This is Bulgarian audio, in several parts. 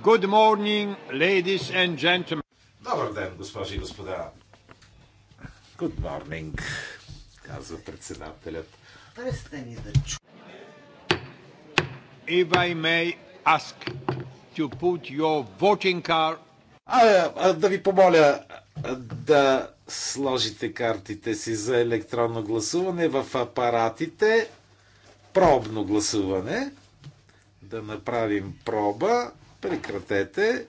Good morning, ladies and gentlemen. Добър ден, госпожи и господа. Good morning, казва председателят. Престани да чу. If I may ask to put your voting card... А, е, а, да ви помоля да сложите картите си за електронно гласуване в апаратите. Пробно гласуване. Да направим проба. Прекратете.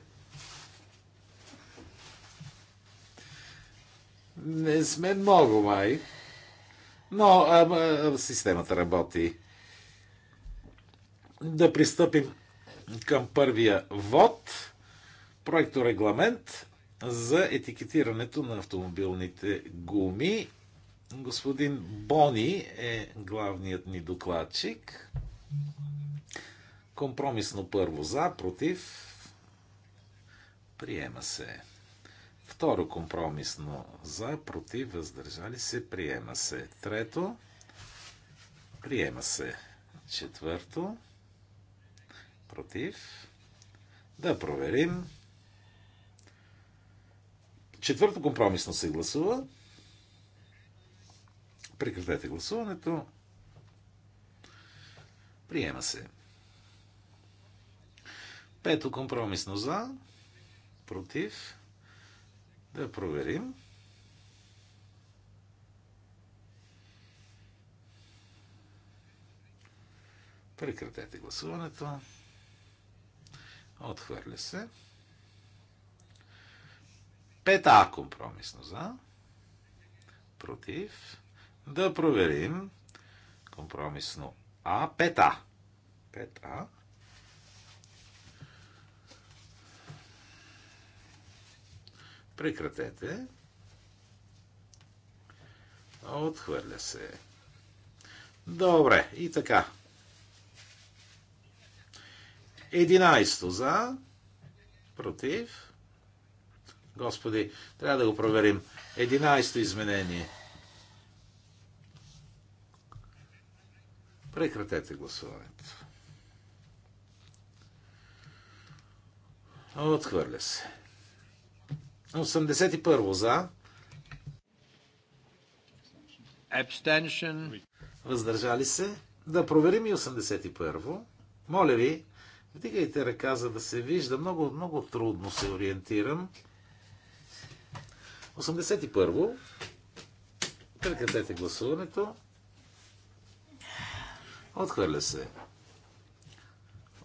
Не сме много, май. Но а, системата работи. Да пристъпим към първия вод. Проекто регламент за етикетирането на автомобилните гуми. Господин Бони е главният ни докладчик. Компромисно първо за, против. Приема се. Второ компромисно за, против, въздържали се, приема се. Трето, приема се. Четвърто, против. Да проверим. Четвърто компромисно се гласува. Прекратете гласуването. Приема се. Пето компромисно за. Против. Да проверим. Прекратете гласуването. Отхвърля се. Пета компромисно за. Против. Да проверим. Компромисно А. Пета. Пета. Прекратете. Отхвърля се. Добре, и така. 11 за, против. Господи, трябва да го проверим. 11 изменение. Прекратете гласуването. Отхвърля се. 81 за. Abstention. Въздържали се. Да проверим и 81. Моля ви, вдигайте ръка, за да се вижда. Много, много трудно се ориентирам. 81. Прекратете гласуването. Отхвърля се.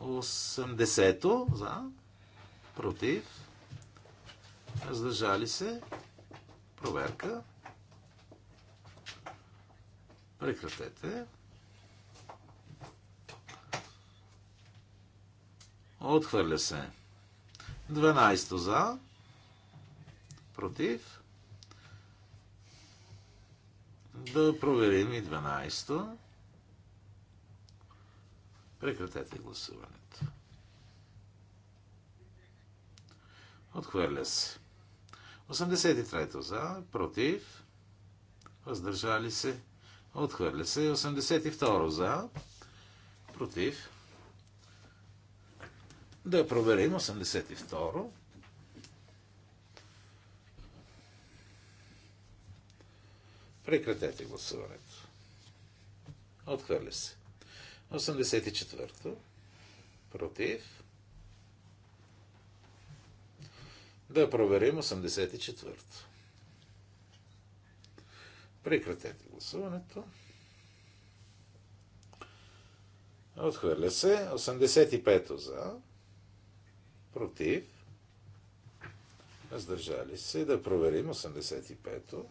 80-то за. Против. Раздържали се. Проверка. Прекратете. Отхвърля се. 12 за. Против. Да проверим и 12. то Прекратете гласуването. Отхвърля се. 83-то за, против, въздържали се, отхвърля се. 82-ро за, против. Да проверим 82-ро. Прекратете гласуването. Отхвърля се. 84-то. Против. Да проверим 84-то. Прекратете гласуването. Отхвърля се. 85-то за. Против. раздържали се. Да проверим 85-то.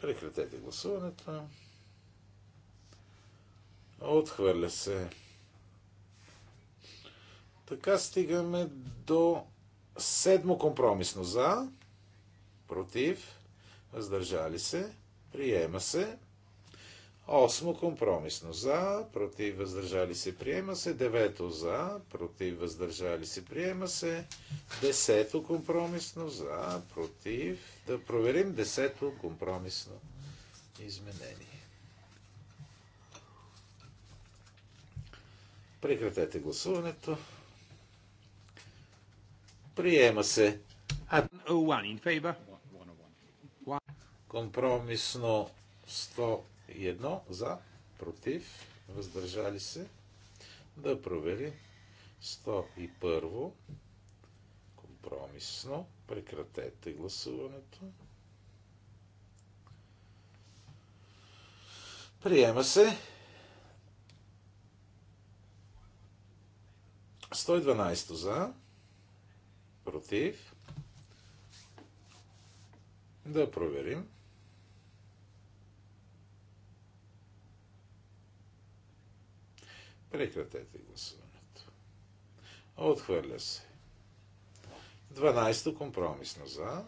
Прекратете гласуването. Отхвърля се. Така стигаме до седмо компромисно за, против, въздържали се, приема се. Осмо компромисно за, против въздържали се, приема се. Девето за, против въздържали се, приема се. Десето компромисно за, против. Да проверим десето компромисно изменение. Прекратете гласуването. Приема се. Компромисно 101 за, против, въздържали се. Да провери. 101 компромисно. Прекратете гласуването. Приема се. 112 за против. Да проверим. Прекратете гласуването. Отхвърля се. 12-то компромисно за.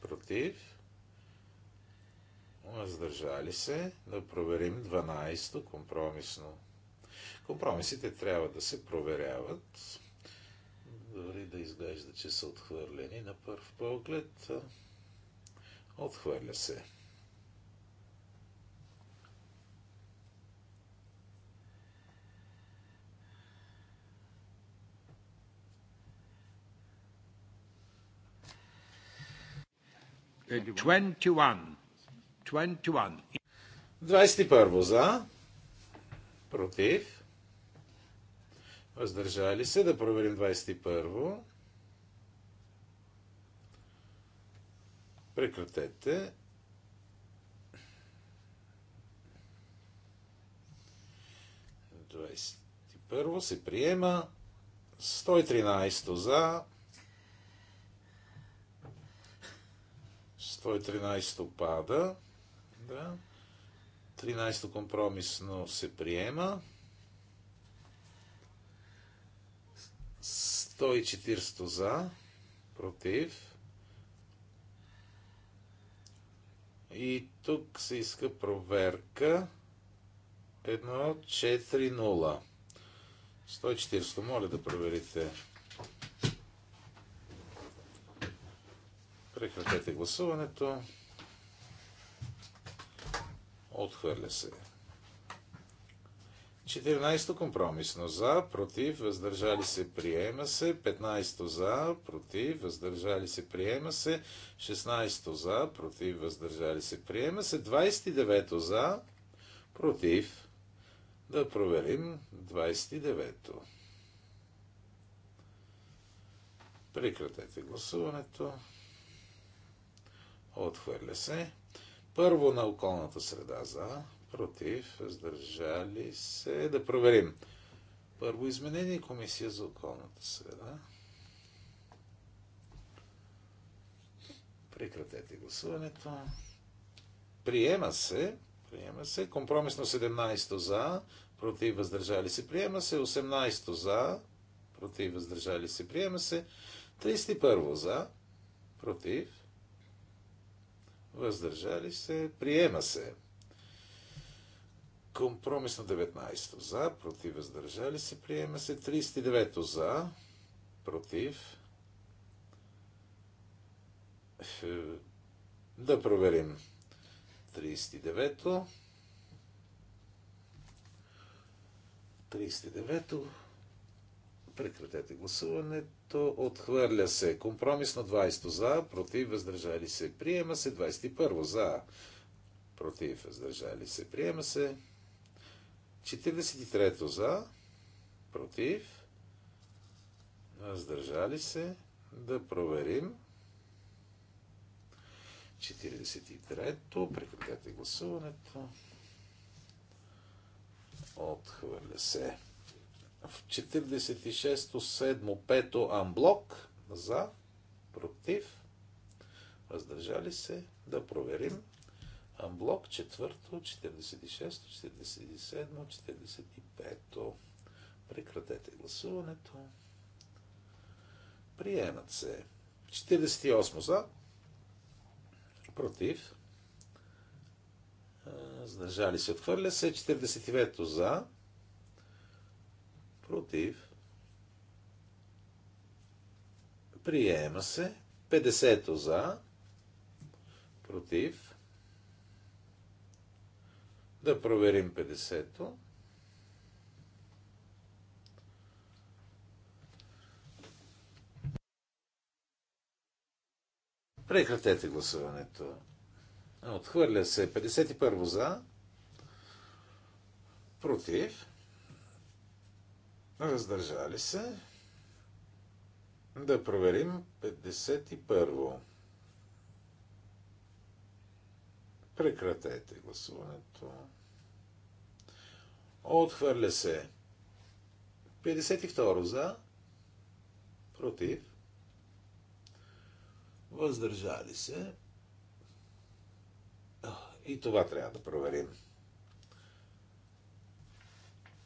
Против. Въздържали се. Да проверим 12-то компромисно. Компромисите трябва да се проверяват дори да изглежда, че са отхвърлени на първ поглед, отхвърля се. Twenty-one. Twenty-one. първо за. Против. Въздържали се да проверим 21-во. Прекратете. Първо се приема 113 за 113 пада да. 13 компромисно се приема 140 за, против. И тук се иска проверка. 1-4-0. 140. Моля да проверите. Прекратете гласуването. Отхвърля се. 14 компромисно за, против, въздържали се, приема се. 15 за, против, въздържали се, приема се. 16 за, против, въздържали се, приема се. 29 за, против. Да проверим 29-то. Прекратете гласуването. Отхвърля се. Първо на околната среда за, против, въздържали се. Да проверим. Първо изменение Комисия за околната среда. Прекратете гласуването. Приема се. Приема се. Компромисно 17 за, против въздържали се. Приема се. 18 за, против въздържали се. Приема се. 31 за, против въздържали се. Приема се. Компромис на 19 за, против, въздържали се, приема се. 39 за, против. Да проверим. 39-то. 39-то. Прекратете гласуването. Отхвърля се. Компромис на 20 за, против, въздържали се. Приема се. 21 за, против, въздържали се. Приема се. 43-то за, против, въздържали се, да проверим. 43-то, прекратете гласуването. Отхвърля се. В 46-то, 7-то, 5-то амблок за, против, въздържали се, да проверим. Амблок 4, 46 47 45 Прекратете гласуването. Приемат се. 48 за. Против. Сдържали се. Отхвърля се. 49 за. Против. Приема се. 50 за. Против да проверим 50-то. Прекратете гласуването. Отхвърля се 51 во за, против, Раздържали се. Да проверим 51. во Прекратете гласуването. Отхвърля се. 52 за. Против. Въздържали се. И това трябва да проверим.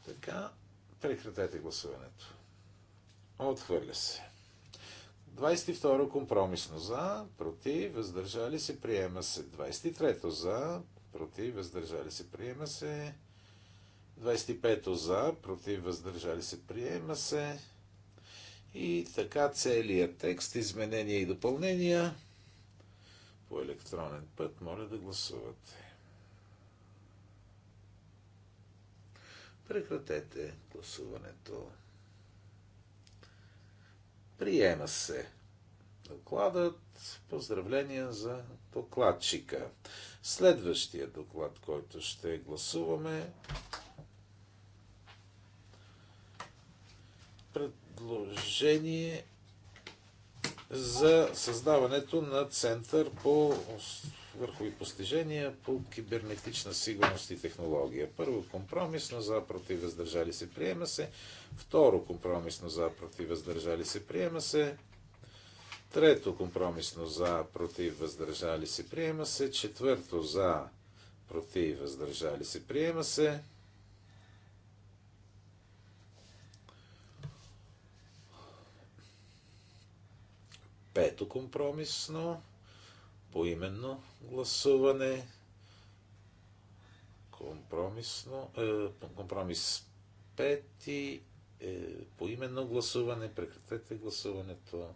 Така, прекратете гласуването. Отхвърля се. 22 компромисно за, против, въздържали се, приема се. 23 за, против, въздържали се, приема се. 25 за, против въздържали се, приема се. И така целият текст, изменения и допълнения по електронен път, моля да гласувате. Прекратете гласуването. Приема се докладът. Поздравления за докладчика. Следващия доклад, който ще гласуваме, предложение за създаването на център по върхови постижения по кибернетична сигурност и технология. Първо, компромисно за против въздържали се, приема се. Второ, компромисно за против въздържали се, приема се. Трето, компромисно за против въздържали се, приема се. Четвърто, за против въздържали се, приема се. Пето компромисно, поименно гласуване, компромисно, е, компромис пети, е, поименно гласуване, прекратете гласуването.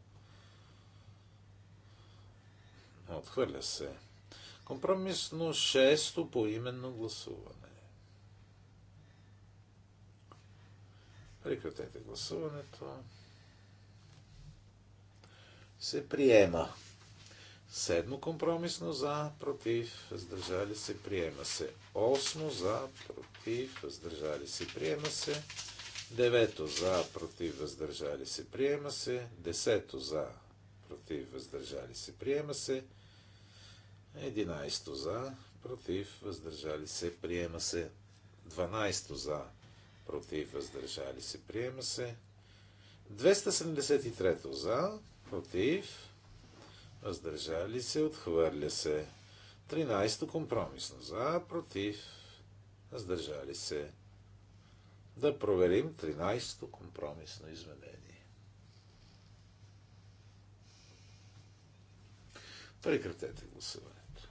Отхвърля се. Компромисно шесто поименно гласуване. Прекратете гласуването се приема. Седмо компромисно за, против, въздържали се, приема се. Осмо за, против, въздържали се, приема се. Девето за, против, въздържали се, приема се. Десето за, против, въздържали се, приема се. Единайсто за, против, въздържали се, приема се. Дванайсто за, против, въздържали се, приема се. 273 за, против, въздържали се, отхвърля се. 13 компромисно за, против, въздържали се. Да проверим 13-то компромисно изменение. Прекратете гласуването.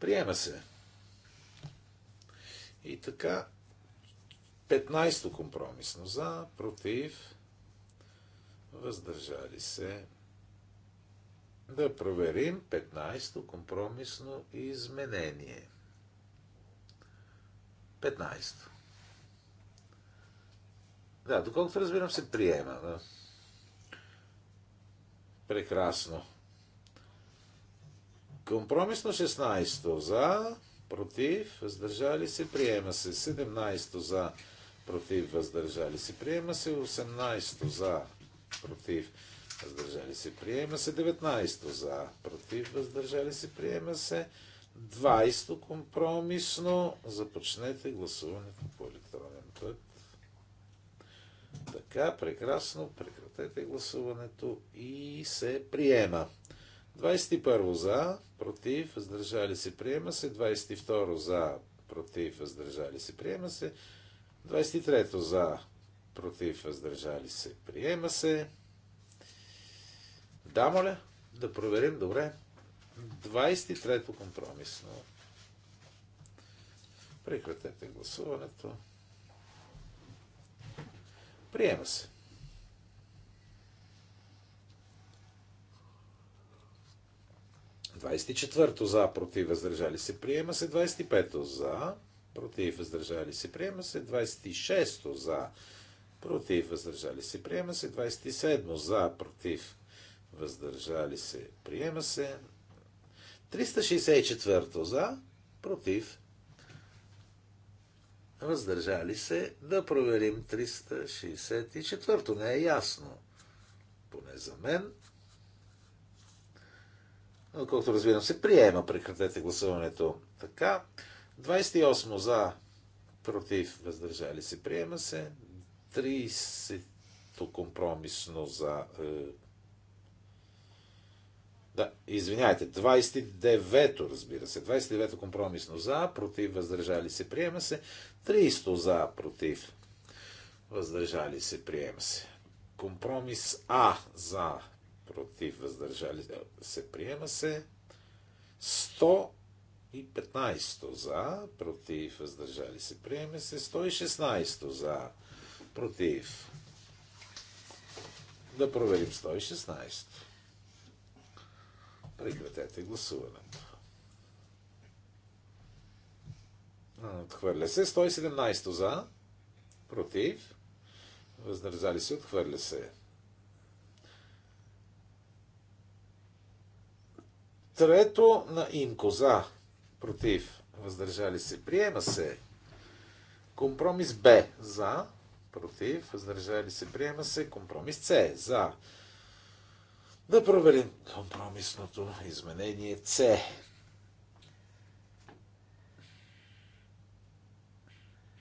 Приема се. И така, 15-то компромисно за, против, въздържали се. Да проверим 15-то компромисно изменение. 15-то. Да, доколкото разбирам се приема. Да. Прекрасно. Компромисно 16-то за, против, въздържали се, приема се. 17-то за, против, въздържали се, приема се. 18-то за, против, въздържали се, приема се. 19 за, против, въздържали се, приема се. 20 компромисно. Започнете гласуването по електронен път. Така, прекрасно. Прекратете гласуването и се приема. 21 за, против, въздържали се, приема се. 22 за, против, въздържали се, приема се. 23 за, против, въздържали се, приема се. Да, моля, да проверим, добре. 23-то компромисно. Прекратете гласуването. Приема се. Двадесет четвърто за, против, въздържали се, приема се. 25 за, против, въздържали се, приема се. 26 за, против, въздържали се, приема се. 27 за, против, въздържали се, приема се. 364 за, против, въздържали се, да проверим 364. Не е ясно, поне за мен. Но колкото разбирам се, приема, прекратете гласуването. Така, 28 за, против, въздържали се, приема се, 30-то компромисно за... Е, да, извиняйте, 29-то, разбира се. 29-то компромисно за, против, въздържали се, приема се. 30-то за, против, въздържали се, приема се. Компромис А за, против, въздържали се, приема се. 115 за, против, въздържали се, приема се. 116 за, против. Да проверим 116. Прекратете гласуването. Отхвърля се. 117 за. Против. Въздържали се. Отхвърля се. Трето на Инко за. Против. Въздържали се. Приема се. Компромис Б за против, въздържали се, приема се. Компромис С за. Да проверим компромисното изменение С.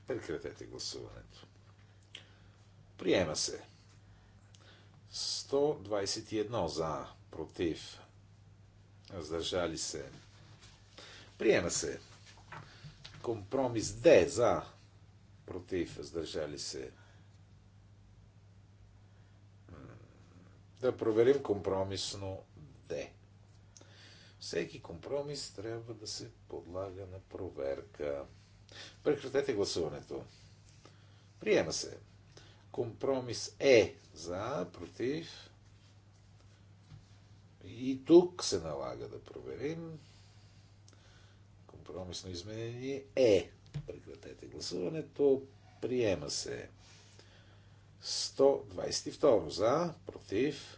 Прекратете гласуването. Приема се. 121 за, против, въздържали се. Приема се. Компромис Д за, против, въздържали се. Да проверим компромисно Д. Всеки компромис трябва да се подлага на проверка. Прекратете гласуването. Приема се. Компромис Е за, против. И тук се налага да проверим. Компромисно изменение Е. Прекратете гласуването. Приема се. 122 за, против,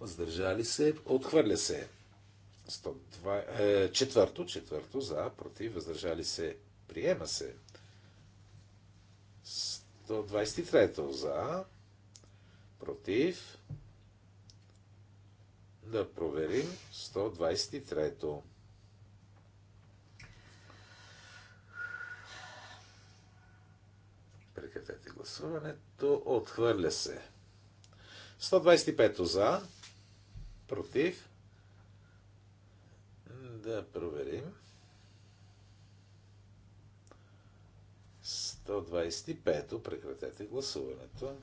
въздържали се, отхвърля се. 102, е, четвърто, четвърто за, против, въздържали се, приема се. 123 за, против, да проверим 123-то. Прекратете гласуването. Отхвърля се. 125 за. Против. Да проверим. 125. Прекратете гласуването.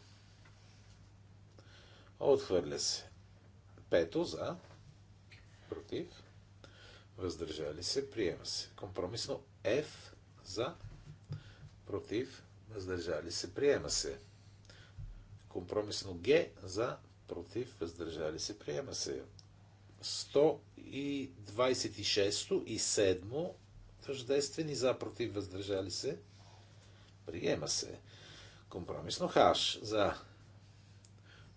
Отхвърля се. Пето за. Против. Въздържали се. Приема се. Компромисно F за. Против въздържали се, приема се. Компромисно Г за, против, въздържали се, приема се. 126 и 7 тъждествени за, против, въздържали се, приема се. Компромисно Х за,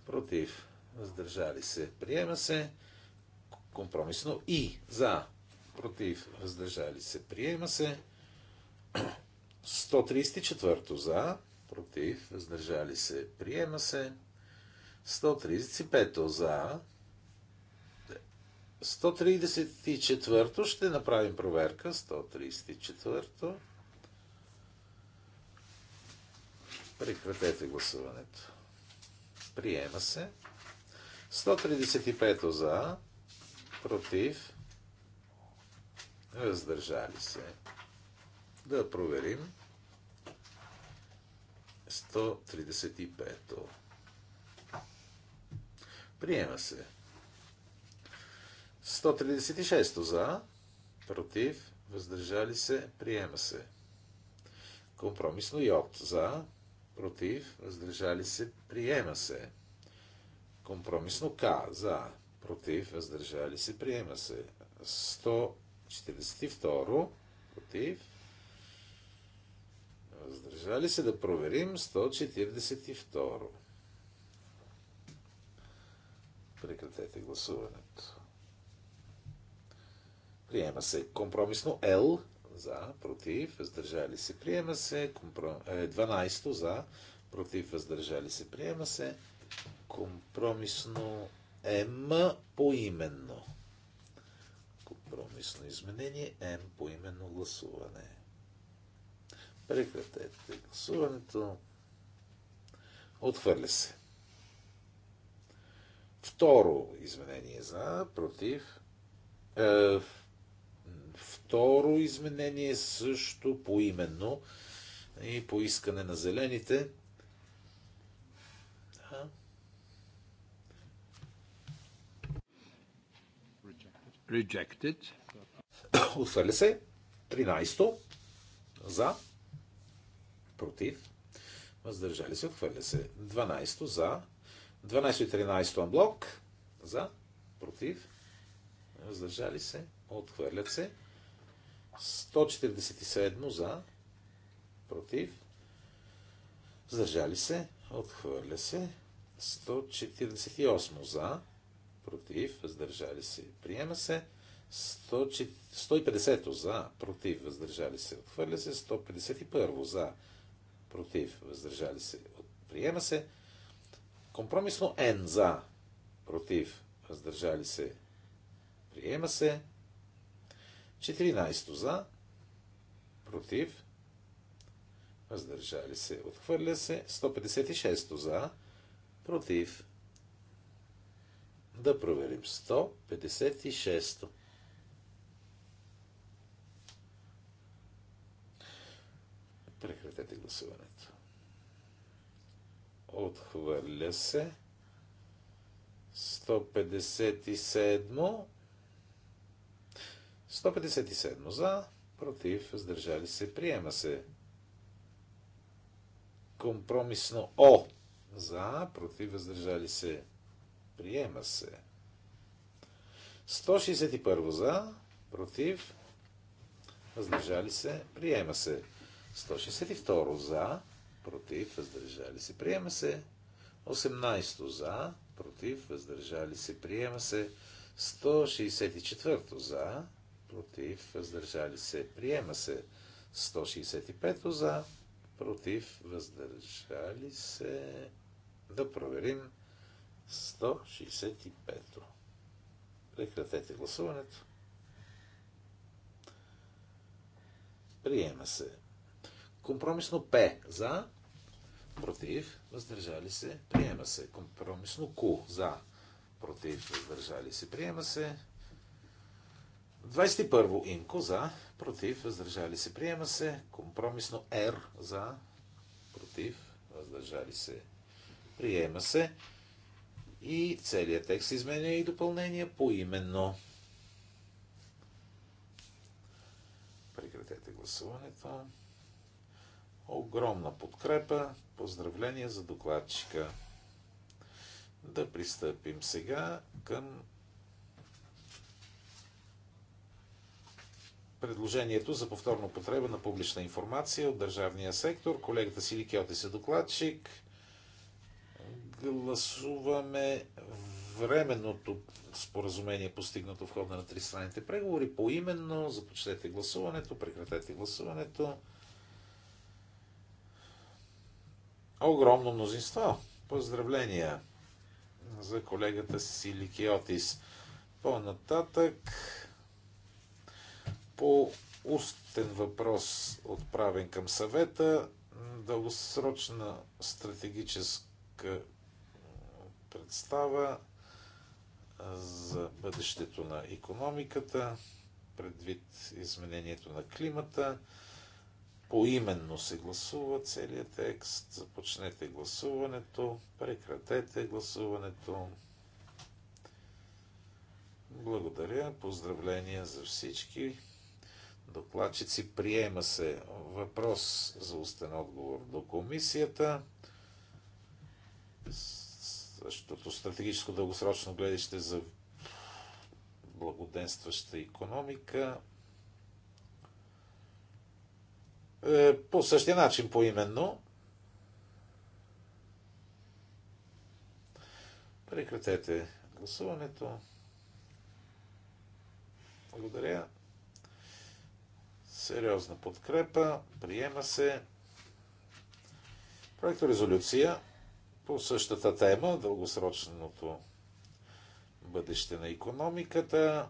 против, въздържали се, приема се. Компромисно И за, против, въздържали се, приема се. 134 за, против, въздържали се, приема се. 135 за. 134 ще направим проверка. 134. Прекратете гласуването. Приема се. 135 за, против, въздържали се. Да проверим. 135-то. Приема се. 136 за, против, въздържали се, приема се. Компромисно йод за, против, въздържали се, приема се. Компромисно К за, против, въздържали се, приема се. 142 против, Въздържали се да проверим 142. Прекратете гласуването. Приема се компромисно L за, против, въздържали се, приема се. Компром... 12 е, за, против, въздържали се, приема се. Компромисно М поименно. Компромисно изменение М поименно гласуване. Прекратете гласуването. Отхвърля се. Второ изменение за, против. Е, второ изменение също поименно и по искане на зелените. Rejected. Отхвърля се. 13. За против, въздържали се, отхвърля се. 12 за, 12 и 13 анблок, за, против, въздържали се, отхвърлят се. 147 за, против, въздържали се, отхвърля се. 148 за, против, въздържали се, приема се. 150 за, против, въздържали се, отхвърля се. 151 за, против, въздържали се, приема се. Компромисно N за, против, въздържали се, приема се. 14 за, против, въздържали се, отхвърля се. 156 за, против. Да проверим. 156. Прекратете гласуването. Отхвърля се. 157. 157 за, против, въздържали се, приема се. Компромисно О. За, против, въздържали се, приема се. 161 за, против, въздържали се, приема се. 162 за, против, въздържали се, приема се. 18 за, против, въздържали се, приема се. 164 за, против, въздържали се, приема се. 165 за, против, въздържали се. Да проверим 165. Прекратете гласуването. Приема се Компромисно П за, против, въздържали се, приема се. Компромисно Q за, против, въздържали се, приема се. 21 Инко за, против, въздържали се, приема се. Компромисно Р за, против, въздържали се, приема се. И целият текст изменя и допълнение по именно. Прекратете гласуването огромна подкрепа. Поздравления за докладчика. Да пристъпим сега към предложението за повторно потреба на публична информация от държавния сектор. Колегата Сили Кьотис е докладчик. Гласуваме временното споразумение, постигнато в хода на тристранните преговори. Поименно започнете гласуването, прекратете гласуването. огромно мнозинство. Поздравления за колегата Силикиотис. По-нататък по устен въпрос, отправен към съвета, дългосрочна стратегическа представа за бъдещето на економиката, предвид изменението на климата, поименно се гласува целият текст. Започнете гласуването, прекратете гласуването. Благодаря. Поздравления за всички. Докладчици приема се въпрос за устен отговор до комисията. Защото стратегическо дългосрочно гледаще за благоденстваща економика Е, по същия начин поименно. Прекратете гласуването. Благодаря. Сериозна подкрепа. Приема се. Проекто резолюция по същата тема, дългосрочното бъдеще на економиката.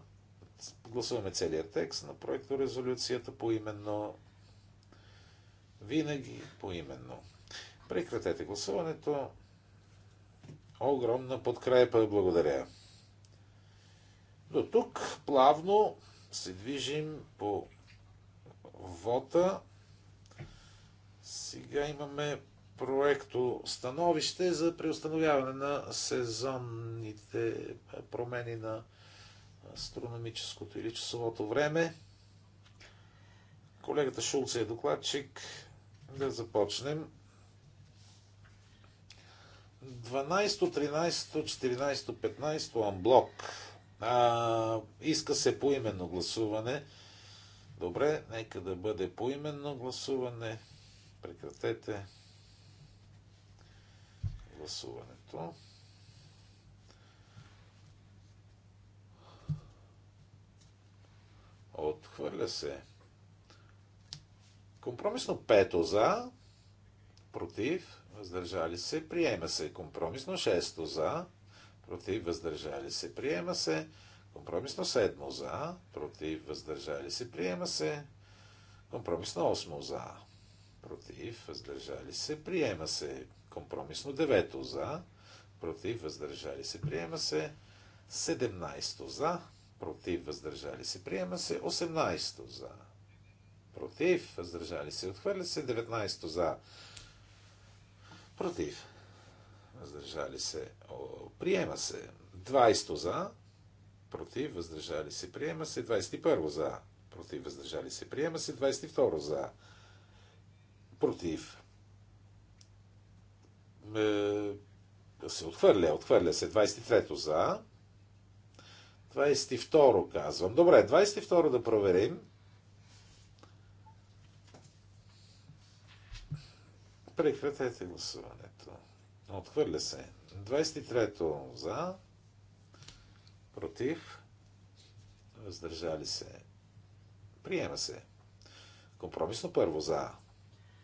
Гласуваме целият текст на проекто резолюцията по именно винаги поименно. Прекратете гласуването. Огромна подкрепа. Благодаря. До тук плавно се движим по вота. Сега имаме проекто становище за преустановяване на сезонните промени на астрономическото или часовото време. Колегата Шулц е докладчик да започнем. 12, 13, 14, 15 анблок. А, иска се поименно гласуване. Добре, нека да бъде поименно гласуване. Прекратете гласуването. Отхвърля се. Компромисно пето за, против, въздържали се, приема се. Компромисно 6 за, против, въздържали се, приема се. Компромисно 7 за, против, въздържали се, приема се. Компромисно 8 за, против, въздържали се, приема се. Компромисно 9 за, против, въздържали се, приема се. 17 за, против, въздържали се, приема се. 18 за, против, въздържали се, отхвърля се. 19 за, против, въздържали се, приема се. 20 за, против, въздържали се, приема се. 21 за, против, въздържали се, приема се. 22 за, против, се отхвърля, отхвърля се. 23-то за. 22-ро казвам. Добре, 22-ро да проверим. Прекратете гласуването. Отхвърля се. 23-то за. Против. Въздържали се. Приема се. Компромисно първо за.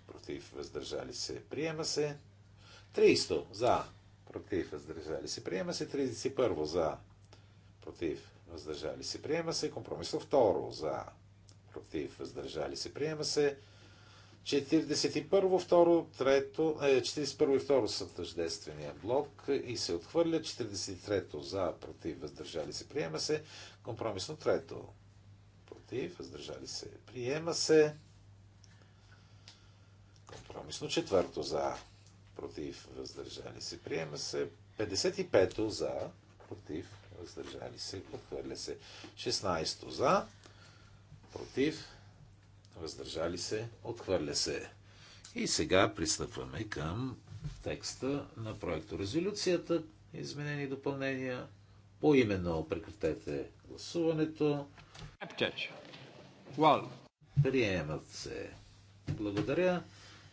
Против. Въздържали се. Приема се. 30 за. Против. Въздържали се. Приема се. 31 за. Против. Въздържали се. Приема се. Компромисно второ за. Против. Въздържали се. Приема се. 41, 2, 3, 41 и 2 е, са тъждествения блок и се отхвърля. 43 то за, против, въздържали се, приема се. Компромисно трето. Против, въздържали се, приема се. Компромисно 4-то за, против, въздържали се, приема се. 55 за, против, въздържали се, отхвърля се. 16 за, против, въздържали се, отхвърля се. И сега пристъпваме към текста на проекто резолюцията, изменени допълнения. Поименно прекратете гласуването. Приемат се. Благодаря.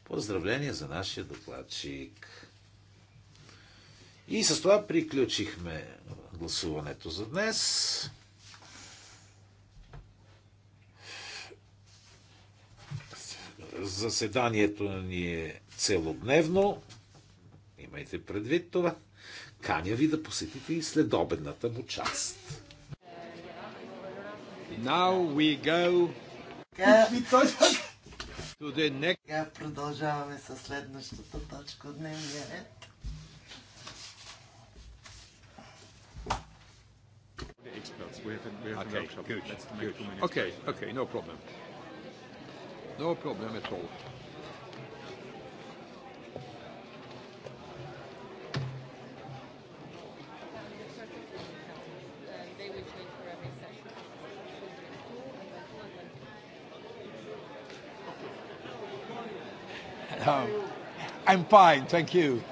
Поздравления за нашия докладчик. И с това приключихме гласуването за днес. Заседанието ни е целодневно. Имайте предвид това. Каня ви да посетите и следобедната му част. Now we go to the next... Сега продължаваме със следващата точка от дневния ред. experts, we have, we have okay, good, good. Okay, okay, no problem. No problem at all. Um, I'm fine, thank you.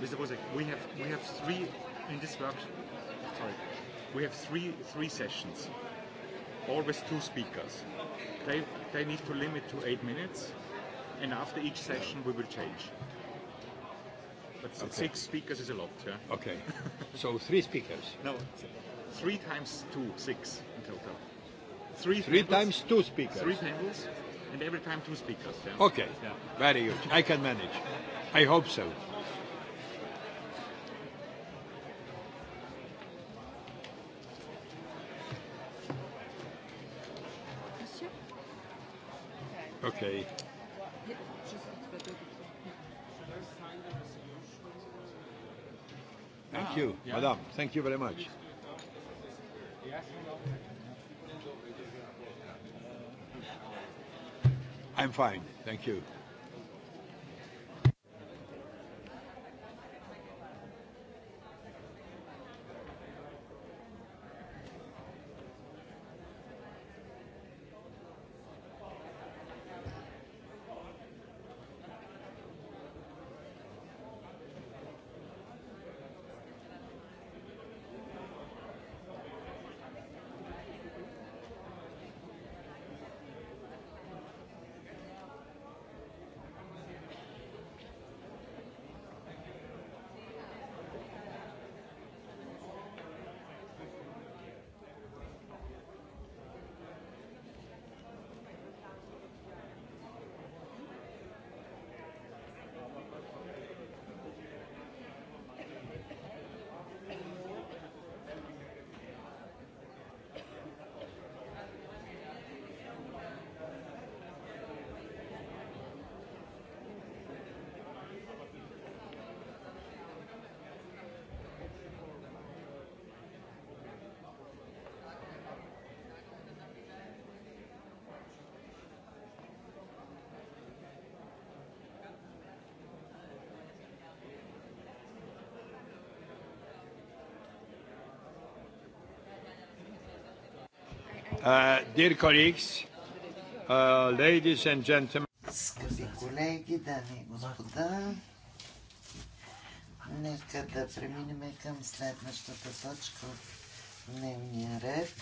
Mr. Bozek, we have we have three in this workshop. Sorry we have three, three sessions, always two speakers. They, they need to limit to eight minutes, and after each session we will change. But okay. six speakers is a lot, yeah? Okay. so three speakers? No, three times two, six in total. Three, three panels. times two speakers? Three panels, and every time two speakers. Yeah? Okay, yeah. very good. I can manage. I hope so. Thank you, madam. Thank you very much. I'm fine. Thank you. Dear colleagues, ladies and gentlemen. Скъпи колеги, дами и господа, нека да преминем към следващата точка от дневния ред.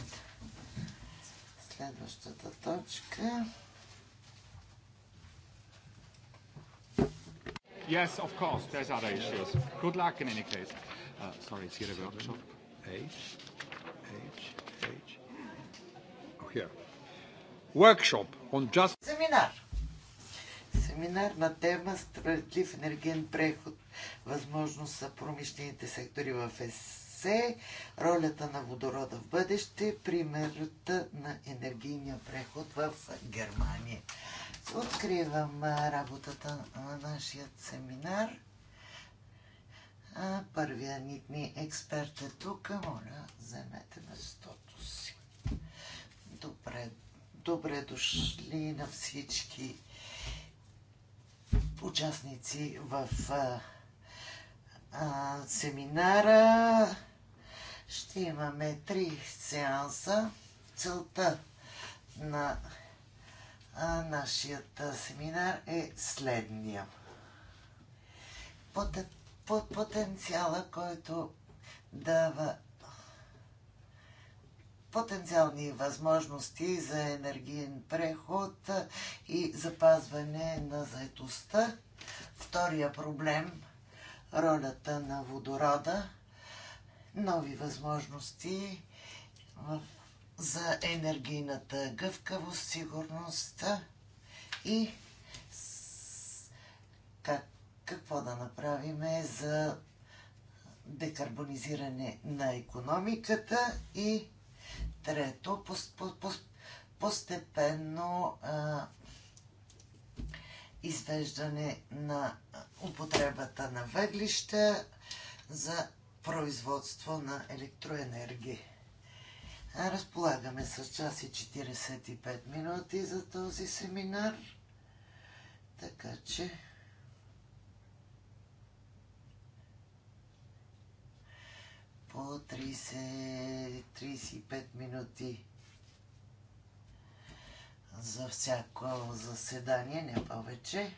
Следващата точка. Yes, of course, there's other issues. Good luck in any case. Uh, sorry, it's here a workshop. H, H here. Workshop on just... Семинар. Семинар на тема Справедлив енергиен преход. Възможност са промишлените сектори в ЕСЕ, е. ролята на водорода в бъдеще, примерът на енергийния преход в Германия. Откривам работата на нашия семинар. Първият ни експерт е тук. Моля, вземете местото. Добре, добре дошли на всички участници в а, а, семинара. Ще имаме три сеанса. Целта на а, нашият семинар е следния. Потенциала, който дава потенциални възможности за енергиен преход и запазване на заетостта. Втория проблем – ролята на водорода, нови възможности за енергийната гъвкавост, сигурност и как, какво да направим за декарбонизиране на економиката и Трето, постепенно извеждане на употребата на въглища за производство на електроенергия. Разполагаме с час и 45 минути за този семинар, така че по 30-35 минути за всяко заседание, не повече.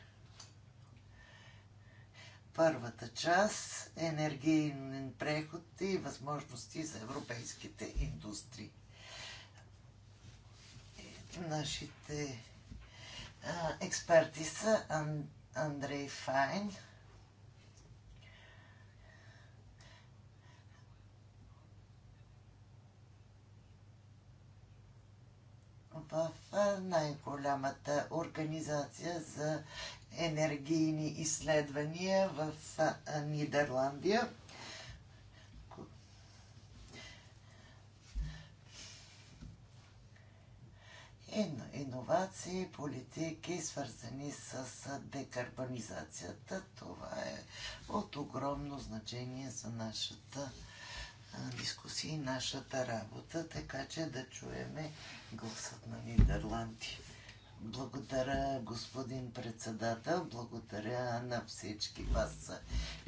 Първата част – енергиен преход и възможности за европейските индустрии. Нашите експерти са Андрей Файн – в най-голямата организация за енергийни изследвания в Нидерландия. иновации, политики, свързани с декарбонизацията. Това е от огромно значение за нашата дискусии нашата работа, така че да чуеме гласът на Нидерланди. Благодаря, господин председател. Благодаря на всички вас,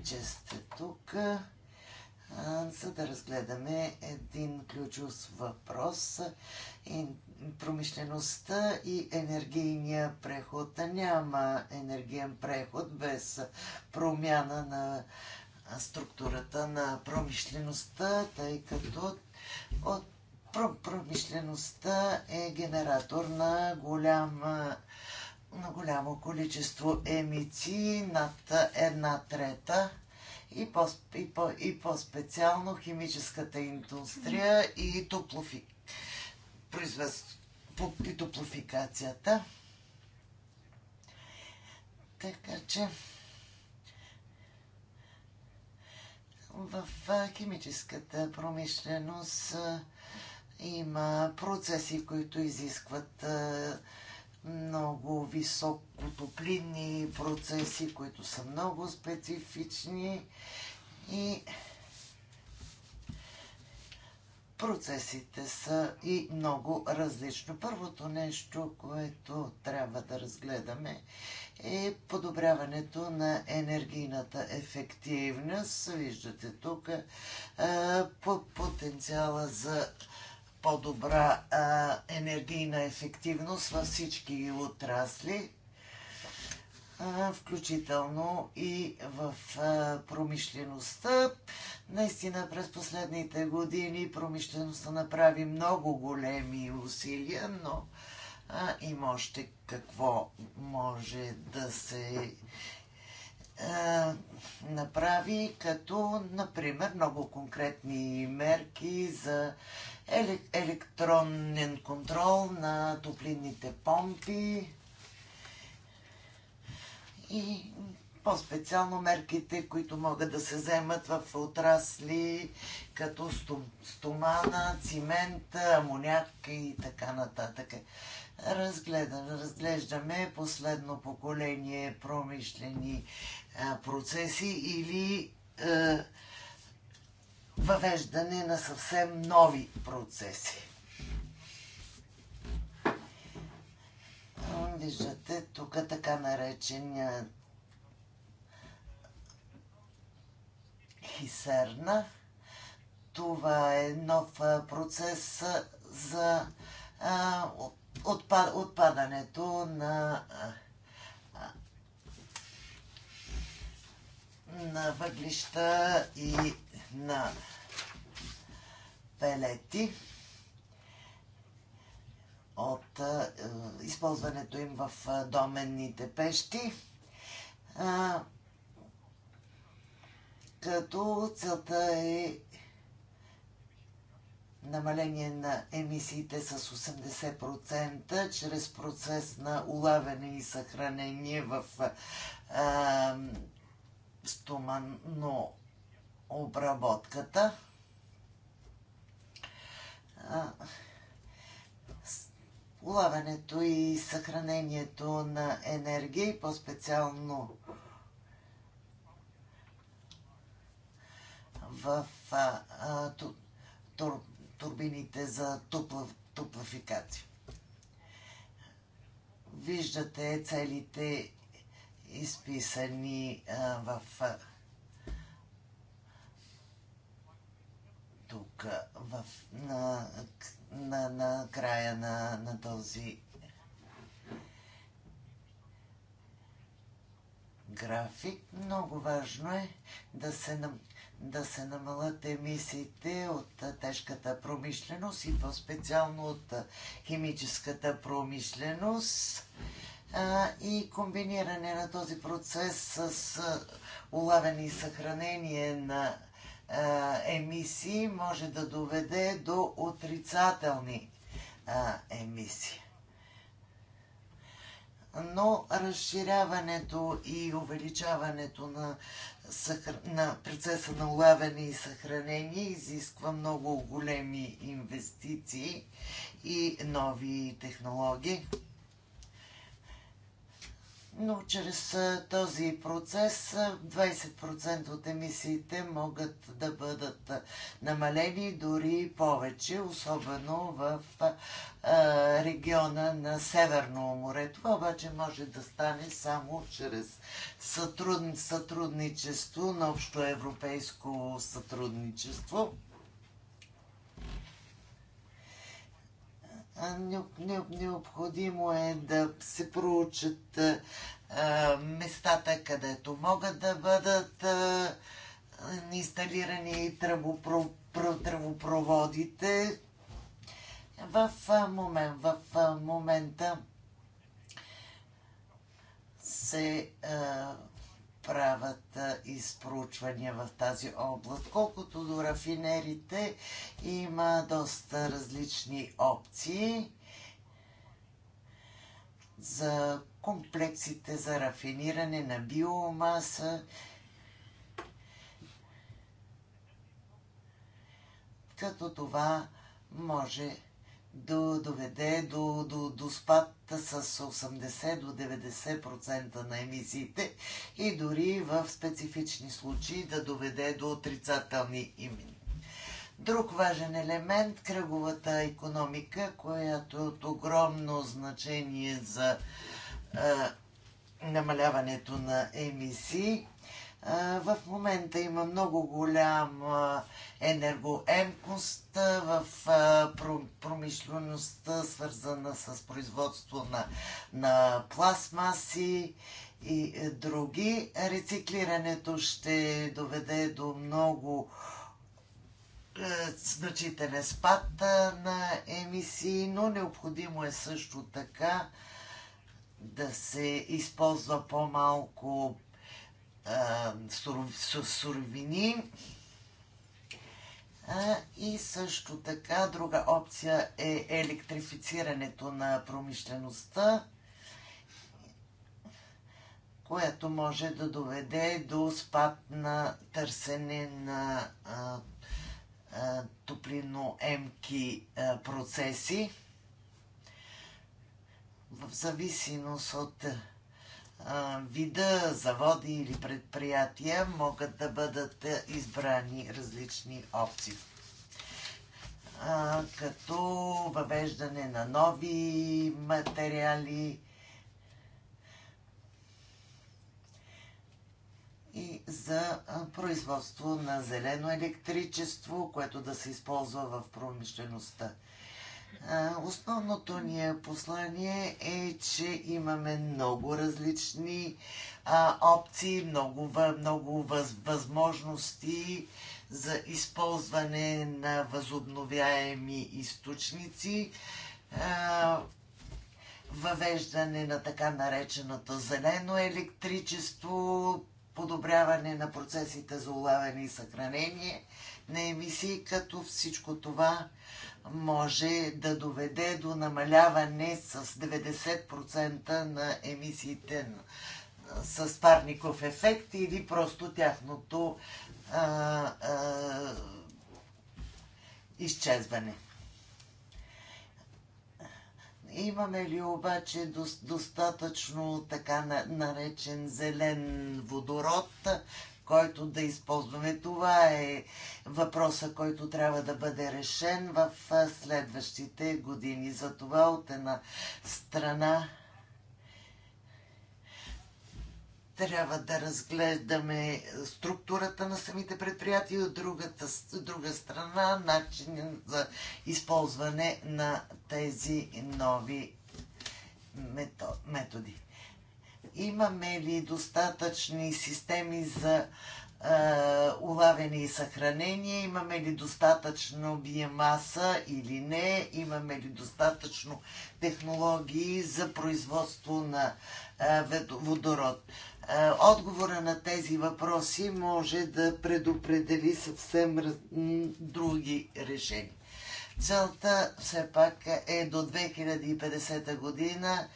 че сте тук, за да разгледаме един ключов въпрос. Промишлеността и енергийния преход. Няма енергиен преход без промяна на структурата на промишлеността, тъй като от промишлеността е генератор на голяма на голямо количество емисии над една трета и, по, и, по, и по-специално химическата индустрия и, топлофи, и топлофикацията. Така че В химическата промишленост има процеси, които изискват много високотоплинни процеси, които са много специфични и процесите са и много различно. Първото нещо, което трябва да разгледаме е подобряването на енергийната ефективност. Виждате тук по потенциала за по-добра енергийна ефективност във всички отрасли включително и в промишлеността. Наистина през последните години промишлеността направи много големи усилия, но има още какво може да се направи, като, например, много конкретни мерки за електронен контрол на топлинните помпи, и по-специално мерките, които могат да се вземат в отрасли като стомана, цимент, амоняк и така нататък. Разгледам, разглеждаме последно поколение промишлени процеси или въвеждане на съвсем нови процеси. виждате тук така наречения Хисерна. Това е нов процес за отпадането на на въглища и на пелети от е, използването им в доменните пещи като целта е намаление на емисиите с 80% чрез процес на улавяне и съхранение в а, стоманно обработката. А, улавянето и съхранението на енергия и по-специално в а, а, ту, тур, турбините за тупла, туплафикация. Виждате целите изписани а, в а, тук в, на на, на края на, на този график. Много важно е да се, да се намалят емисиите от тежката промишленост и по-специално от химическата промишленост и комбиниране на този процес с улавяне и съхранение на е, емисии може да доведе до отрицателни е, емисии. Но разширяването и увеличаването на, съхр... на процеса на улавяне и съхранение изисква много големи инвестиции и нови технологии но чрез този процес 20% от емисиите могат да бъдат намалени дори повече, особено в региона на Северно море. Това обаче може да стане само чрез сътрудничество на общоевропейско сътрудничество Необходимо е да се проучат местата, където могат да бъдат инсталирани тръбопроводите. В, момент, в момента се правят изпроучвания в тази област. Колкото до рафинерите, има доста различни опции за комплексите за рафиниране на биомаса, като това може до, доведе до, до, до спад с 80 до 90% на емисиите и дори в специфични случаи да доведе до отрицателни имени. Друг важен елемент – кръговата економика, която е от огромно значение за е, намаляването на емисии в момента има много голяма енергоемкост в промишлеността, свързана с производство на, на пластмаси и е, други. Рециклирането ще доведе до много е, значителен спад на емисии, но необходимо е също така да се използва по-малко суровини. И също така друга опция е електрифицирането на промишлеността, която може да доведе до спад на търсене на топлиноемки процеси в зависимост от вида заводи или предприятия могат да бъдат избрани различни опции. Като въвеждане на нови материали и за производство на зелено електричество, което да се използва в промишлеността. Основното ни е послание е, че имаме много различни а, опции, много, много въз, възможности за използване на възобновяеми източници, а, въвеждане на така нареченото зелено електричество, подобряване на процесите за улавяне и съхранение на емисии, като всичко това може да доведе до намаляване с 90% на емисиите с парников ефект или просто тяхното а, а, изчезване. Имаме ли обаче достатъчно така наречен зелен водород, който да използваме. Това е въпроса, който трябва да бъде решен в следващите години. За това от една страна трябва да разглеждаме структурата на самите предприятия и от другата, друга страна начин за използване на тези нови методи имаме ли достатъчни системи за улавяне и съхранение, имаме ли достатъчно биомаса или не, имаме ли достатъчно технологии за производство на водород. Отговора на тези въпроси може да предопредели съвсем други решения. Целта все пак е до 2050 година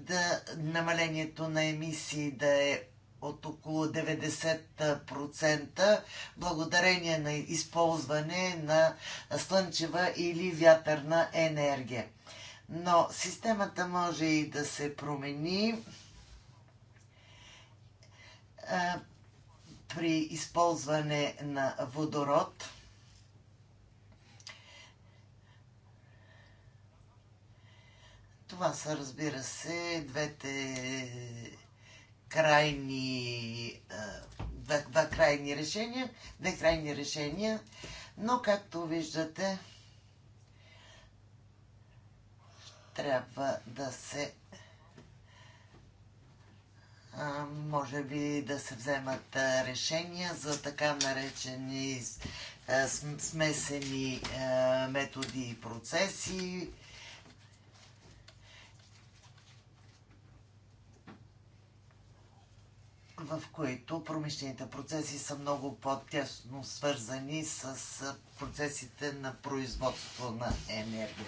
да намалението на емисии да е от около 90% благодарение на използване на слънчева или вятърна енергия. Но системата може и да се промени при използване на водород – Това са, разбира се, двете крайни, два, два крайни решения, две крайни решения, но както виждате, трябва да се може би да се вземат решения за така наречени смесени методи и процеси, в които промишлените процеси са много по-тясно свързани с процесите на производство на енергия.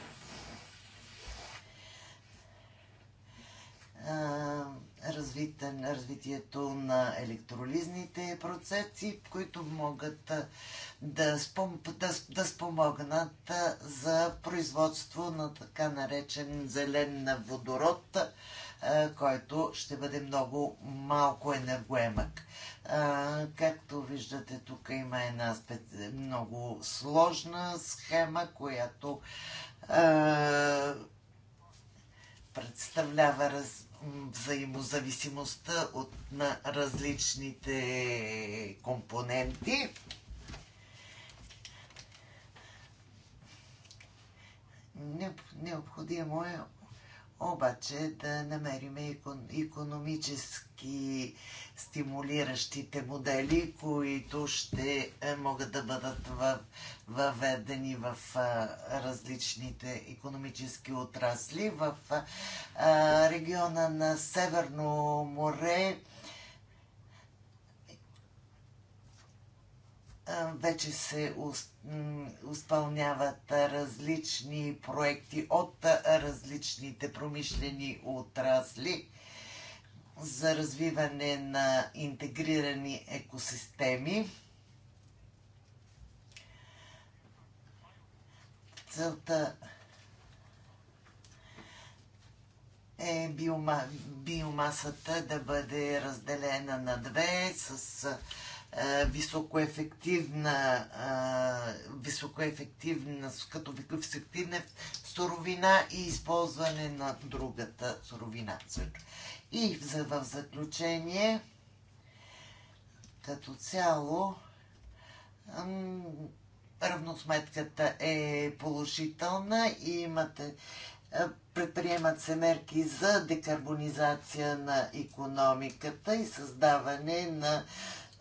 развитието на електролизните процеси, които могат да, спом, да, да спомогнат за производство на така наречен зелен водород, който ще бъде много малко енергоемък. Както виждате, тук има една много сложна схема, която представлява раз, взаимозависимостта от, на различните компоненти. Необходимо е обаче да намерим економически стимулиращите модели, които ще е, могат да бъдат въведени в различните економически отрасли. В региона на Северно море вече се изпълняват различни проекти от различните промишлени отрасли за развиване на интегрирани екосистеми. Целта е биомасата да бъде разделена на две с е, високоефективна, е, високоефективна, като високоефективна суровина и използване на другата суровина. И в заключение, като цяло, равносметката е положителна и имате е, предприемат се мерки за декарбонизация на економиката и създаване на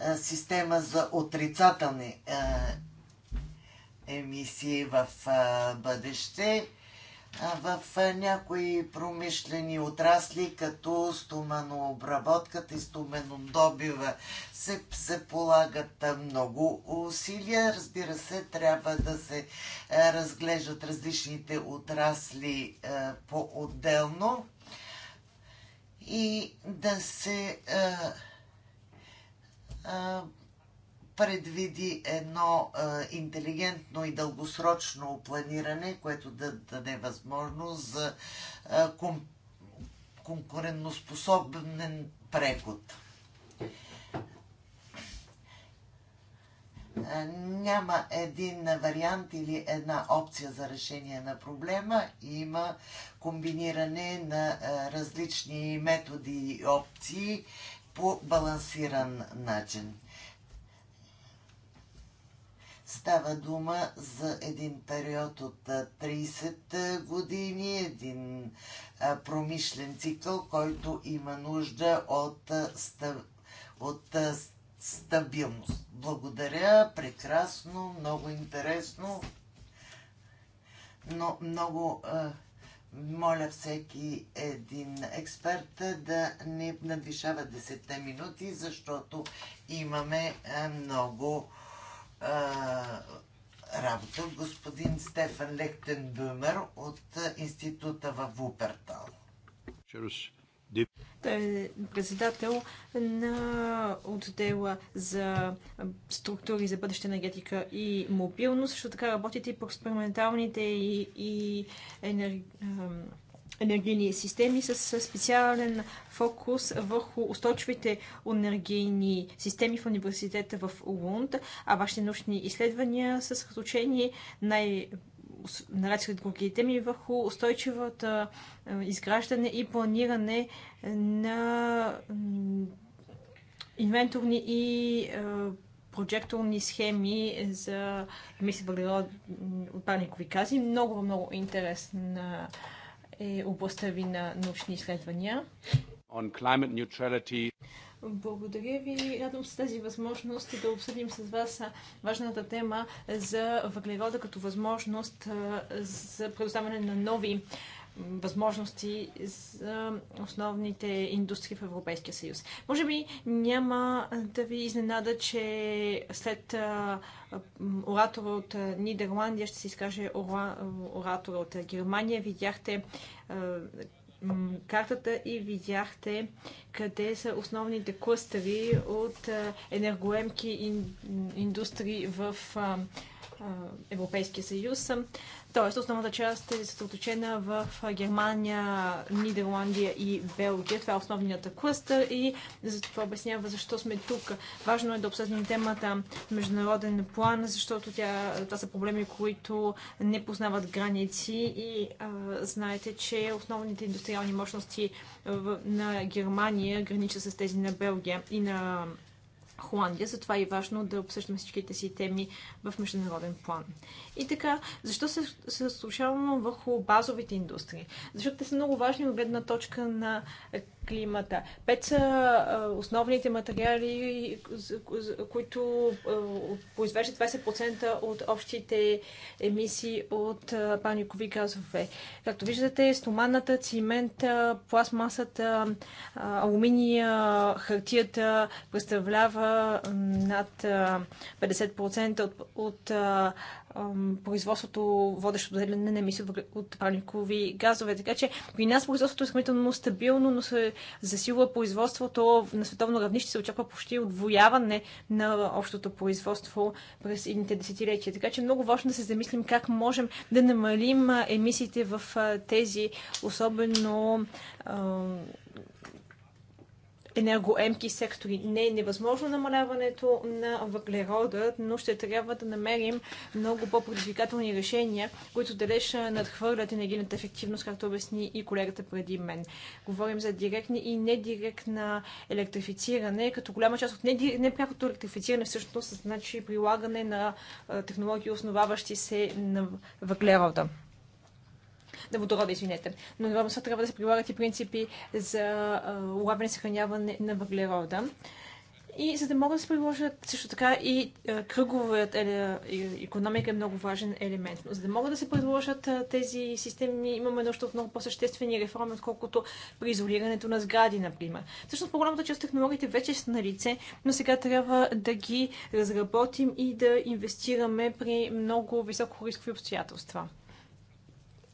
е, система за отрицателни е, емисии в е, бъдеще в някои промишлени отрасли, като стоманообработката и стоманодобива се, се полагат много усилия. Разбира се, трябва да се разглеждат различните отрасли по-отделно и да се предвиди едно а, интелигентно и дългосрочно планиране, което да даде възможност за а, кон, конкурентоспособен преход. няма един вариант или една опция за решение на проблема. Има комбиниране на различни методи и опции, по балансиран начин. Става дума за един период от 30 години, един промишлен цикъл, който има нужда от, от стабилност. Благодаря, прекрасно, много интересно, но много моля всеки един експерт да не надвишава 10 минути, защото имаме е, много а, е, работа. Господин Стефан Лектенбюмер от е, Института в Вупертал. Чрез е председател на отдела за структури за бъдеща енергетика и мобилност. Също така работите и по експерименталните и, и енер... енергийни системи с специален фокус върху устойчивите енергийни системи в университета в Лунд, а вашите научни изследвания са съсредоточени най- наред другите ми върху устойчивата изграждане и планиране на инвенторни и проекторни схеми за емисия въглерод от парникови кази. Много, много интересна е областта ви на научни изследвания. On climate neutrality благодаря ви. Радвам се тази възможност да обсъдим с вас важната тема за въглерода като възможност за предоставяне на нови възможности за основните индустрии в Европейския съюз. Може би няма да ви изненада, че след оратора от Нидерландия ще се изкаже оратора от Германия. Видяхте картата и видяхте къде са основните клъстери от енергоемки индустрии в Европейския съюз. Тоест, основната част е съсредоточена в Германия, Нидерландия и Белгия. Това е основният клъстър и за това обяснява защо сме тук. Важно е да обсъдим темата международен план, защото тя, това са проблеми, които не познават граници и а, знаете, че основните индустриални мощности в, на Германия граничат с тези на Белгия и на Холандия, затова е важно да обсъждаме всичките си теми в международен план. И така, защо се съслушаваме върху базовите индустрии? Защото те са много важни от гледна точка на климата. Пет са основните материали, които произвеждат 20% от общите емисии от паникови газове. Както виждате, стоманата, цимента, пластмасата, алуминия, хартията представлява над 50% от, от производството, водещо до на емисии от парникови газове. Така че при нас производството е сравнително стабилно, но се засилва производството на световно равнище, се очаква почти отвояване на общото производство през едните десетилетия. Така че е много важно да се замислим как можем да намалим емисиите в тези особено енергоемки сектори. Не е невъзможно намаляването на въглерода, но ще трябва да намерим много по-предизвикателни решения, които далеч надхвърлят енергийната ефективност, както обясни и колегата преди мен. Говорим за директни и недиректна електрифициране, като голяма част от непрякото електрифициране всъщност значи прилагане на технологии, основаващи се на въглерода на водорода, извинете. Но едновременно трябва да се прилагат и принципи за улавяне и съхраняване на въглерода. И за да могат да се приложат също така и кръговият е, економика е много важен елемент. Но за да могат да се предложат тези системи, имаме нужда от много по-съществени реформи, отколкото при изолирането на сгради, например. Всъщност, по-голямата част от технологиите вече са на лице, но сега трябва да ги разработим и да инвестираме при много високо рискови обстоятелства.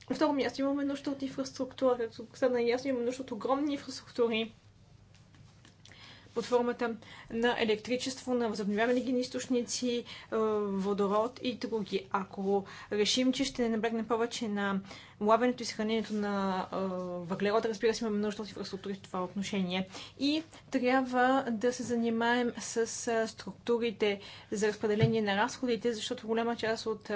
На второ място имаме нужда от инфраструктура. Както стана ясно, имаме нужда от огромни инфраструктури под формата на електричество, на възобновяеми енергийни източници, е, водород и други. Ако решим, че ще не наблегнем повече на лавенето и съхранението на въглерода. Разбира се, имаме нужда от инфраструктури в това отношение. И трябва да се занимаем с структурите за разпределение на разходите, защото голяма част от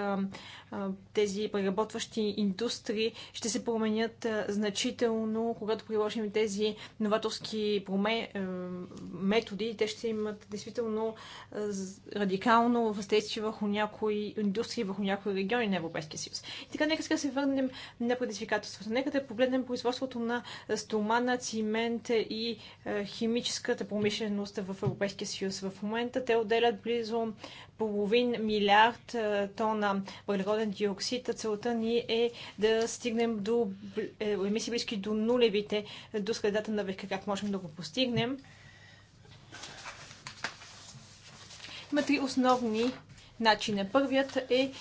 тези преработващи индустрии ще се променят значително, когато приложим тези новаторски проме... методи. Те ще имат действително радикално въздействие върху някои индустрии, върху някои региони на Европейския съюз. И така, нека сега се върнем на предизвикателствата. Нека да погледнем производството на стомана, цимент и е, химическата промишленост в Европейския съюз. В момента те отделят близо половин милиард е, тона въглероден диоксид. Целта ни е да стигнем до е, емисии близки до нулевите до средата на века. Как можем да го постигнем? Има три основни начина. Първият е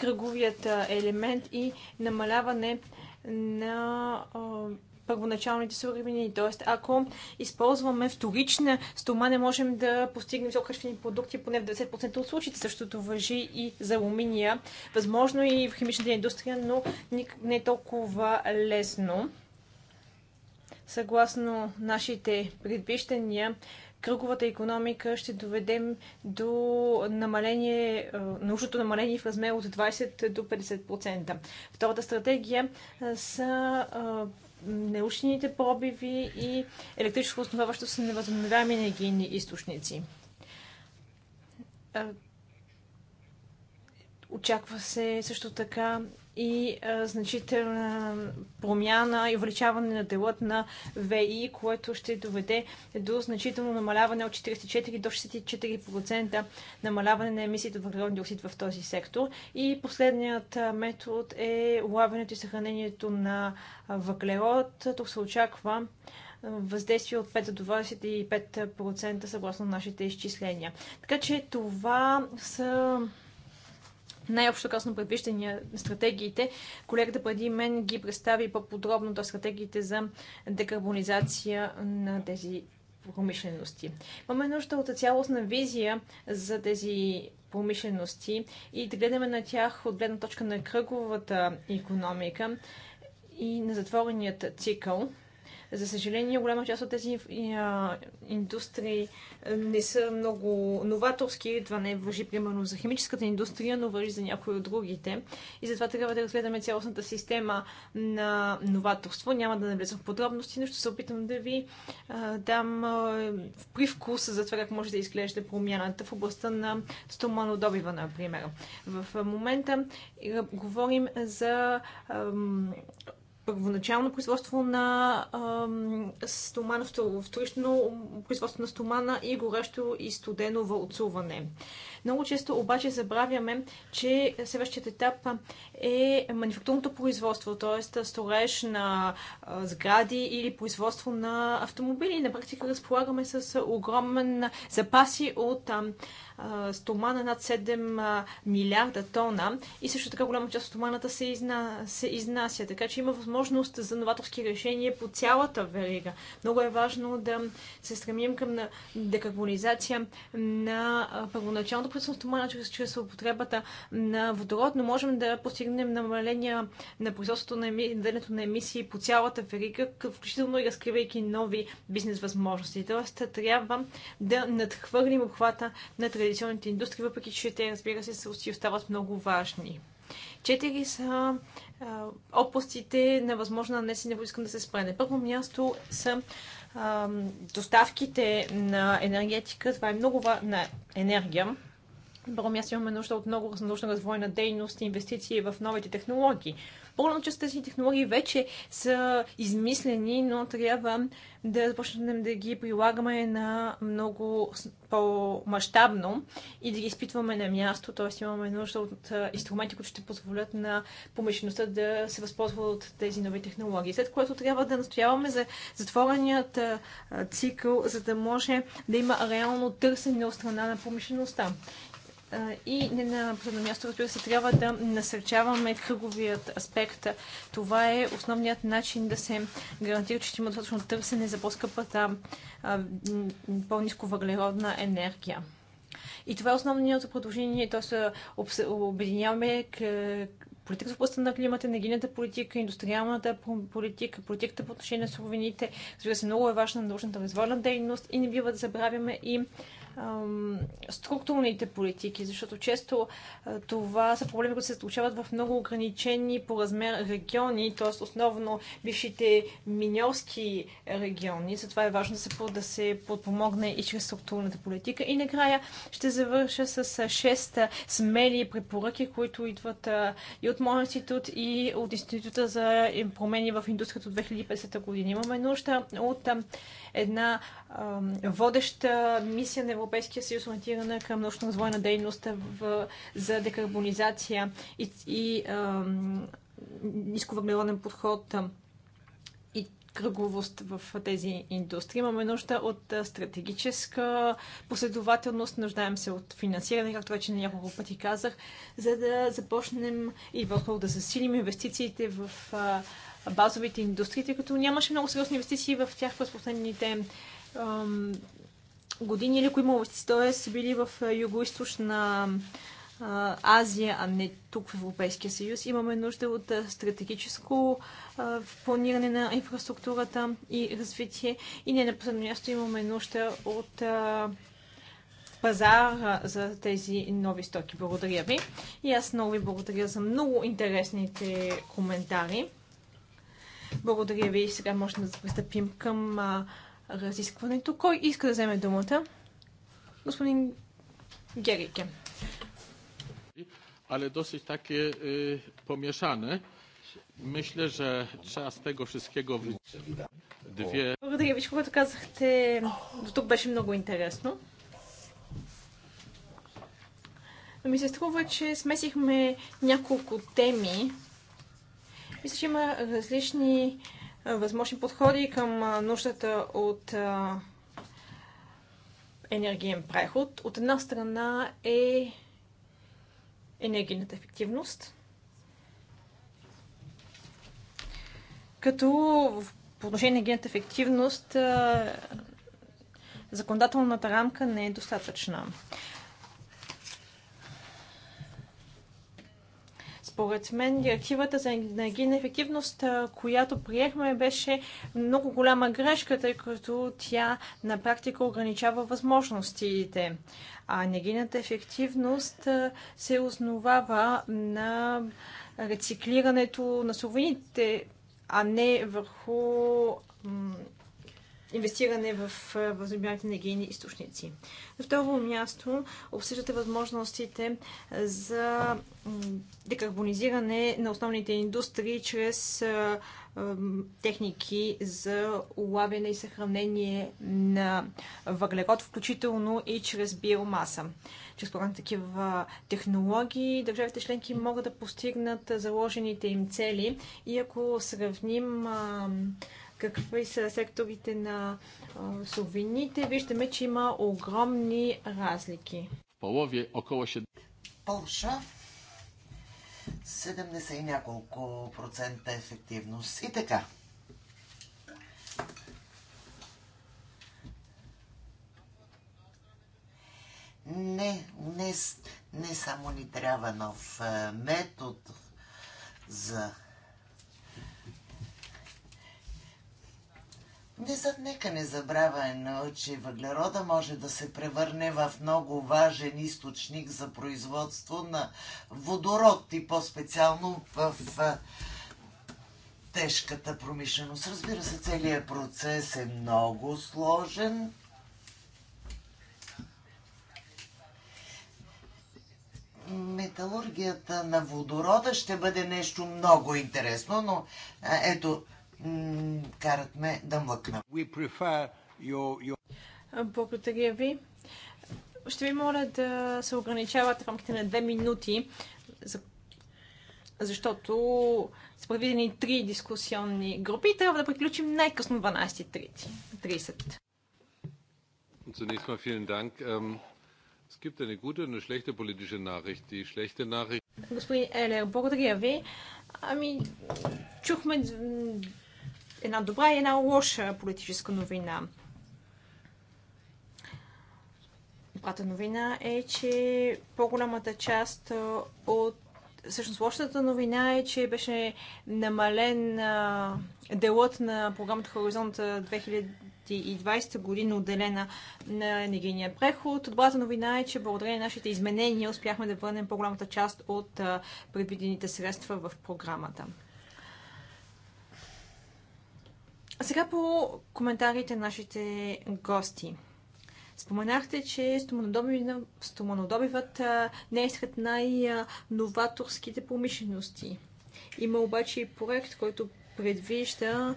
кръговият елемент и намаляване на първоначалните суровини. Тоест, ако използваме вторична стома, не можем да постигнем висококачествени продукти поне в 90% от случаите. Същото въжи и за алуминия. Възможно и в химичната индустрия, но не е толкова лесно. Съгласно нашите предвиждания, кръговата економика ще доведем до намаление, е, научното намаление в размер от 20 до 50%. Втората стратегия е, са е, научните пробиви и електрическо основаващо се на възобновяеми енергийни източници. Очаква се също така и а, значителна промяна и увеличаване на делът на ВИ, което ще доведе до значително намаляване от 44 до 64% намаляване на емисиите въглероден диоксид в този сектор. И последният метод е улавянето и съхранението на въглерод. Тук се очаква въздействие от 5 до 25% съгласно нашите изчисления. Така че това са най-общо казано предвиждания стратегиите. Колегата преди мен ги представи по-подробно до стратегиите за декарбонизация на тези промишлености. Имаме нужда от цялостна визия за тези промишлености и да гледаме на тях от гледна точка на кръговата економика и на затвореният цикъл. За съжаление, голяма част от тези индустрии не са много новаторски. Това не въжи примерно за химическата индустрия, но въжи за някои от другите. И затова трябва да разгледаме цялостната система на новаторство. Няма да навлезам в подробности, но ще се опитам да ви дам привкус за това как може да изглежда промяната в областта на стоманодобива, например. В момента говорим за първоначално производство на стомана, вторично производство на стомана и горещо и студено вълцуване. Много често обаче забравяме, че следващият етап е манифактурното производство, т.е. сторож на сгради или производство на автомобили. На практика разполагаме с огромен запаси от стомана над 7 милиарда тона и също така голяма част от стоманата се, изна, се изнася. Така че има възможност за новаторски решения по цялата верига. Много е важно да се стремим към декарбонизация на първоначалното производство на стомана чрез, чрез употребата на водород, но можем да постигнем намаления на производството на, еми, на емисии по цялата верига, включително и разкривайки нови бизнес възможности. Тоест трябва да надхвърлим обхвата на традиционната традиционните индустрии, въпреки че те, разбира се, си остават много важни. Четири са областите на възможна нанесене, които искам да се спре. На първо място са а, доставките на енергетика. Това е много важна на енергия. На първо място имаме нужда от много научно развойна дейност и инвестиции в новите технологии. По-голямата част от тези технологии вече са измислени, но трябва да започнем да ги прилагаме на много по-масштабно и да ги изпитваме на място. Т.е. имаме нужда от инструменти, които ще позволят на помещеността да се възползва от тези нови технологии. След което трябва да настояваме за затвореният цикъл, за да може да има реално търсене от страна на помещеността. И не на последно място, разбира се, трябва да насърчаваме кръговият аспект. Това е основният начин да се гарантира, че ще има достатъчно търсене за по-скъпата, по-низко въглеродна енергия. И това е основното предложение, т.е. обединяваме политиката в областта на климата, енергийната политика, индустриалната политика, политиката по отношение на суровините. Разбира се, много е важна научната развойна дейност и не бива да забравяме и структурните политики, защото често това са проблеми, които се случават в много ограничени по размер региони, т.е. основно бившите миньорски региони. Затова е важно да се, подпомогне и чрез структурната политика. И накрая ще завърша с шест смели препоръки, които идват и от моя институт, и от Института за промени в индустрията от 2050 година. Имаме нужда от една а, водеща мисия на Европейския съюз, ориентирана към научно-развойна дейност в, за декарбонизация и, и а, нисковъглероден подход и кръговост в тези индустрии. Имаме нужда от стратегическа последователност, нуждаем се от финансиране, както вече на няколко пъти казах, за да започнем и върху да засилим инвестициите в базовите индустрии, тъй като нямаше много сериозни инвестиции в тях през последните ам, години, или ако има инвестиции, т.е. са били в Юго-Источна Азия, а не тук в Европейския съюз. Имаме нужда от стратегическо а, планиране на инфраструктурата и развитие. И не на последно място имаме нужда от а, пазар за тези нови стоки. Благодаря ви. И аз много ви благодаря за много интересните коментари. Благодаря ви. Сега може да пристъпим към а, разискването. Кой иска да вземе думата? Господин Герике. Але dosyć takie y, e, pomieszane. Myślę, że trzeba z tego wszystkiego Благодаря ви, когато казахте. До тук беше много интересно. Ми се струва, че смесихме няколко теми, мисля, че има различни възможни подходи към нуждата от енергиен преход. От една страна е енергийната ефективност, като по отношение на енергийната ефективност законодателната рамка не е достатъчна. Според мен директивата за енергийна ефективност, която приехме, беше много голяма грешка, тъй като тя на практика ограничава възможностите. А енергийната ефективност се основава на рециклирането на суровините, а не върху инвестиране в е, възобновяемите енергийни източници. На второ място обсъждате възможностите за декарбонизиране на основните индустрии чрез е, е, техники за улавяне и съхранение на въглерод, включително и чрез биомаса. Чрез програмата такива технологии държавите членки могат да постигнат заложените им цели и ако сравним какви са секторите на сувините? виждаме, че има огромни разлики. В Половие около 6... Полша 70 и няколко процента ефективност. И така. Не, не, не само ни трябва нов е, метод за Не нека не забравяме, че въглерода може да се превърне в много важен източник за производство на водород и по-специално в тежката промишленост. Разбира се, целият процес е много сложен. Металургията на водорода ще бъде нещо много интересно, но ето карат ме да млъкна. Благодаря ви. Ще ви моля да се ограничавате в рамките на две минути, защото са предвидени три дискусионни групи и трябва да приключим най-късно 12.30. Zunächst mal vielen Dank. Ähm, es gibt eine gute und eine schlechte politische Nachricht. Die schlechte Nachricht. Господин Елер, благодаря ви. Ами, чухме една добра и една лоша политическа новина. Добрата новина е, че по-голямата част от всъщност лошата новина е, че беше намален а, делът на програмата Хоризонт 2020 година, отделена на енергийния преход. Добрата новина е, че благодарение на нашите изменения успяхме да върнем по-голямата част от а, предвидените средства в програмата. А сега по коментарите на нашите гости. Споменахте, че стоманодобивът не е сред най-новаторските промишлености. Има обаче и проект, който предвижда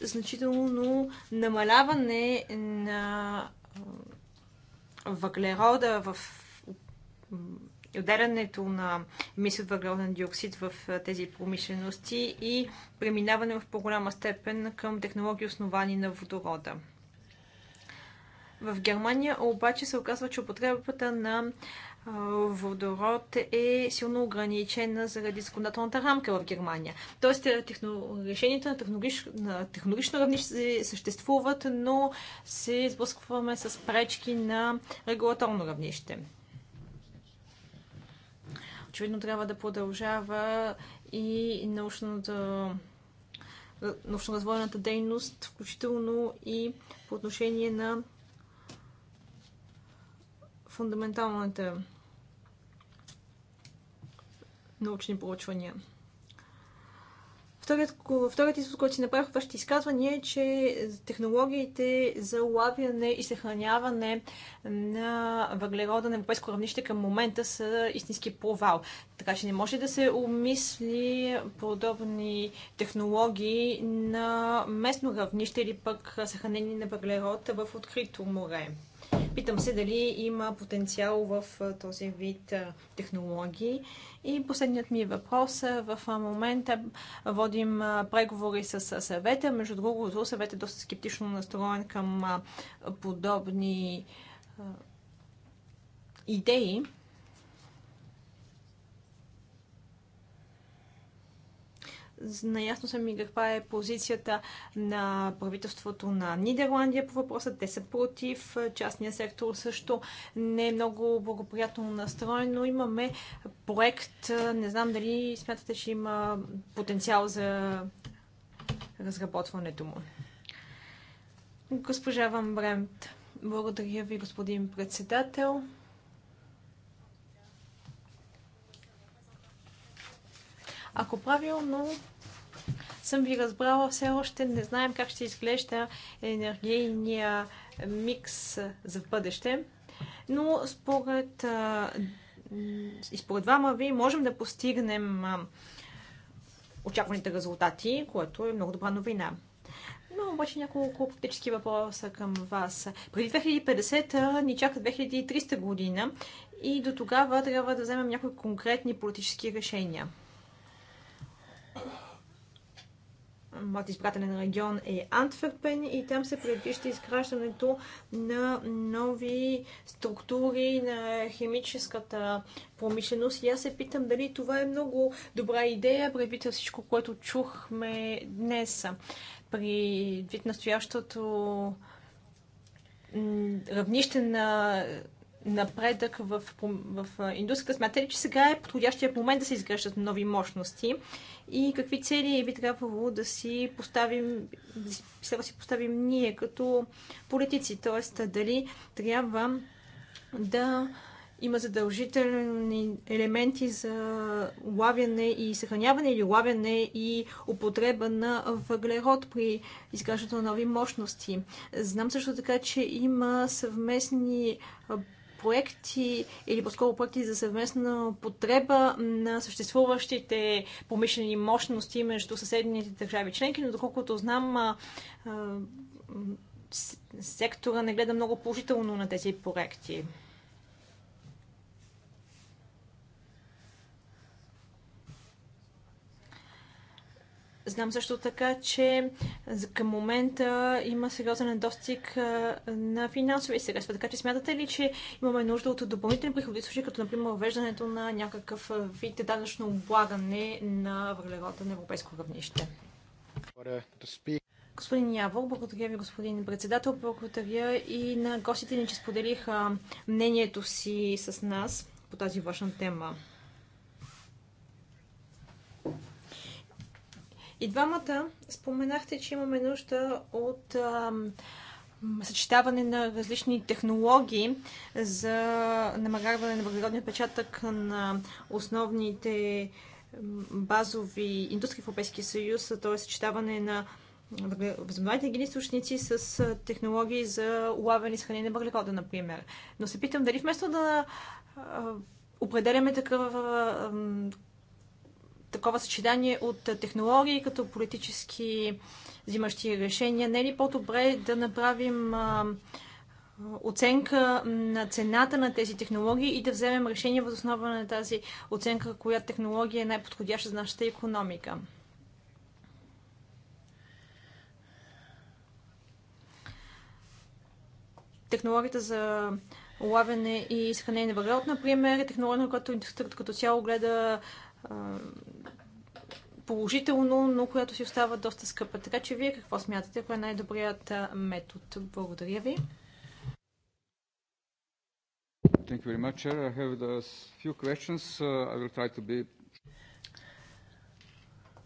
значително намаляване на въглерода в Ударянето отделянето на емисии от въглероден диоксид в тези промишлености и преминаване в по-голяма степен към технологии основани на водорода. В Германия обаче се оказва, че употребата на водород е силно ограничена заради законодателната рамка в Германия. Тоест, техно... решенията на, технологич... на технологично равнище съществуват, но се сблъскваме с пречки на регулаторно равнище. Очевидно трябва да продължава и научната научно-развойната дейност, включително и по отношение на фундаменталните научни проучвания. Вторият, вторият изход, който си направих от вашите изказвания е, че технологиите за улавяне и съхраняване на въглерода на европейско равнище към момента са истински провал. Така че не може да се умисли подобни технологии на местно равнище или пък съхранение на въглерод в открито море. Питам се дали има потенциал в този вид технологии. И последният ми въпрос. В момента водим преговори с съвета. Между другото, съвет е доста скептично настроен към подобни идеи. Наясно съм и каква е позицията на правителството на Нидерландия по въпроса. Те са против. Частният сектор също не е много благоприятно настроен, но имаме проект. Не знам дали смятате, че има потенциал за разработването му. Госпожа Ван Бремт, благодаря ви, господин председател. Ако правилно съм ви разбрала, все още не знаем как ще изглежда енергийния микс за бъдеще. Но според, и според двама ви можем да постигнем очакваните резултати, което е много добра новина. Но обаче няколко практически въпроса към вас. Преди 2050 ни чака 2300 година и до тогава трябва да вземем някои конкретни политически решения моят избирателен регион е Антверпен и там се предвижда изграждането на нови структури на химическата промишленост. И аз се питам дали това е много добра идея, предвид всичко, което чухме днес. При вид настоящото равнище на напредък в, в индустрията. Смятате ли, че сега е подходящия момент да се изграждат нови мощности и какви цели би трябвало да си поставим, да си поставим ние като политици? Тоест, дали трябва да има задължителни елементи за лавяне и съхраняване или лавяне и употреба на въглерод при изграждането на нови мощности. Знам също така, че има съвместни проекти или по-скоро проекти за съвместна потреба на съществуващите помишлени мощности между съседните държави членки, но доколкото знам, сектора не гледа много положително на тези проекти. Знам също така, че към момента има сериозен недостиг на финансови средства. Така че смятате ли, че имаме нужда от допълнителни приходи, случаи, като например въвеждането на някакъв вид данъчно облагане на въглерода на европейско равнище? Господин Явол, благодаря ви, господин председател. Благодаря и на гостите ни, че споделиха мнението си с нас по тази важна тема. И двамата споменахте, че имаме нужда от ам, съчетаване на различни технологии за намагаване на въглеродния печатък на основните базови индустрии в Европейския съюз, т.е. съчетаване на възобновяемите енергийни източници с технологии за улавяне и съхранение на въглерода, например. Но се питам дали вместо да определяме такъв такова съчетание от технологии като политически взимащи решения. Не е ли по-добре да направим а, оценка на цената на тези технологии и да вземем решение въз основа на тази оценка, коя технология е най-подходяща за нашата економика? Технологията за лавяне и съхранение на въглерод, например, е технология, на която индустрията като цяло гледа положително, но която си остава доста скъпа. Така че вие какво смятате, кой е най-добрият метод? Благодаря ви. Thank you very much, Chair. I have a few questions. Uh, I will try to be...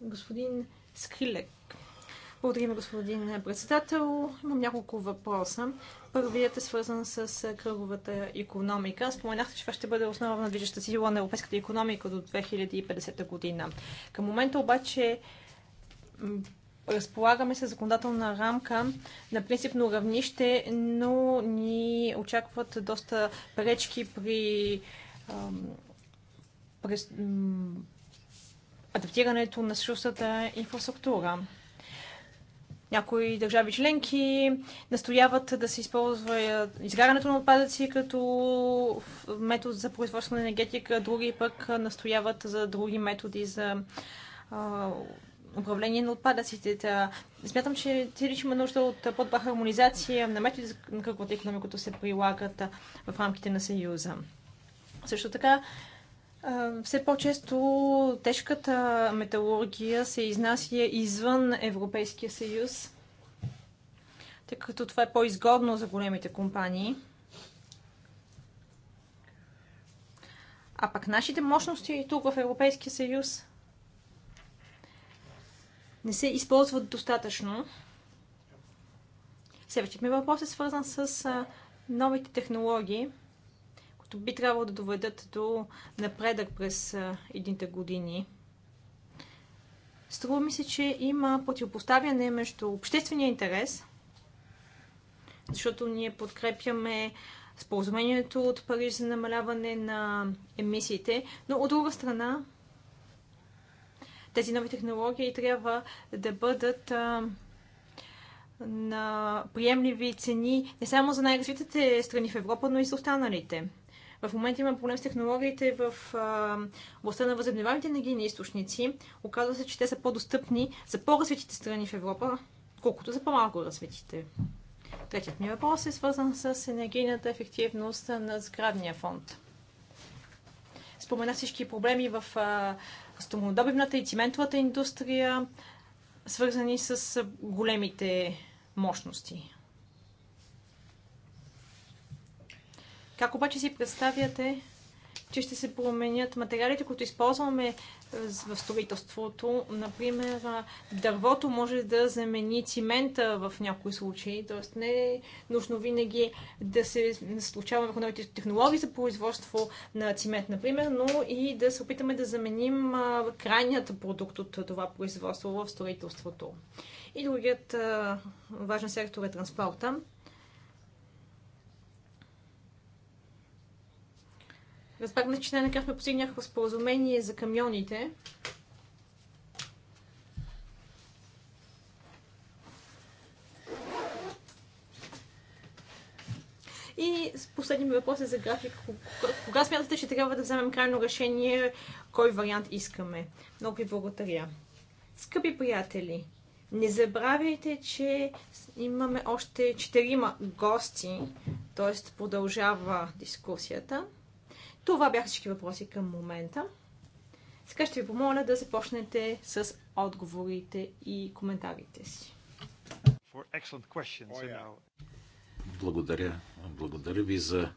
Господин Скрилек. Благодаря, господин председател. Имам няколко въпроса. Първият е свързан с е, кръговата економика. Споменахте, че това ще бъде основа на движеща сила на европейската економика до 2050 година. Към момента обаче разполагаме с законодателна рамка на принципно равнище, но ни очакват доста пречки при ам, през, ам, адаптирането на същата инфраструктура. Някои държави членки настояват да се използва изгарянето на отпадъци като метод за производство на енергетика, други пък настояват за други методи за управление на отпадъците. Та, смятам, че лично има нужда от по-добра хармонизация на методи за кръговата економика, които се прилагат в рамките на Съюза. Също така все по-често тежката металургия се изнася извън Европейския съюз, тъй като това е по-изгодно за големите компании. А пък нашите мощности тук в Европейския съюз не се използват достатъчно. Следващият ми въпрос е свързан с новите технологии които би трябвало да доведат до напредък през едните години. Струва ми се, че има противопоставяне между обществения интерес, защото ние подкрепяме споразумението от Париж за намаляване на емисиите, но от друга страна тези нови технологии трябва да бъдат а, на приемливи цени не само за най-развитите страни в Европа, но и за останалите. В момента има проблем с технологиите в областта на възобновяемите енергийни източници. Оказва се, че те са по-достъпни за по-развитите страни в Европа, колкото за по-малко развитите. Третият ми въпрос е свързан с енергийната ефективност на сградния фонд. Спомена всички проблеми в стомодобивната и циментовата индустрия, свързани с големите мощности. Как обаче си представяте, че ще се променят материалите, които използваме е, в строителството? Например, дървото може да замени цимента в някои случаи, т.е. не е нужно винаги да се случава върху новите технологии за производство на цимент, например, но и да се опитаме да заменим крайният продукт от това производство в строителството. И другият важен сектор е транспорта. Разбрахме, че най-накрая сме постигнали някакво споразумение за камионите. И последния ми въпрос е за график. Кога, кога смятате, че трябва да вземем крайно решение, кой вариант искаме? Много ви благодаря. Скъпи приятели, не забравяйте, че имаме още четирима гости, т.е. продължава дискусията. Това бяха всички въпроси към момента. Сега ще ви помоля да започнете с отговорите и коментарите си. Благодаря. Благодаря ви за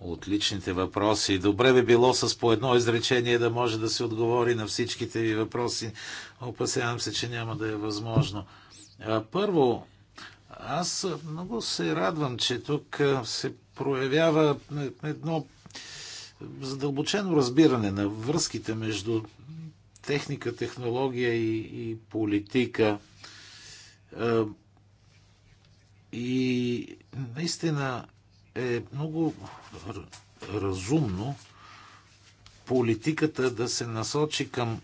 отличните въпроси. Добре би било с по едно изречение да може да се отговори на всичките ви въпроси. Опасявам се, че няма да е възможно. Първо, аз много се радвам, че тук се проявява е, едно задълбочено разбиране на връзките между техника, технология и, и политика. И наистина е много разумно политиката да се насочи към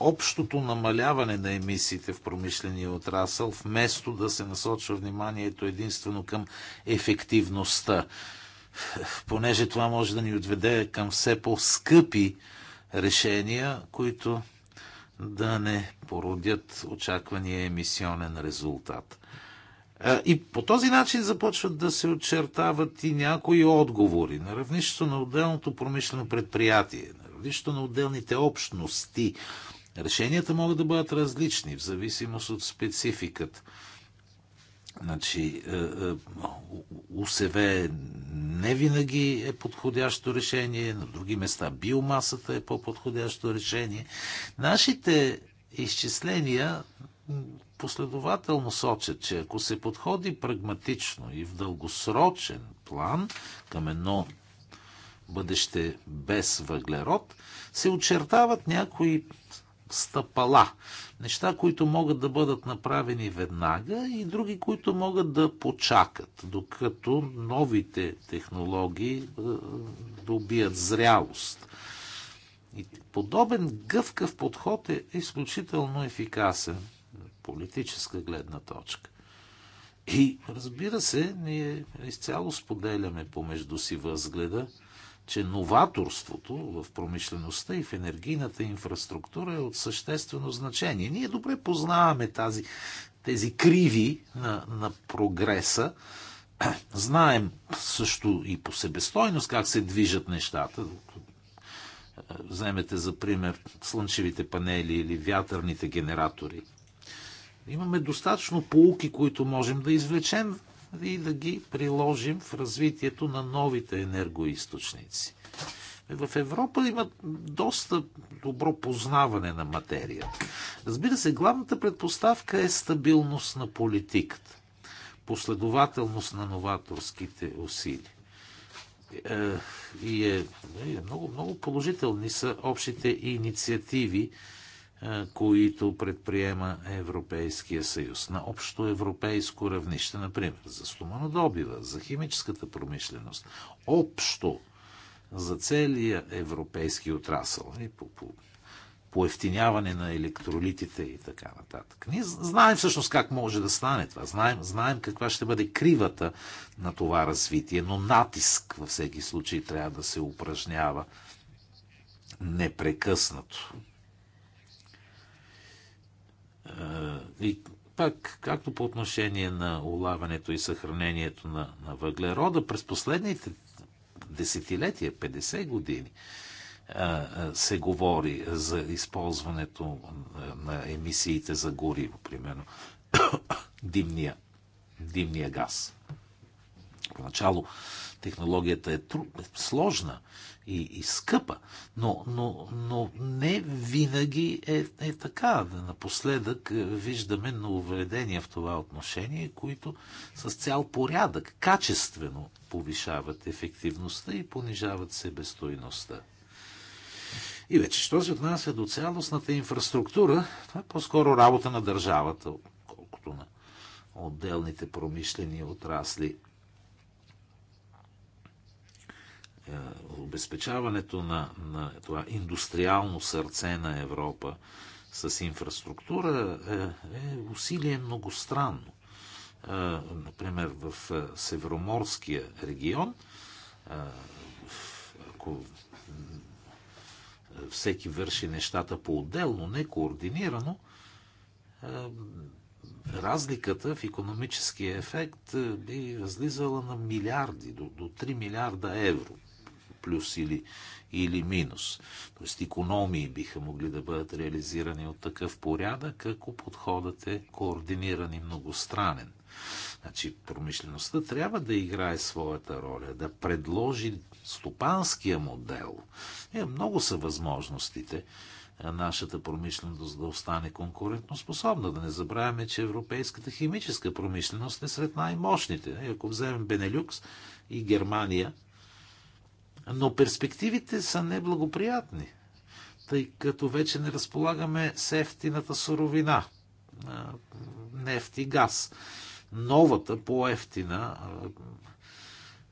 общото намаляване на емисиите в промишления отрасъл, вместо да се насочва вниманието единствено към ефективността понеже това може да ни отведе към все по-скъпи решения, които да не породят очаквания емисионен резултат. И по този начин започват да се очертават и някои отговори на равнището на отделното промишлено предприятие, на равнището на отделните общности. Решенията могат да бъдат различни в зависимост от спецификата Значи, е, е, УСВ не винаги е подходящо решение, на други места биомасата е по-подходящо решение. Нашите изчисления последователно сочат, че ако се подходи прагматично и в дългосрочен план към едно бъдеще без въглерод, се очертават някои стъпала, неща, които могат да бъдат направени веднага и други, които могат да почакат, докато новите технологии е, добият зрялост. И подобен гъвкав подход е изключително ефикасен политическа гледна точка. И разбира се, ние изцяло споделяме помежду си възгледа, че новаторството в промишлеността и в енергийната инфраструктура е от съществено значение. Ние добре познаваме тази, тези криви на, на прогреса. Знаем също и по себестойност как се движат нещата. Вземете за пример слънчевите панели или вятърните генератори. Имаме достатъчно полуки, които можем да извлечем и да ги приложим в развитието на новите енергоисточници. В Европа имат доста добро познаване на материята. Разбира се, главната предпоставка е стабилност на политиката, последователност на новаторските усилия. Е, и е, е много, много положителни са общите инициативи които предприема Европейския съюз на общо европейско равнище, например, за стоманодобива, за химическата промишленост, общо за целия европейски отрасъл, и нали, по, по, поевтиняване на електролитите и така нататък. Ние знаем всъщност как може да стане това. Знаем, знаем каква ще бъде кривата на това развитие, но натиск във всеки случай трябва да се упражнява непрекъснато. Е, и пак, както по отношение на улаването и съхранението на, на въглерода, през последните десетилетия, 50 години, е, е, се говори за използването на емисиите за гориво, примерно димния, димния газ. Поначало технологията е, труд, е сложна, и, и скъпа, но, но, но не винаги е, е така. Напоследък е, виждаме нововведения в това отношение, които с цял порядък качествено повишават ефективността и понижават себестойността. И вече, що се отнася до цялостната инфраструктура, това е по-скоро работа на държавата, колкото на отделните промишлени отрасли. Е, обезпечаването на, на това индустриално сърце на Европа с инфраструктура е, е усилие многостранно. Е, например, в Североморския регион, ако всеки върши нещата по-отделно, не координирано, разликата в економическия ефект би възлизала на милиарди, до, до 3 милиарда евро плюс или, или минус. Тоест економии биха могли да бъдат реализирани от такъв порядък, ако подходът е координиран и многостранен. Значи промишлеността трябва да играе своята роля, да предложи стопанския модел. Е, много са възможностите е, нашата промишленост да остане конкурентоспособна. Да не забравяме, че европейската химическа промишленост е сред най-мощните. Е, ако вземем Бенелюкс и Германия, но перспективите са неблагоприятни, тъй като вече не разполагаме с ефтината суровина, нефт и газ. Новата, по-ефтина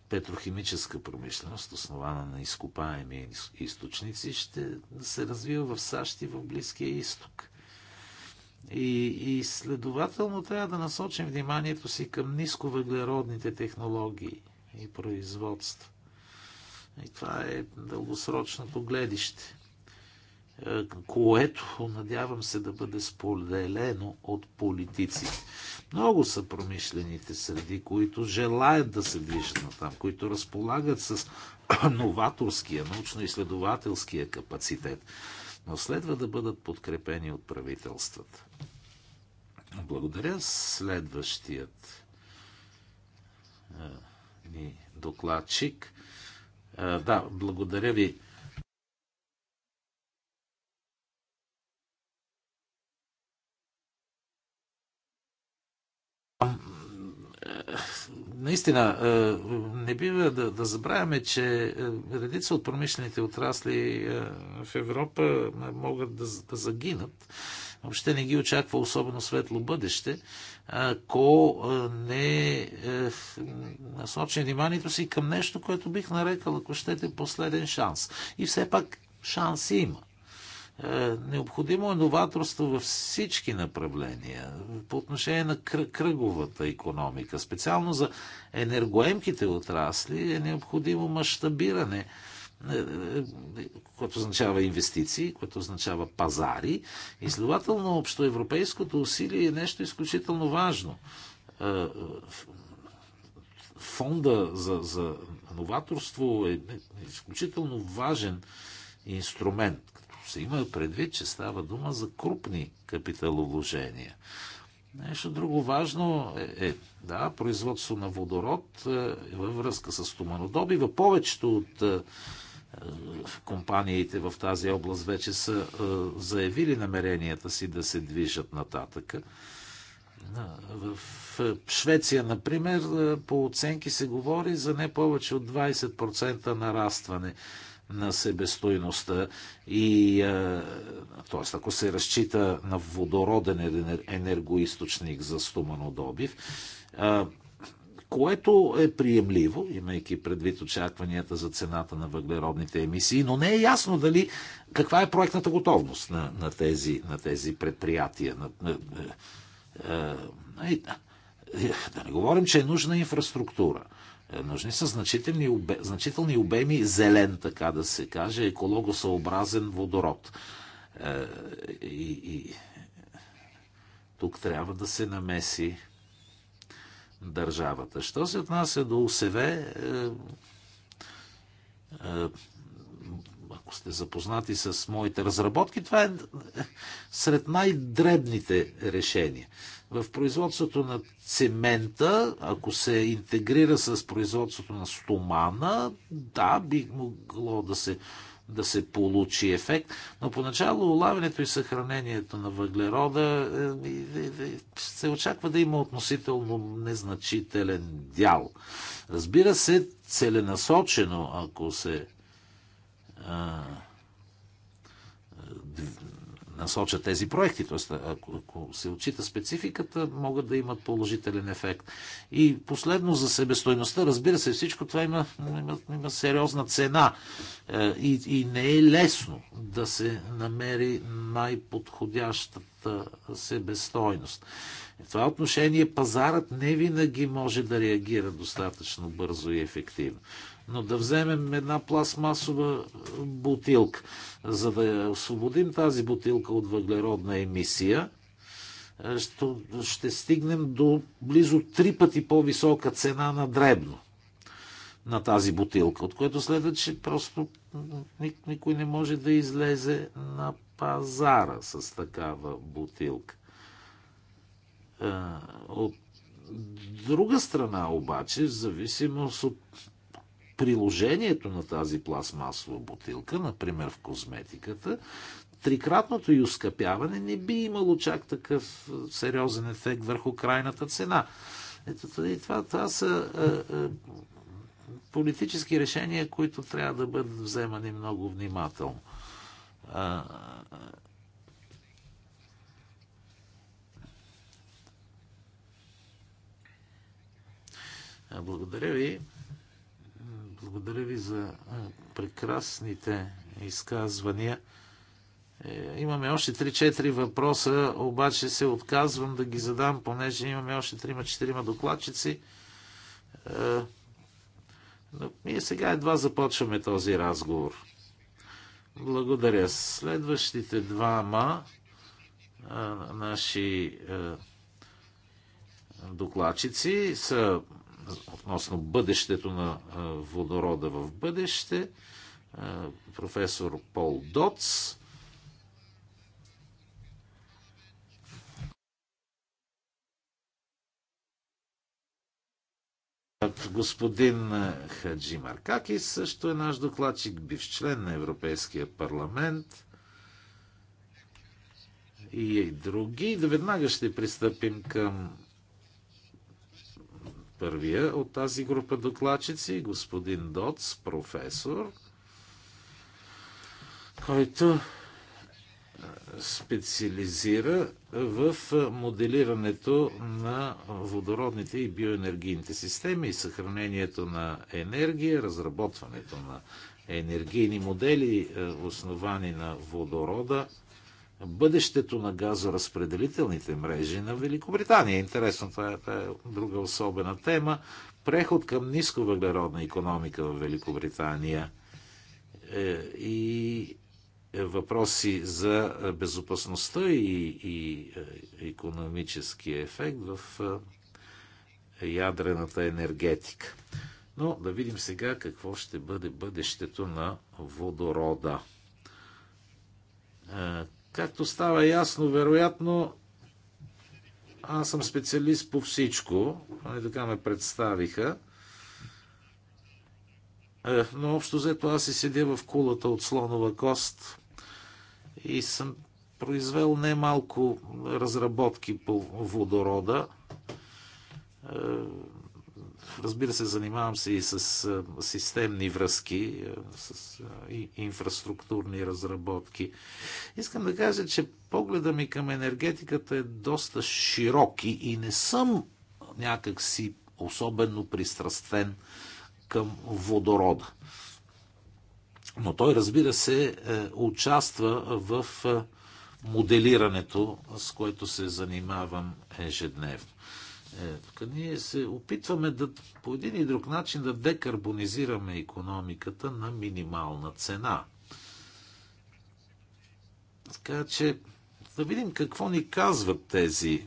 петрохимическа промишленост, основана на изкопаеми източници, ще се развива в САЩ и в Близкия изток. И, и следователно трябва да насочим вниманието си към нисковъглеродните технологии и производства. И е, това е дългосрочното гледище, е, което надявам се да бъде споделено от политиците. Много са промишлените среди, които желаят да се движат на там, които разполагат с новаторския, научно-изследователския капацитет, но следва да бъдат подкрепени от правителствата. Благодаря. Следващият е, ни докладчик да, благодаря ви. Наистина, не бива да, да забравяме, че редица от промишлените отрасли в Европа могат да, да загинат въобще не ги очаква особено светло бъдеще, ако не е, насочи вниманието си към нещо, което бих нарекал, ако щете, последен шанс. И все пак шанс има. Е, необходимо е новаторство във всички направления по отношение на кръговата економика. Специално за енергоемките отрасли е необходимо мащабиране – което означава инвестиции, което означава пазари. И следователно общоевропейското усилие е нещо изключително важно. Е, фонда за, за новаторство е, е изключително важен инструмент, като се има предвид, че става дума за крупни капиталовложения. Нещо друго важно е, е да, производство на водород е, във връзка с туманодобива. Повечето от е, компаниите в тази област вече са е, заявили намеренията си да се движат нататък. Е, в е, Швеция, например, по оценки се говори за не повече от 20% нарастване на себестойността и т.е. ако се разчита на водороден енергоисточник за стоманодобив, което е приемливо, имайки предвид очакванията за цената на въглеродните емисии, но не е ясно дали каква е проектната готовност на, на, тези, на тези предприятия. На, на, на, е, на, е, е, да не говорим, че е нужна инфраструктура. Нужни са значителни, обе, значителни обеми зелен, така да се каже, екологосъобразен водород. и, и тук трябва да се намеси държавата. Що се отнася до ОСВ, е, е, ако сте запознати с моите разработки, това е сред най-дребните решения. В производството на цемента, ако се интегрира с производството на стомана, да, би могло да се да се получи ефект. Но поначало улавянето и съхранението на въглерода е, е, е, се очаква да има относително незначителен дял. Разбира се, целенасочено, ако се насочат тези проекти. Тоест, ако, ако се отчита спецификата, могат да имат положителен ефект. И последно за себестойността, разбира се, всичко това има, има, има сериозна цена е, и, и не е лесно да се намери най-подходящата себестойност. В това отношение пазарът не винаги може да реагира достатъчно бързо и ефективно. Но да вземем една пластмасова бутилка, за да я освободим тази бутилка от въглеродна емисия, ще, ще стигнем до близо три пъти по-висока цена на дребно на тази бутилка, от което следва, че просто никой не може да излезе на пазара с такава бутилка. Е, от друга страна обаче, в зависимост от приложението на тази пластмасова бутилка, например в козметиката, трикратното и ускъпяване не би имало чак такъв сериозен ефект върху крайната цена. Ето и това, това са е, е, политически решения, които трябва да бъдат вземани много внимателно. А, благодаря ви. Благодаря ви за прекрасните изказвания. Е, имаме още 3-4 въпроса, обаче се отказвам да ги задам, понеже имаме още 3-4 докладчици. Е, но ние сега едва започваме този разговор. Благодаря. Следващите двама наши е, докладчици са относно бъдещето на водорода в бъдеще, професор Пол Доц. Господин Хаджи Маркаки също е наш докладчик, бивш член на Европейския парламент и други. Да веднага ще пристъпим към първия от тази група докладчици, господин Доц, професор, който е, специализира в е, моделирането на водородните и биоенергийните системи и съхранението на енергия, разработването на енергийни модели, е, основани на водорода бъдещето на газоразпределителните мрежи на Великобритания. Интересно, това е, това е друга особена тема. Преход към нисковъглеродна економика в Великобритания е, и въпроси за безопасността и, и е, економическия ефект в е, ядрената енергетика. Но да видим сега какво ще бъде бъдещето на водорода Както става ясно, вероятно, аз съм специалист по всичко. Они нали така ме представиха. Е, но общо взето аз си седя в кулата от слонова кост и съм произвел немалко разработки по водорода е, Разбира се, занимавам се и с системни връзки, с инфраструктурни разработки. Искам да кажа, че погледа ми към енергетиката е доста широк и не съм някакси особено пристрастен към водорода. Но той, разбира се, е, участва в е, моделирането, с което се занимавам ежедневно. Е, тук ние се опитваме да по един и друг начин да декарбонизираме економиката на минимална цена. Така че да видим какво ни казват тези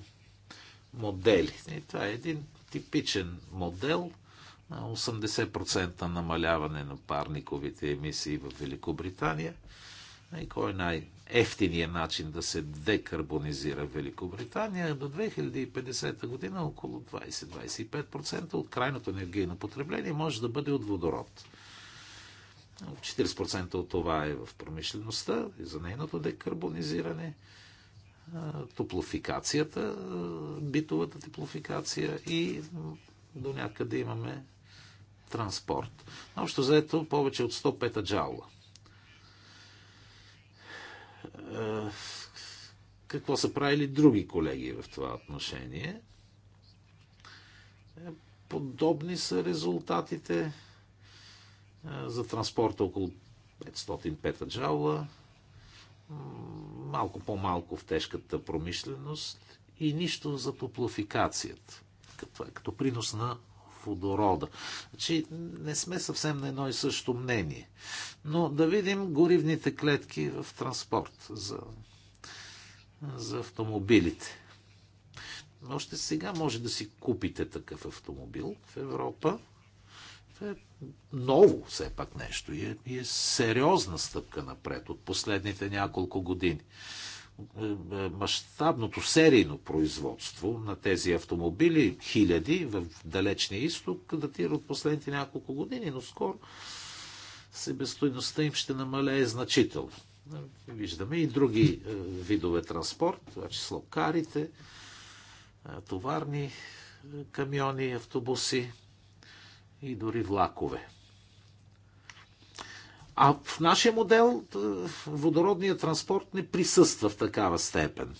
модели. И това е един типичен модел на 80% намаляване на парниковите емисии в Великобритания. И кой е най- ефтиния начин да се декарбонизира Великобритания, е до 2050 година около 20-25% от крайното енергийно потребление може да бъде от водород. 40% от това е в промишлеността и за нейното декарбонизиране, топлофикацията, битовата теплофикация и до някъде имаме транспорт. Общо заето повече от 105 джаула какво са правили други колеги в това отношение. Е, подобни са резултатите за транспорта около 505 джаула, малко по-малко в тежката промишленост и нищо за топлофикацията, като, като принос на водорода. Значи не сме съвсем на едно и също мнение. Но да видим горивните клетки в транспорт за, за автомобилите. Още сега може да си купите такъв автомобил в Европа. Това е ново все пак нещо и е, и е сериозна стъпка напред от последните няколко години. Е, е, мащабното серийно производство на тези автомобили, хиляди в далечния изток, датира от последните няколко години, но скоро себестойността им ще намалее значително. Виждаме и други е, видове транспорт, това число карите, товарни камиони, автобуси и дори влакове. А в нашия модел водородният транспорт не присъства в такава степен.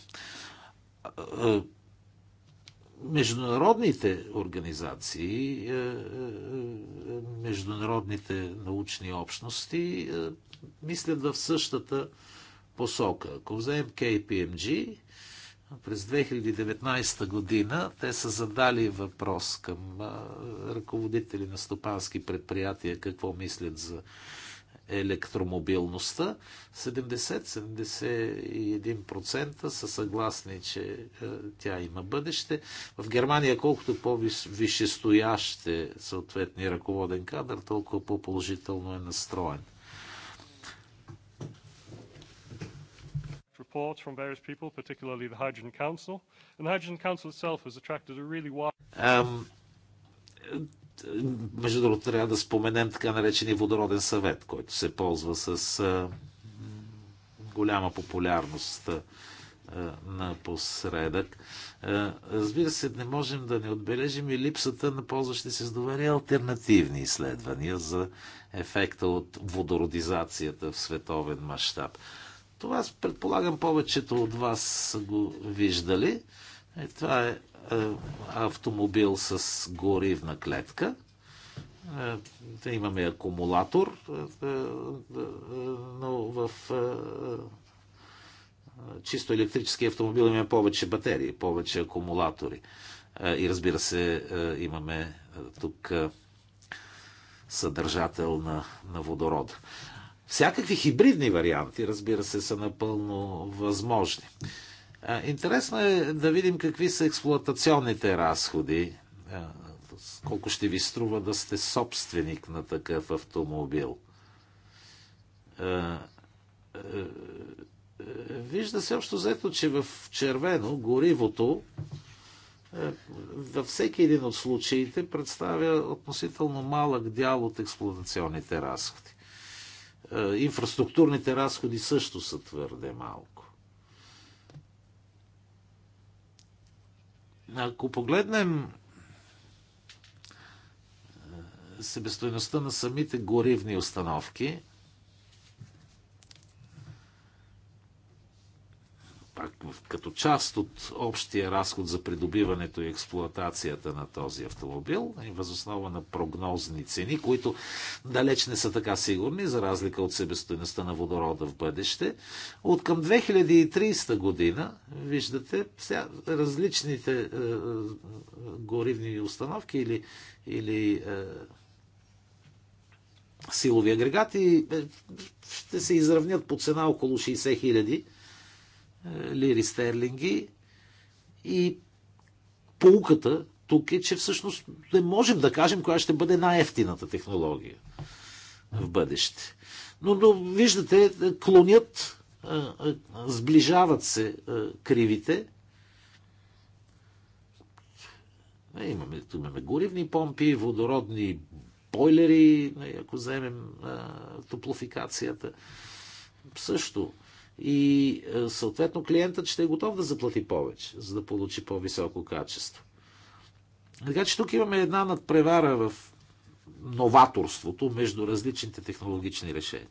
Международните организации, международните научни общности мислят в същата посока. Ако вземем KPMG, през 2019 година те са задали въпрос към ръководители на стопански предприятия какво мислят за електромобилността. 70-71% са съгласни, че е, тя има бъдеще. В Германия колкото по-висшестояще съответния ръководен кадър, толкова по-положително е настроен. from various people, particularly the Hydrogen Council. And the Hydrogen Council itself has attracted a really wide. Um, между другото, трябва да споменем така наречения водороден съвет, който се ползва с голяма популярност посредък. Разбира се, не можем да не отбележим и липсата на ползващи се с доверие альтернативни изследвания за ефекта от водородизацията в световен мащаб. Това предполагам повечето от вас са го виждали. това е е, автомобил с горивна клетка. Е, да имаме акумулатор, е, но в чисто електрически автомобил имаме повече батерии, повече акумулатори. И разбира се, имаме тук съдържател на, на водорода. Всякакви хибридни варианти, разбира се, са напълно възможни. Интересно е да видим какви са експлуатационните разходи. Колко ще ви струва да сте собственик на такъв автомобил? Вижда се общо заето, че в червено горивото във всеки един от случаите представя относително малък дял от експлуатационните разходи. Инфраструктурните разходи също са твърде малко. Ако погледнем е, себестоеността на самите горивни установки, пак като част от общия разход за придобиването и експлуатацията на този автомобил, и възоснова на прогнозни цени, които далеч не са така сигурни, за разлика от себестоеността на водорода в бъдеще. От към 2030 година, виждате, сега, различните е, е, горивни установки или, или е, силови агрегати е, ще се изравнят по цена около 60 000 лири стерлинги. И полуката тук е, че всъщност не можем да кажем коя ще бъде най-ефтината технология в бъдеще. Но, но виждате, клонят, сближават се кривите. Е, имаме, имаме горивни помпи, водородни бойлери, ако вземем топлофикацията. Също и е, съответно клиентът ще е готов да заплати повече, за да получи по-високо качество. Така че тук имаме една надпревара в новаторството между различните технологични решения.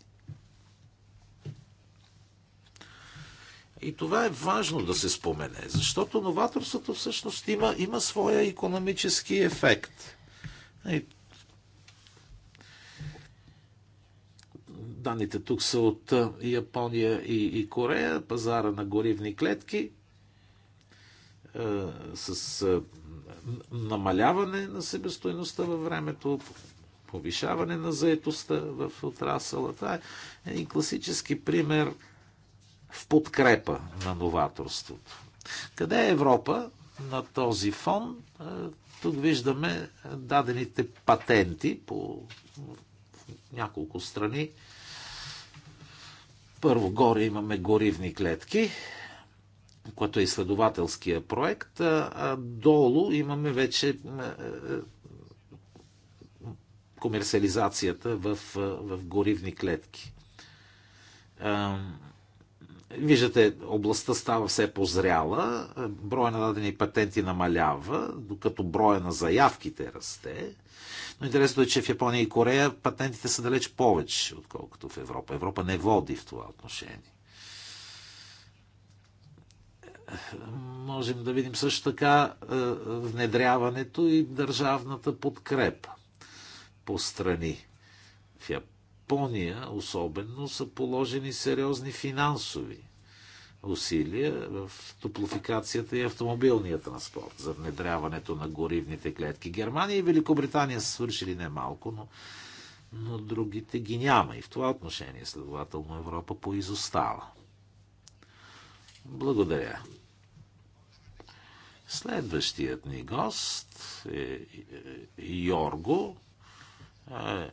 И това е важно да се спомене, защото новаторството всъщност има, има своя економически ефект. Данните тук са от Япония и, и Корея, пазара на горивни клетки с намаляване на себестойността във времето, повишаване на заетостта в отрасъла. Това е един класически пример в подкрепа на новаторството. Къде е Европа на този фон? Тук виждаме дадените патенти по няколко страни първо, горе имаме горивни клетки, което е изследователския проект, а долу имаме вече комерциализацията в, в горивни клетки. Виждате, областта става все по-зряла, броя на дадени патенти намалява, докато броя на заявките расте. Но интересното е, че в Япония и Корея патентите са далеч повече, отколкото в Европа. Европа не води в това отношение. Можем да видим също така е, внедряването и държавната подкрепа по страни. В Япония особено са положени сериозни финансови усилия в топлофикацията и автомобилния транспорт за внедряването на горивните клетки. Германия и Великобритания са свършили немалко, но, но другите ги няма. И в това отношение, следователно, Европа поизостава. Благодаря. Следващият ни гост е, е, е Йорго. Е,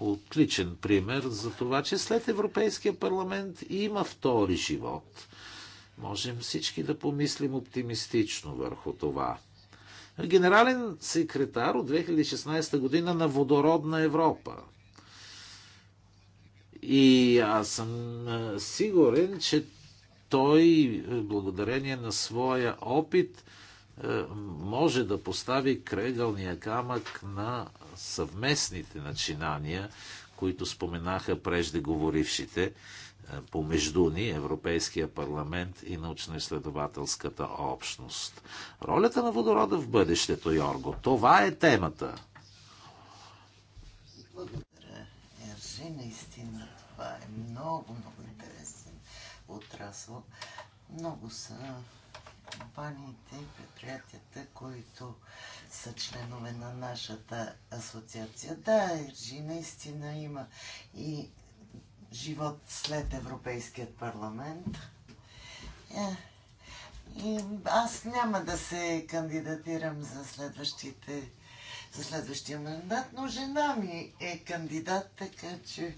отличен пример за това, че след Европейския парламент има втори живот Можем всички да помислим оптимистично върху това. Генерален секретар от 2016 година на Водородна Европа. И аз съм е, сигурен, че той, е, благодарение на своя опит, е, може да постави кръгълния камък на съвместните начинания, които споменаха преждеговорившите. говорившите е, помежду ни, Европейския парламент и научно-изследователската общност. Ролята на водорода в бъдещето, Йорго, това е темата. Благодаря, Ержи. Наистина това е много, много интересен отрасъл. Много са компаниите и предприятията, които са членове на нашата асоциация. Да, Ержи, наистина има и живот след Европейският парламент. Е, и аз няма да се кандидатирам за следващите за следващия мандат, но жена ми е кандидат, така че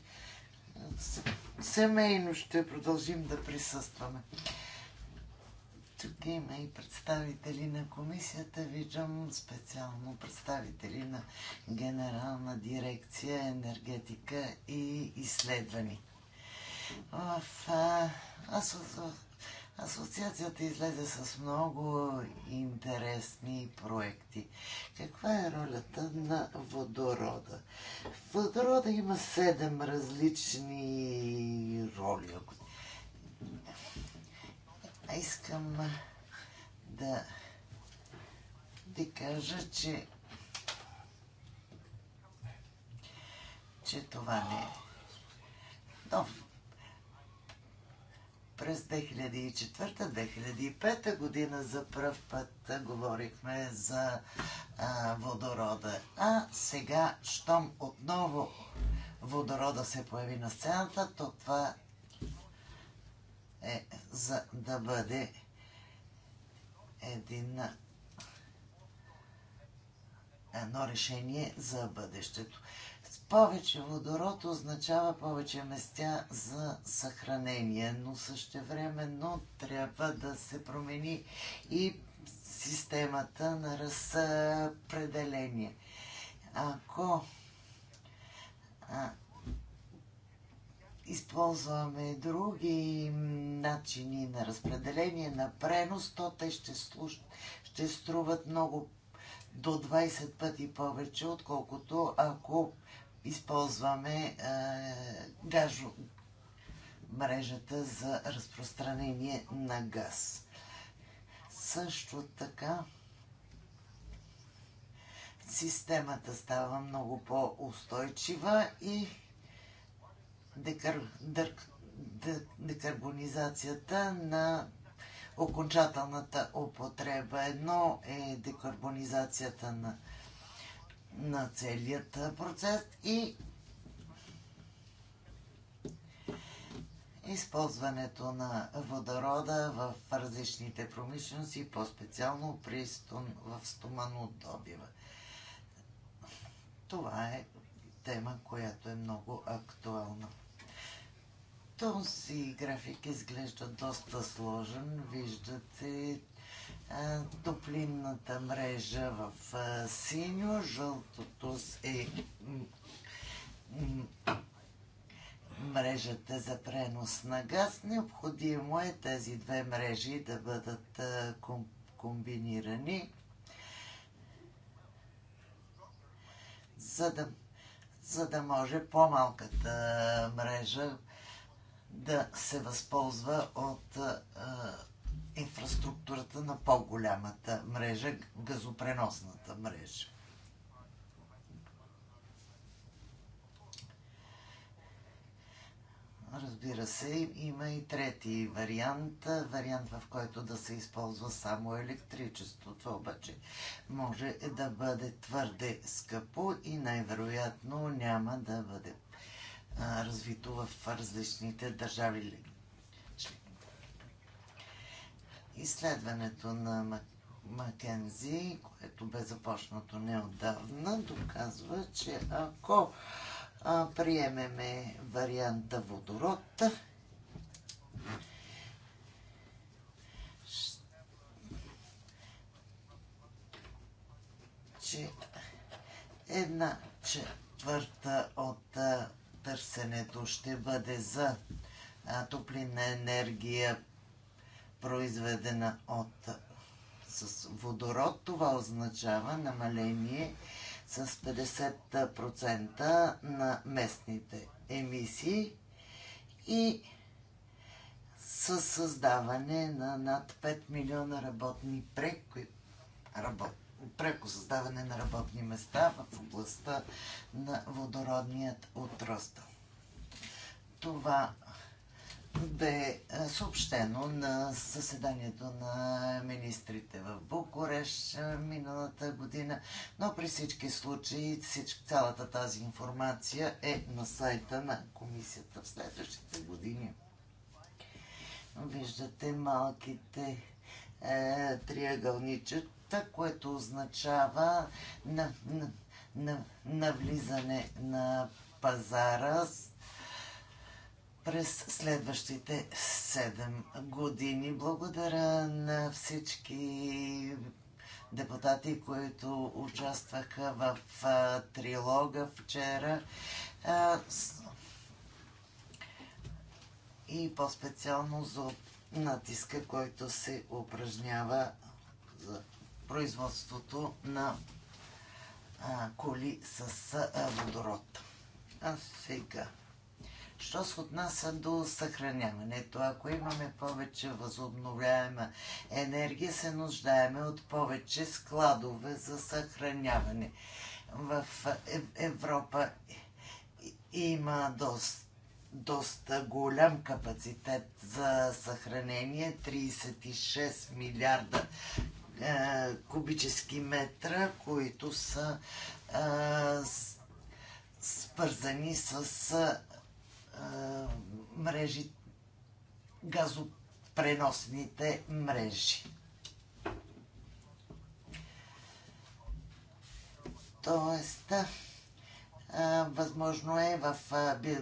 семейно ще продължим да присъстваме. Тук има и представители на комисията. Виждам специално представители на Генерална дирекция енергетика и изследвани. В асо... асоциацията излезе с много интересни проекти. Каква е ролята на водорода? В водорода има седем различни роли, ако искам да ти кажа, че че това не е. Но през 2004-2005 година за пръв път говорихме за а, водорода. А сега, щом отново водорода се появи на сцената, то това е за да бъде един едно решение за бъдещето. повече водород означава повече места за съхранение, но същевременно трябва да се промени и системата на разпределение. Ако използваме други начини на разпределение, на пренос, то те ще, слуш... ще струват много до 20 пъти повече, отколкото ако използваме е, гажо... мрежата за разпространение на газ. Също така системата става много по-устойчива и декар, дър, декарбонизацията на окончателната употреба. Едно е декарбонизацията на, на целият процес и използването на водорода в различните промишлености, по-специално при стон, в добива. Това е тема, която е много актуална. Този график изглежда доста сложен. Виждате топлинната мрежа в синьо, жълтото е мрежата за пренос на газ. Необходимо е тези две мрежи да бъдат комбинирани, за да, за да може по-малката мрежа да се възползва от а, инфраструктурата на по-голямата мрежа, газопреносната мрежа. Разбира се, има и трети вариант, вариант в който да се използва само електричество. Това обаче може да бъде твърде скъпо и най-вероятно няма да бъде развито в различните държави. Изследването на Макензи, което бе започнато неодавна, доказва, че ако приемеме варианта водород, че една четвърта от търсенето ще бъде за топлинна енергия, произведена от с водород. Това означава намаление с 50% на местните емисии и със създаване на над 5 милиона работни преки работни преко създаване на работни места в областта на водородният отростъл. Това бе е, съобщено на съседанието на министрите в Букурещ е, миналата година, но при всички случаи цялата тази информация е на сайта на комисията в следващите години. Виждате малките е, триъгълничета което означава на, на, на, навлизане на пазара през следващите 7 години. Благодаря на всички депутати, които участваха в а, трилога вчера. А, с... И по-специално за натиска, който се упражнява за производството на а, коли с а, водород. А сега, що се отнася до съхраняването? Ако имаме повече възобновляема енергия, се нуждаеме от повече складове за съхраняване. В Европа има доста доста голям капацитет за съхранение 36 милиарда е, кубически метра, които са е, свързани с е, мрежи, газопреносните мрежи. Тоест, Възможно е в,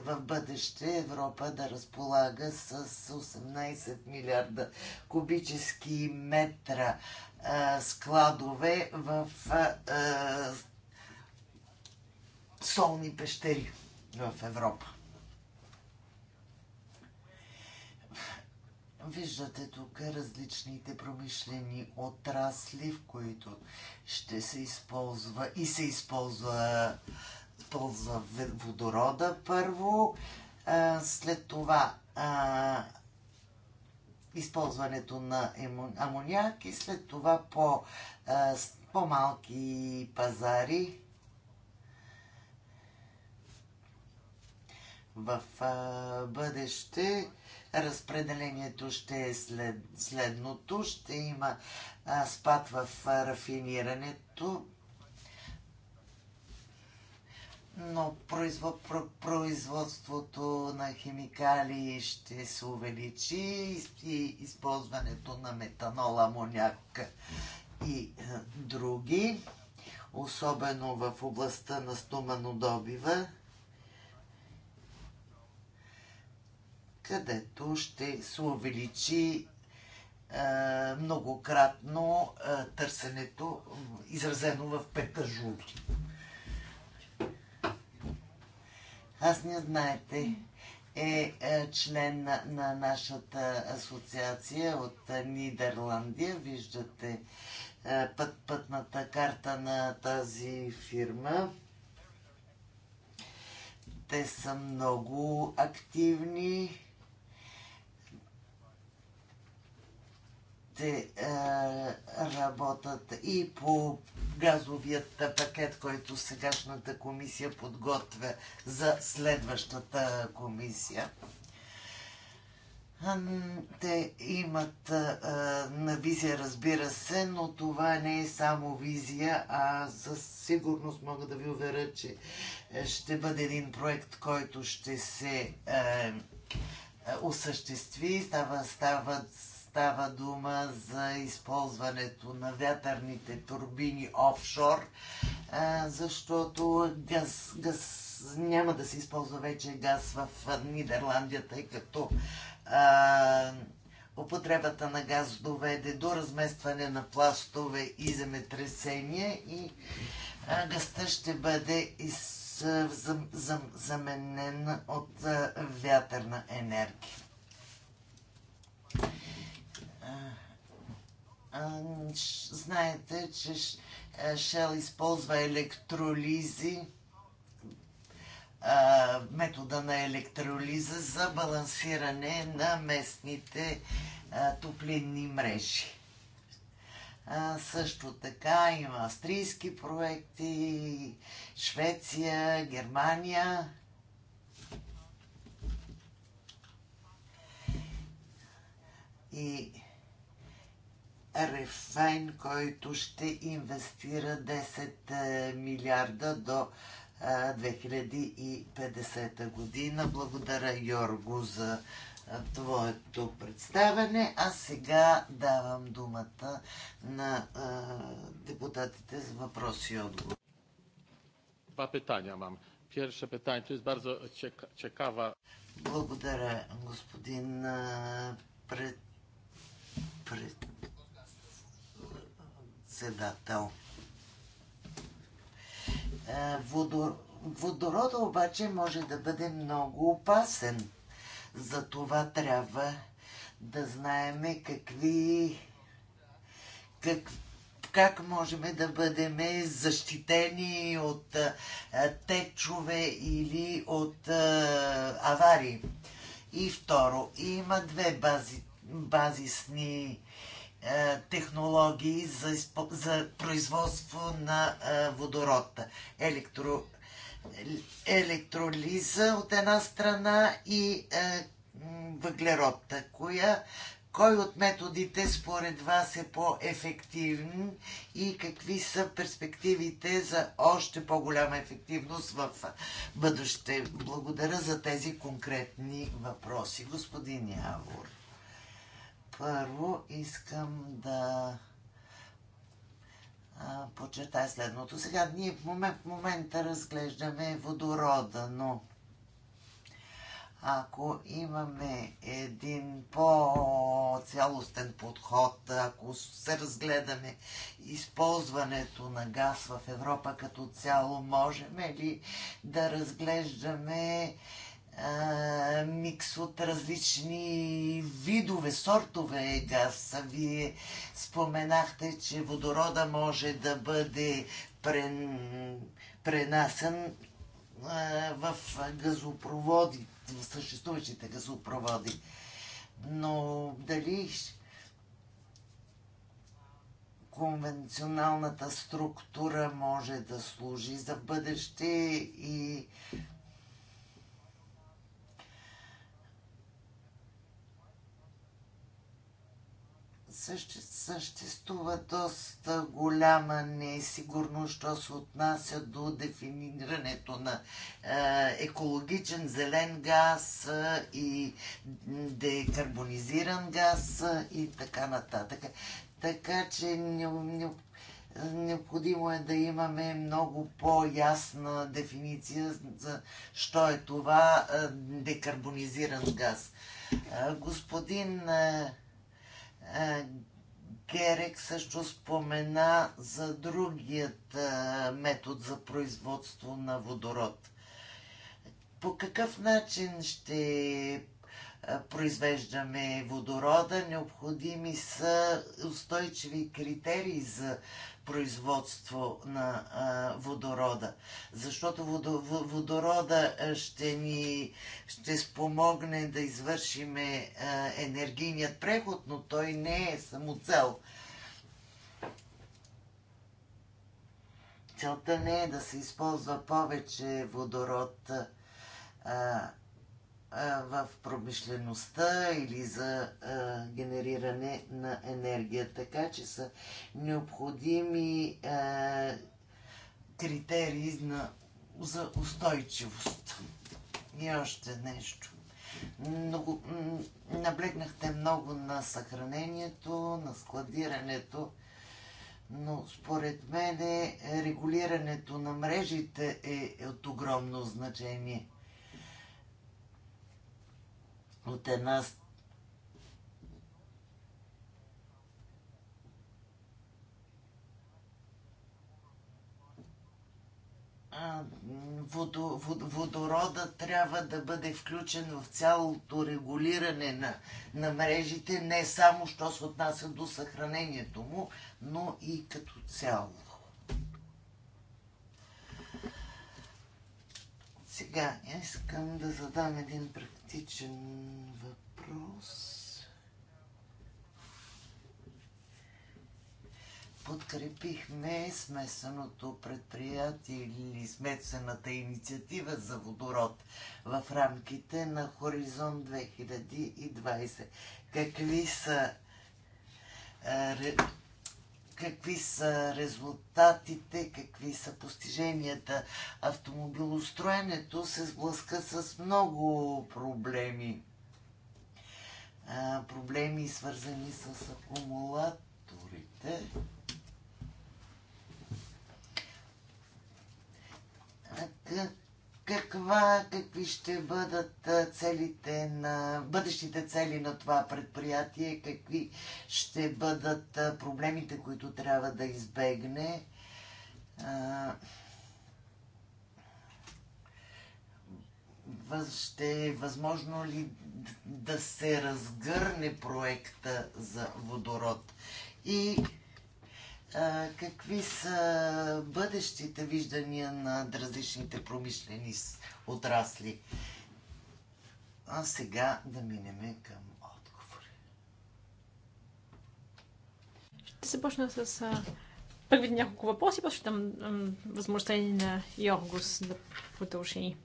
в бъдеще Европа да разполага с 18 милиарда кубически метра складове в солни пещери в Европа. Виждате тук различните промишлени отрасли, в които ще се използва и се използва използва водорода първо, след това използването на амоняк и след това по по-малки пазари в бъдеще. Разпределението ще е след, следното. Ще има спад в рафинирането но произво, про, производството на химикали ще се увеличи и използването на метанол, амоняк и е, други, особено в областта на стоманодобива, където ще се увеличи е, многократно е, търсенето, изразено в пета Аз не знаете е, е член на, на нашата асоциация от Нидерландия. Виждате е, път, пътната карта на тази фирма. Те са много активни ще е, работят и по газовият пакет, който сегашната комисия подготвя за следващата комисия. Те имат а, е, на визия, разбира се, но това не е само визия, а със сигурност мога да ви уверя, че е, ще бъде един проект, който ще се е, осъществи. Става, стават става дума за използването на вятърните турбини офшор, защото газ, газ, няма да се използва вече газ в Нидерландия, тъй като а, употребата на газ доведе до разместване на пластове и земетресения и а, газта ще бъде из, заменен от вятърна енергия знаете, че Шел използва електролизи, метода на електролиза за балансиране на местните топлинни мрежи. Също така има австрийски проекти, Швеция, Германия. И Рефайн, който ще инвестира 10 е, милиарда до 2050 е, година. Благодаря, Йорго, за е, твоето представене. А сега давам думата на депутатите за въпроси и отговори. Два питания имам. Първо питание, to е много ciekawa. Благодаря, господин пред, пред, председател. Е, Водор... Водорода обаче може да бъде много опасен. Затова трябва да знаеме какви... Как, как можем да бъдем защитени от а, е, течове или от а, е, аварии. И второ, има две бази, базисни а, е, технологии за, за производство на е, водород. Електро, електролиза от една страна и а, е, въглерод. Коя, кой от методите според вас е по-ефективен и какви са перспективите за още по-голяма ефективност в бъдеще? Благодаря за тези конкретни въпроси, господин Явор. Първо искам да подчертая следното. Сега ние в, момент, в момента разглеждаме водорода, но ако имаме един по-цялостен подход, ако се разгледаме използването на газ в Европа като цяло, можем ли да разглеждаме микс от различни видове, сортове газ. Вие споменахте, че водорода може да бъде прен... пренасен в газопроводи, в съществуващите газопроводи. Но дали конвенционалната структура може да служи за бъдеще и съществува доста голяма несигурност, що се отнася до дефинирането на е, екологичен зелен газ е, и декарбонизиран газ е, и така нататък. Така че не, не, необходимо е да имаме много по-ясна дефиниция за що е това е, декарбонизиран газ. Е, господин е, е, Герек също спомена за другият е, метод за производство на водород. По какъв начин ще е, произвеждаме водорода? Необходими са устойчиви критерии за производство на а, водорода. Защото водо, водорода ще ни ще спомогне да извършиме а, енергийният преход, но той не е самоцел. Целта не е да се използва повече водород. А, в промишлеността или за генериране на енергия. Така че са необходими критерии за устойчивост. И още нещо. Много, наблегнахте много на съхранението, на складирането, но според мен регулирането на мрежите е, е от огромно значение. От една водо, вод, водорода трябва да бъде включен в цялото регулиране на, на мрежите, не само що се отнася до съхранението му, но и като цяло. Сега искам да задам един практичен логистичен въпрос. Подкрепихме смесеното предприятие или смесената инициатива за водород в рамките на Хоризонт 2020. Какви са е, какви са резултатите, какви са постиженията. Автомобилостроенето се сблъска с много проблеми. А, проблеми свързани с акумулаторите. А, каква, какви ще бъдат целите на, бъдещите цели на това предприятие, какви ще бъдат проблемите, които трябва да избегне. ще е възможно ли да се разгърне проекта за водород? И какви са бъдещите виждания на различните промишлени отрасли. А сега да минем към отговори. Ще започна с първи няколко въпроси, после ще дам възможността на Йоргус да продължи.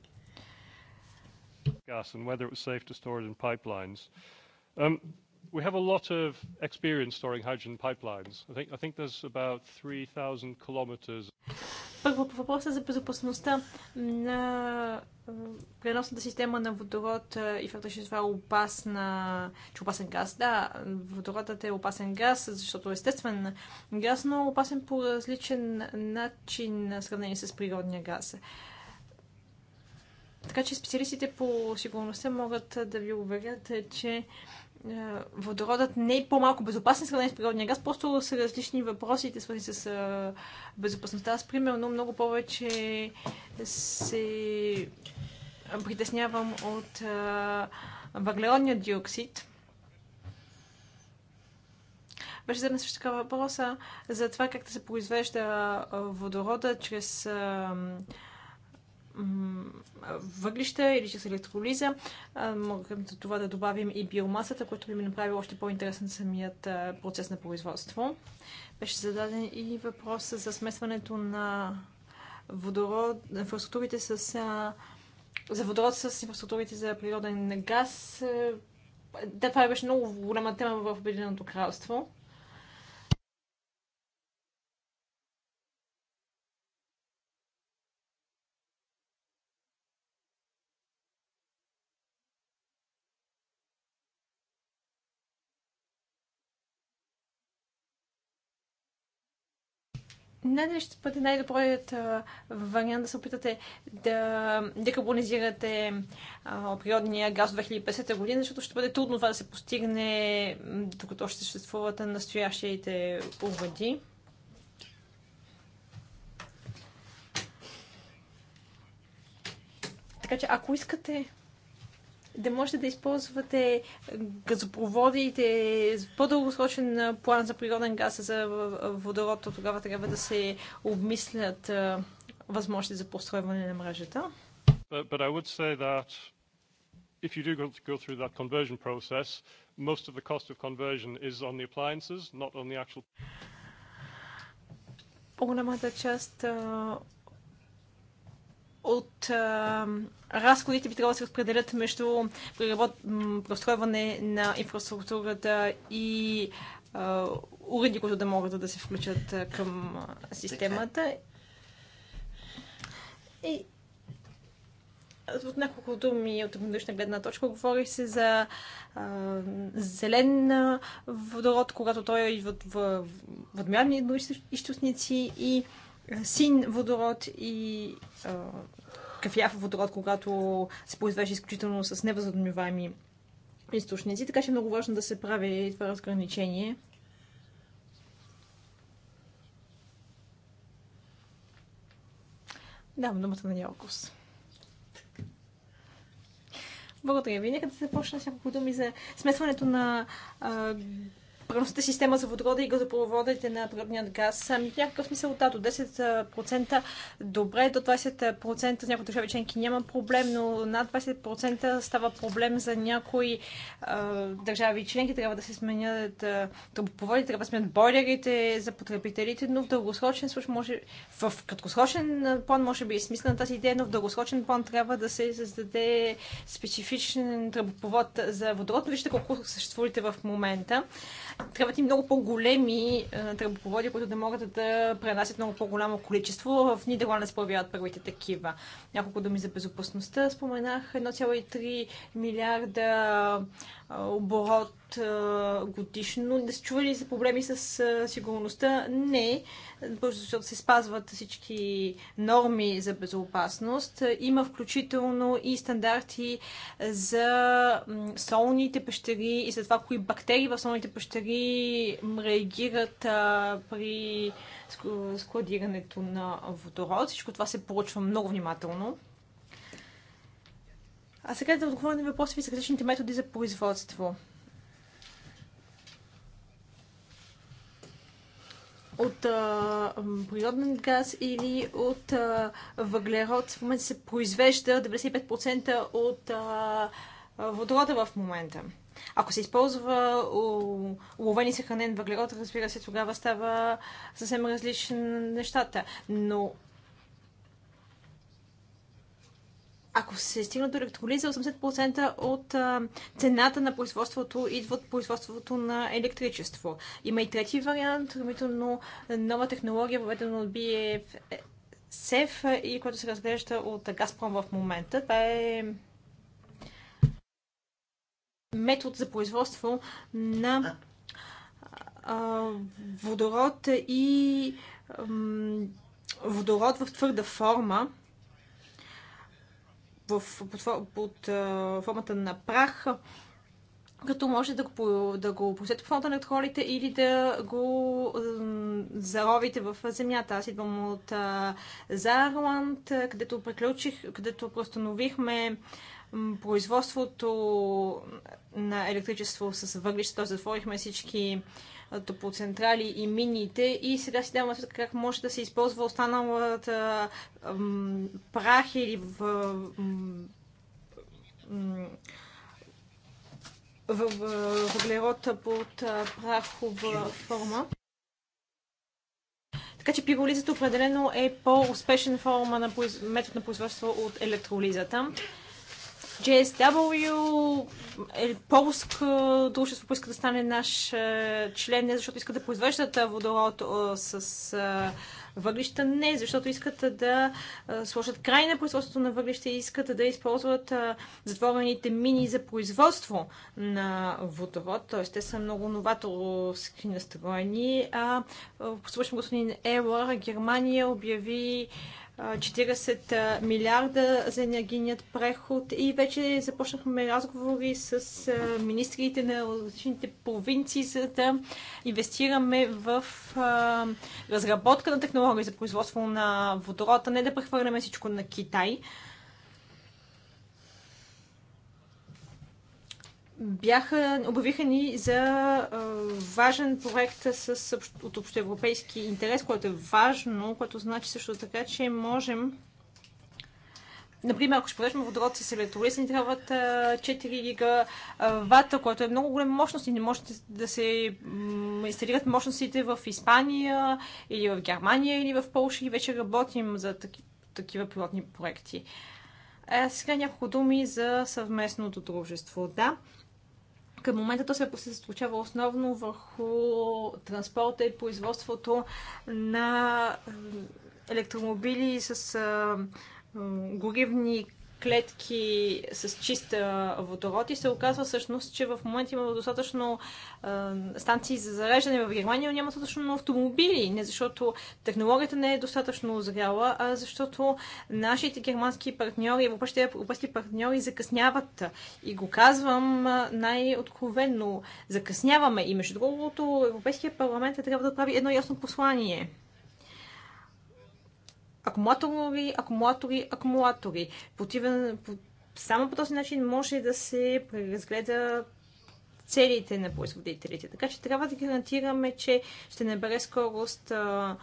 and whether it was safe to store it in pipelines. Um, we have a lot of experience storing hydrogen pipelines. I think, I think there's about 3,000 kilometers. Първо по въпроса е за безопасността на преносната система на водород и факта, че това е опасна, че е опасен газ. Да, водородът е опасен газ, защото е естествен газ, но опасен по различен начин на сравнение с природния газ. Така че специалистите по сигурността могат да ви уверят, че е, водородът не е по-малко безопасен сравнен с природния газ, просто са различни въпросите, свързани с е, безопасността. Аз, примерно, много повече се притеснявам от е, въглеродния диоксид. Беше задна също така въпроса за това как да се произвежда водорода чрез въглища или чрез електролиза. Можем за това да добавим и биомасата, което би ми направи още по-интересен самият процес на производство. Беше зададен и въпрос за смесването на водород, инфраструктурите с за водород с инфраструктурите за природен газ. Е, да, това беше много голяма тема в Обединеното кралство. надали ще бъде най-добрият вариант да се опитате да декарбонизирате природния газ в 2050 година, защото ще бъде трудно това да се постигне, докато ще съществуват настоящите уреди. Така че, ако искате да можете да използвате газопроводите с по-дългосрочен план за природен газ за водород, то тогава трябва да се обмислят възможности за построяване на мрежата. But, but I would say that if you do go, go through that conversion process, most of the cost of conversion is on the appliances, not on the actual... По-голямата част от а, разходите би трябвало да се разпределят между преустройване на инфраструктурата и а, уреди, които да могат да се включат към системата. И от няколко думи от еднодушна гледна точка говори се за а, зелен водород, когато той е в, в, в, източници и син водород и а, кафяв водород, когато се произвежда изключително с невъзодмиваеми източници. Така че е много важно да се прави това разграничение. Давам думата на Йокус. Благодаря ви. Нека да започна с няколко думи за смесването на а, преносната система за водорода и газопроводите на природният газ. Ами в някакъв смисъл да, до 10% добре, до 20% за някои държави членки няма проблем, но над 20% става проблем за някои а, държави членки. Трябва да се сменят тръбопроводи, трябва да сменят бойлерите за потребителите, но в дългосрочен случай може, в краткосрочен план може би е смислена тази идея, но в дългосрочен план трябва да се създаде специфичен тръбопровод за водород. Вижте колко съществувате в момента трябват и много по-големи е, тръбопроводи, които да могат да пренасят много по-голямо количество. В Нидерланд се появяват първите такива. Няколко думи за безопасността. Споменах 1,3 милиарда оборот годишно. Не са чували за проблеми с сигурността? Не, просто защото се спазват всички норми за безопасност. Има включително и стандарти за солните пещери и за това, кои бактерии в солните пещери реагират при складирането на водород. Всичко това се поручва много внимателно. А сега да отговоря на въпроса ви за различните методи за производство. от а, природен газ или от а, въглерод. В момента се произвежда 95% от а, водорода в момента. Ако се използва уловен и съхранен въглерод, разбира се, тогава става съвсем различни нещата. Но Ако се стигна до електролиза, 80% от а, цената на производството идва от производството на електричество. Има и трети вариант, но нова технология, въведена от СЕФ и което се разглежда от Газпром в момента. Това е метод за производство на а, водород и водород в твърда форма в, под, под а, формата на прах, като може да го, да го посете по формата на хорите или да го заровите в земята. Аз идвам от а, Зарланд, където приключих, където простановихме производството на електричество с въглища, т.е. затворихме всички а, топлоцентрали и мините и сега си даваме сметка как може да се използва останалата прах или в, въглерод под прахова форма. Така че пиролизата определено е по-успешен форма на метод на производство от електролизата. JSW е полска е, дружество, поиска да стане наш е, член, не защото иска да произвеждат водород с е, въглища, не, защото искат да сложат край на производството на въглища и искат да използват затворените мини за производство на водород. Т.е. те са много новаторски настроени. А, послушам господин Елор, Германия обяви 40 милиарда за енергийният преход и вече започнахме разговори с министрите на различните провинции, за да инвестираме в разработка на технологии за производство на водорода, не да прехвърляме всичко на Китай, бяха, обявиха ни за а, важен проект с, от общоевропейски интерес, което е важно, което значи също така, че можем Например, ако ще продължим водород с електролиз, ни трябват 4 гигавата, което е много голям мощност и не може да се инсталират мощностите в Испания или в Германия или в Польша и вече работим за таки, такива пилотни проекти. А сега няколко думи за съвместното дружество. Да, към момента то се случва основно върху транспорта и производството на електромобили с горивни клетки с чиста водород и се оказва всъщност, че в момента има достатъчно е, станции за зареждане в Германия, но няма достатъчно автомобили. Не защото технологията не е достатъчно зряла, а защото нашите германски партньори, въпреки европейски партньори закъсняват. И го казвам най-откровенно. Закъсняваме. И между другото, Европейския парламент трябва да прави едно ясно послание – акумулатори, акумулатори, акумулатори. Противен, само по този начин може да се преразгледа целите на производителите. Така че трябва да гарантираме, че ще набере скорост а,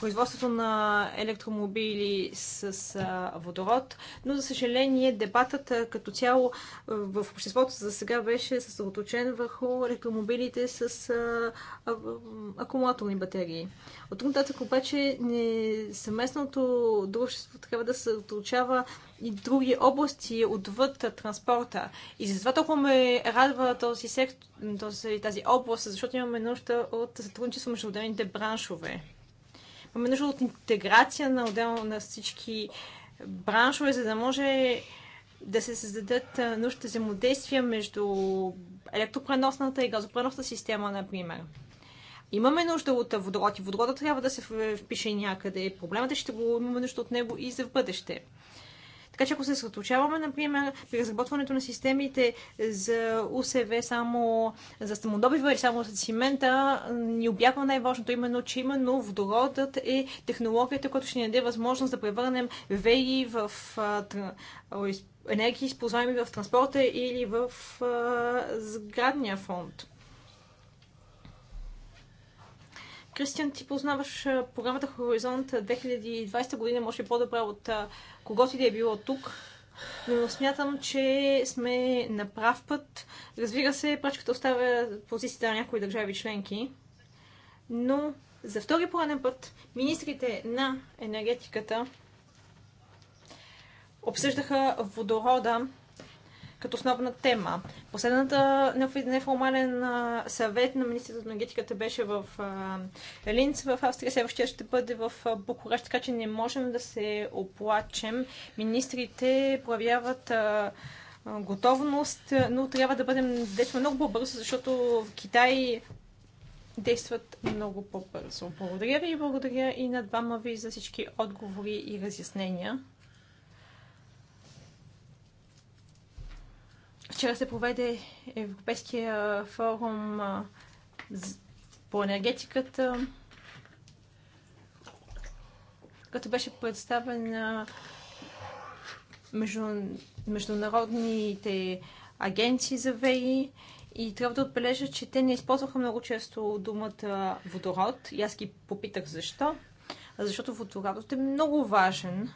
производството на електромобили с а, водород, но за съжаление дебатът като цяло в обществото за сега беше съсредоточен върху електромобилите с а, а, акумулаторни батерии. От тук нататък обаче не, съместното дружество трябва да се отлучава и други области отвъд транспорта. И затова толкова ме радва този сектор, този, тази област, защото имаме нужда от сътрудничество между отделните браншове. Имаме нужда от интеграция на отделно на всички браншове, за да може да се създадат нужните взаимодействия между електропреносната и газопреносната система, например. Имаме нужда от водород и водородът трябва да се впише някъде. Проблемът е, ще го имаме нужда от него и за бъдеще. Така че ако се съсредоточаваме, например, при разработването на системите за УСВ само за стамодобива или само за цимента, ни обяква най-важното именно, че именно водородът е технологията, която ще ни даде възможност да превърнем ВЕИ в енергии, използваеми в транспорта или в сградния фонд. Кристиан, ти познаваш програмата Хоризонт 2020 година, може би по-добре от когото и да е било тук. Но смятам, че сме на прав път. Разбира се, прачката оставя позицията на някои държави членки. Но за втори пореден път министрите на енергетиката обсъждаха водорода като основна тема. Последната неформален съвет на министрите на енергетиката беше в Линц в Австрия. Следващия ще бъде в Букурещ, така че не можем да се оплачем. Министрите проявяват готовност, но трябва да бъдем действа много по-бързо, защото в Китай действат много по-бързо. Благодаря ви и благодаря и на двама ви за всички отговори и разяснения. Вчера се проведе Европейския форум по енергетиката, като беше представен международните агенции за ВЕИ и трябва да отбележа, че те не използваха много често думата водород. И аз ги попитах защо. Защото водородът е много важен.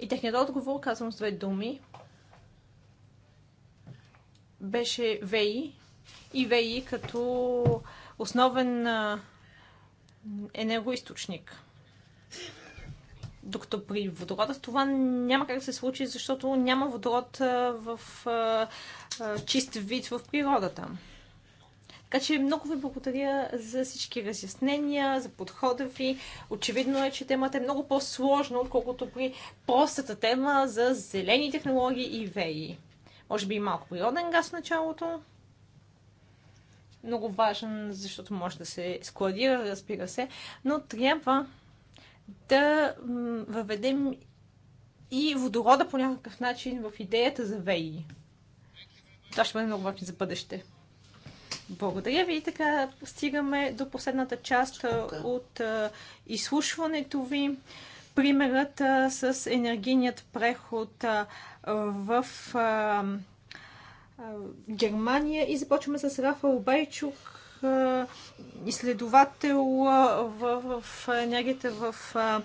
И техният отговор, казвам с две думи, беше ВЕИ и ВЕИ като основен енергоисточник. Докато при водорода това няма как да се случи, защото няма водород в чист вид в природата. Така че много ви благодаря за всички разяснения, за подхода ви. Очевидно е, че темата е много по-сложна, отколкото при простата тема за зелени технологии и ВЕИ. Може би и малко природен газ в началото. Много важен, защото може да се складира, разбира се, но трябва да въведем и водорода по някакъв начин в идеята за ВЕИ. Това ще бъде много важно за бъдеще. Благодаря ви и така стигаме до последната част от изслушването ви. Примерът с енергийният преход в а, а, Германия и започваме с Рафал Байчук, а, изследовател в, в енергията в а,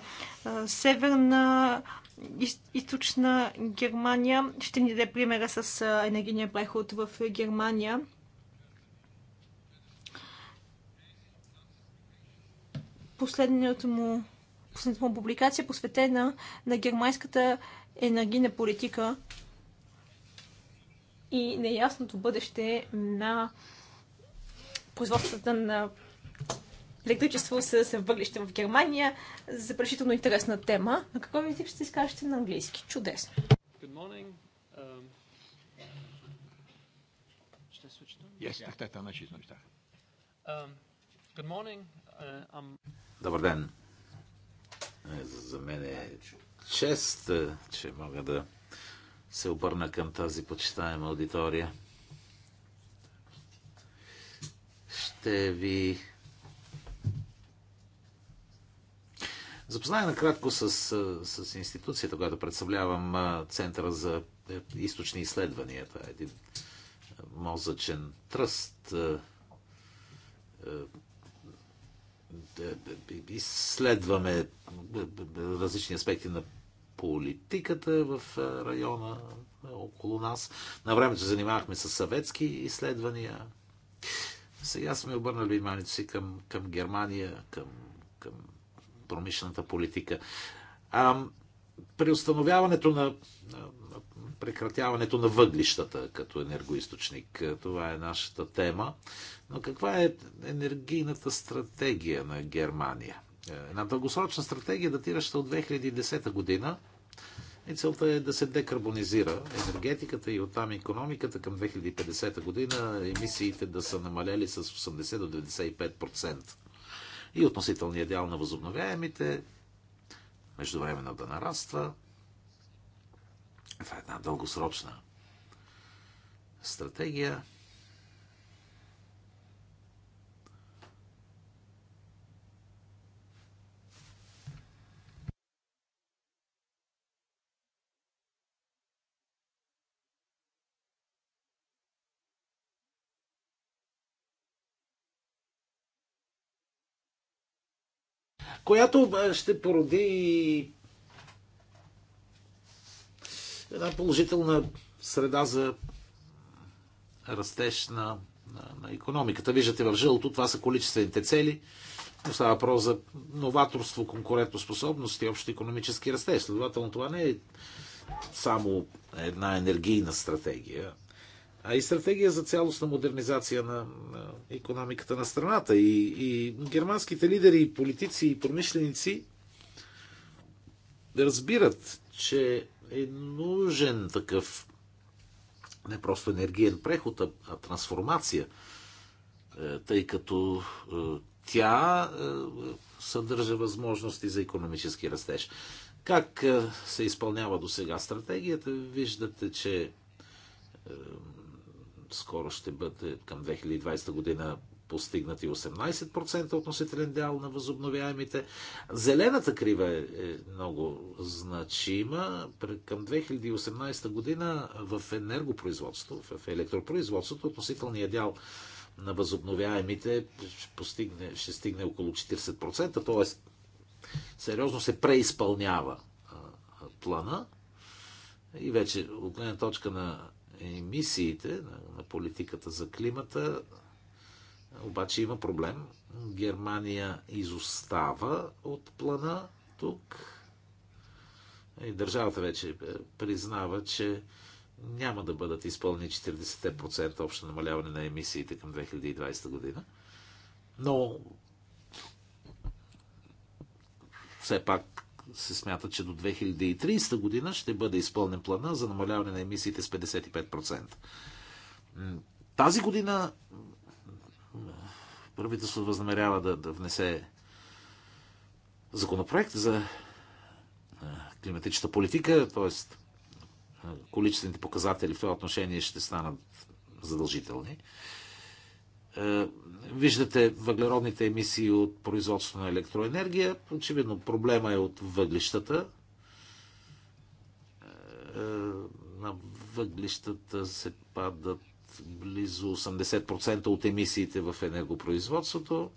Северна източна Германия. Ще ни даде примера с енергийния преход в Германия. Последният му последната му публикация, посветена на германската енергийна политика и неясното бъдеще на производствата на електричество с въглища в Германия. Запрещително интересна тема. На какво език ще изкажете на английски? Чудесно! Um, Добър ден! Е, за мен е чест, е, че мога да се обърна към тази почитаема аудитория. Ще ви запозная накратко с, с институцията, която представлявам Центъра за е, източни изследвания. Това е един мозъчен тръст, изследваме различни аспекти на политиката в района около нас. На времето занимавахме с съветски изследвания. Сега сме обърнали вниманието си към, към Германия, към, към промишлената политика. А, при установяването на прекратяването на въглищата като енергоисточник. Е, това е нашата тема. Но каква е енергийната стратегия на Германия? Е, една дългосрочна стратегия, датираща от 2010 година, и целта е да се декарбонизира енергетиката и оттам економиката към 2050 година емисиите да са намалели с 80 до 95%. И относителният дял на възобновяемите междувременно да нараства. Това е една дългосрочна стратегия. която ще породи една положителна среда за растеж на, на, на економиката. Виждате в жълто, това са количествените цели, но става въпрос за новаторство, конкурентоспособност и общо економически растеж. Следователно, това не е само една енергийна стратегия, а и стратегия за цялостна модернизация на, економиката на страната. И, и германските лидери, политици и промишленици разбират, че е нужен такъв не просто енергиен преход, а, а трансформация, е, тъй като е, тя е, съдържа възможности за економически растеж. Как се изпълнява до сега стратегията? Виждате, че скоро ще бъде към 2020 година постигнати 18% относителен дял на възобновяемите. Зелената крива е, е много значима. Към 2018 година в енергопроизводство, в електропроизводството относителният дял на възобновяемите ще, постигне, ще стигне около 40%, т.е. сериозно се преизпълнява плана и вече от гледна точка на емисиите, на политиката за климата, обаче има проблем. Германия изостава от плана тук. И държавата вече е, признава, че няма да бъдат изпълни 40% общо намаляване на емисиите към 2020 година. Но все пак се смята, че до 2030 година ще бъде изпълнен плана за намаляване на емисиите с 55%. Тази година правителството възнамерява да, да внесе законопроект за е, климатичната политика, т.е. количествените показатели в това отношение ще станат задължителни. Е, виждате въглеродните емисии от производство на електроенергия. Очевидно проблема е от въглищата. Е, на въглищата се падат близо 80% от емисиите в енергопроизводството,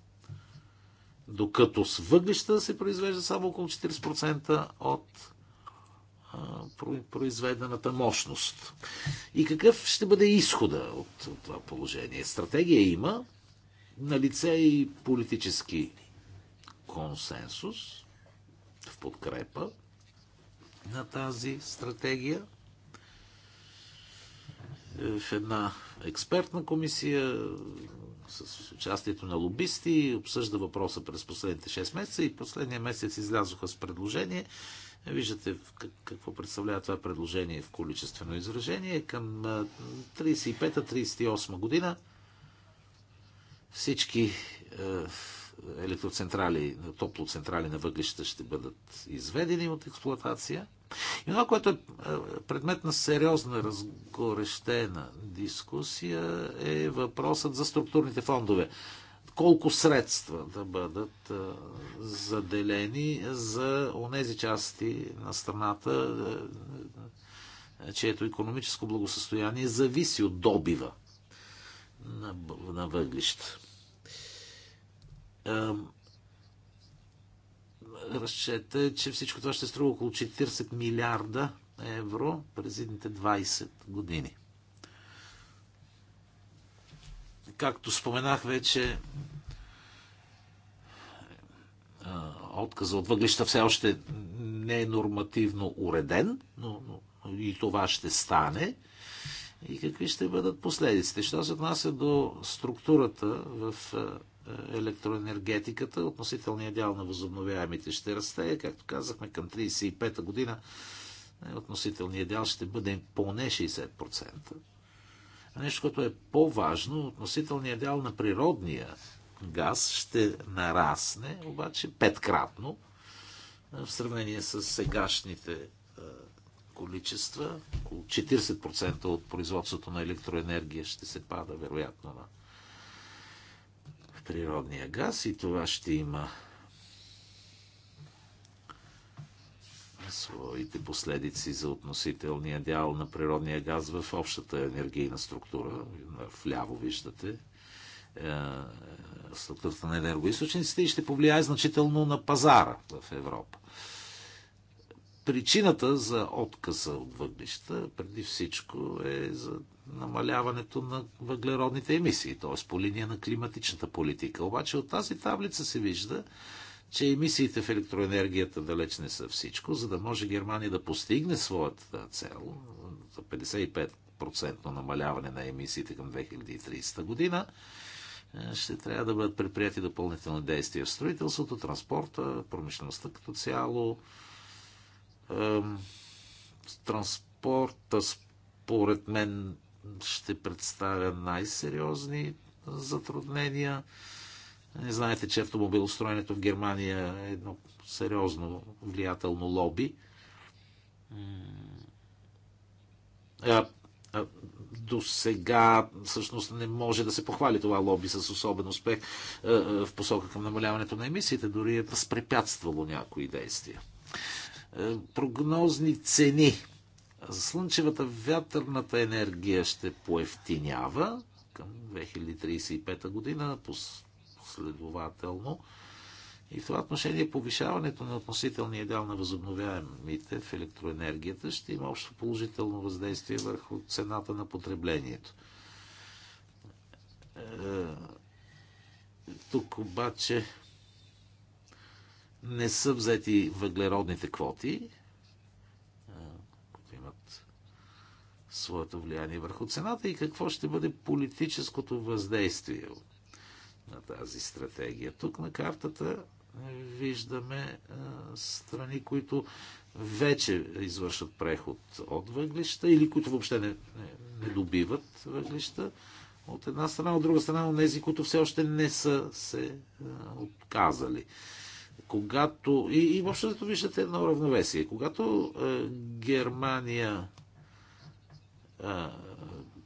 докато с въглища се произвежда само около 40% от произведената мощност. И какъв ще бъде изхода от, това положение? Стратегия има, на лице е и политически консенсус в подкрепа на тази стратегия. Е, в една експертна комисия с участието на лобисти обсъжда въпроса през последните 6 месеца и последния месец излязоха с предложение Виждате какво представлява това предложение в количествено изражение. Към 35-38 година всички електроцентрали, топлоцентрали на въглища ще бъдат изведени от експлуатация. И това, което е предмет на сериозна разгорещена дискусия, е въпросът за структурните фондове колко средства да бъдат заделени за онези части на страната, чието економическо благосъстояние зависи от добива на, на въглища. Разчета е, че всичко това ще струва около 40 милиарда евро през едните 20 години. Както споменах вече, отказа от въглища все още не е нормативно уреден, но, но и това ще стане. И какви ще бъдат последиците? Що се отнася до структурата в електроенергетиката, относителният дял на възобновяемите ще расте, както казахме, към 35-та година е, относителният дял ще бъде поне 60% нещо, което е по-важно, относителният дял на природния газ ще нарасне, обаче петкратно в сравнение с сегашните количества. Около 40% от производството на електроенергия ще се пада, вероятно, на природния газ и това ще има своите последици за относителния дял на природния газ в общата енергийна структура. Вляво виждате е, структурата на енергоисточниците и ще повлияе значително на пазара в Европа. Причината за отказа от въглища преди всичко е за намаляването на въглеродните емисии, т.е. по линия на климатичната политика. Обаче от тази таблица се вижда, че емисиите в електроенергията далеч не са всичко, за да може Германия да постигне своята цел за 55% намаляване на емисиите към 2030 година, е, ще трябва да бъдат предприяти допълнителни действия в строителството, транспорта, промишлеността като цяло. Транспорта, според мен, ще представя най-сериозни затруднения не знаете, че автомобилостроенето в Германия е едно сериозно влиятелно лоби. А, а, до сега всъщност не може да се похвали това лоби с особен успех а, а, в посока към намаляването на емисиите, дори е възпрепятствало някои действия. А, е, прогнозни цени. Слънчевата вятърната енергия ще поевтинява към 2035 година по последователно. И в това отношение повишаването на относителния дял на възобновяемите в електроенергията ще има общо положително въздействие върху цената на потреблението. Е, тук обаче не са взети въглеродните квоти, е, които имат своето влияние върху цената и какво ще бъде политическото въздействие от на тази стратегия. Тук на картата е, виждаме е, страни, които вече извършат преход от въглища или които въобще не, не, добиват въглища от една страна, от друга страна, от тези, които все още не са се е, отказали. Когато. И, и въобще зато виждате едно равновесие. Когато Германия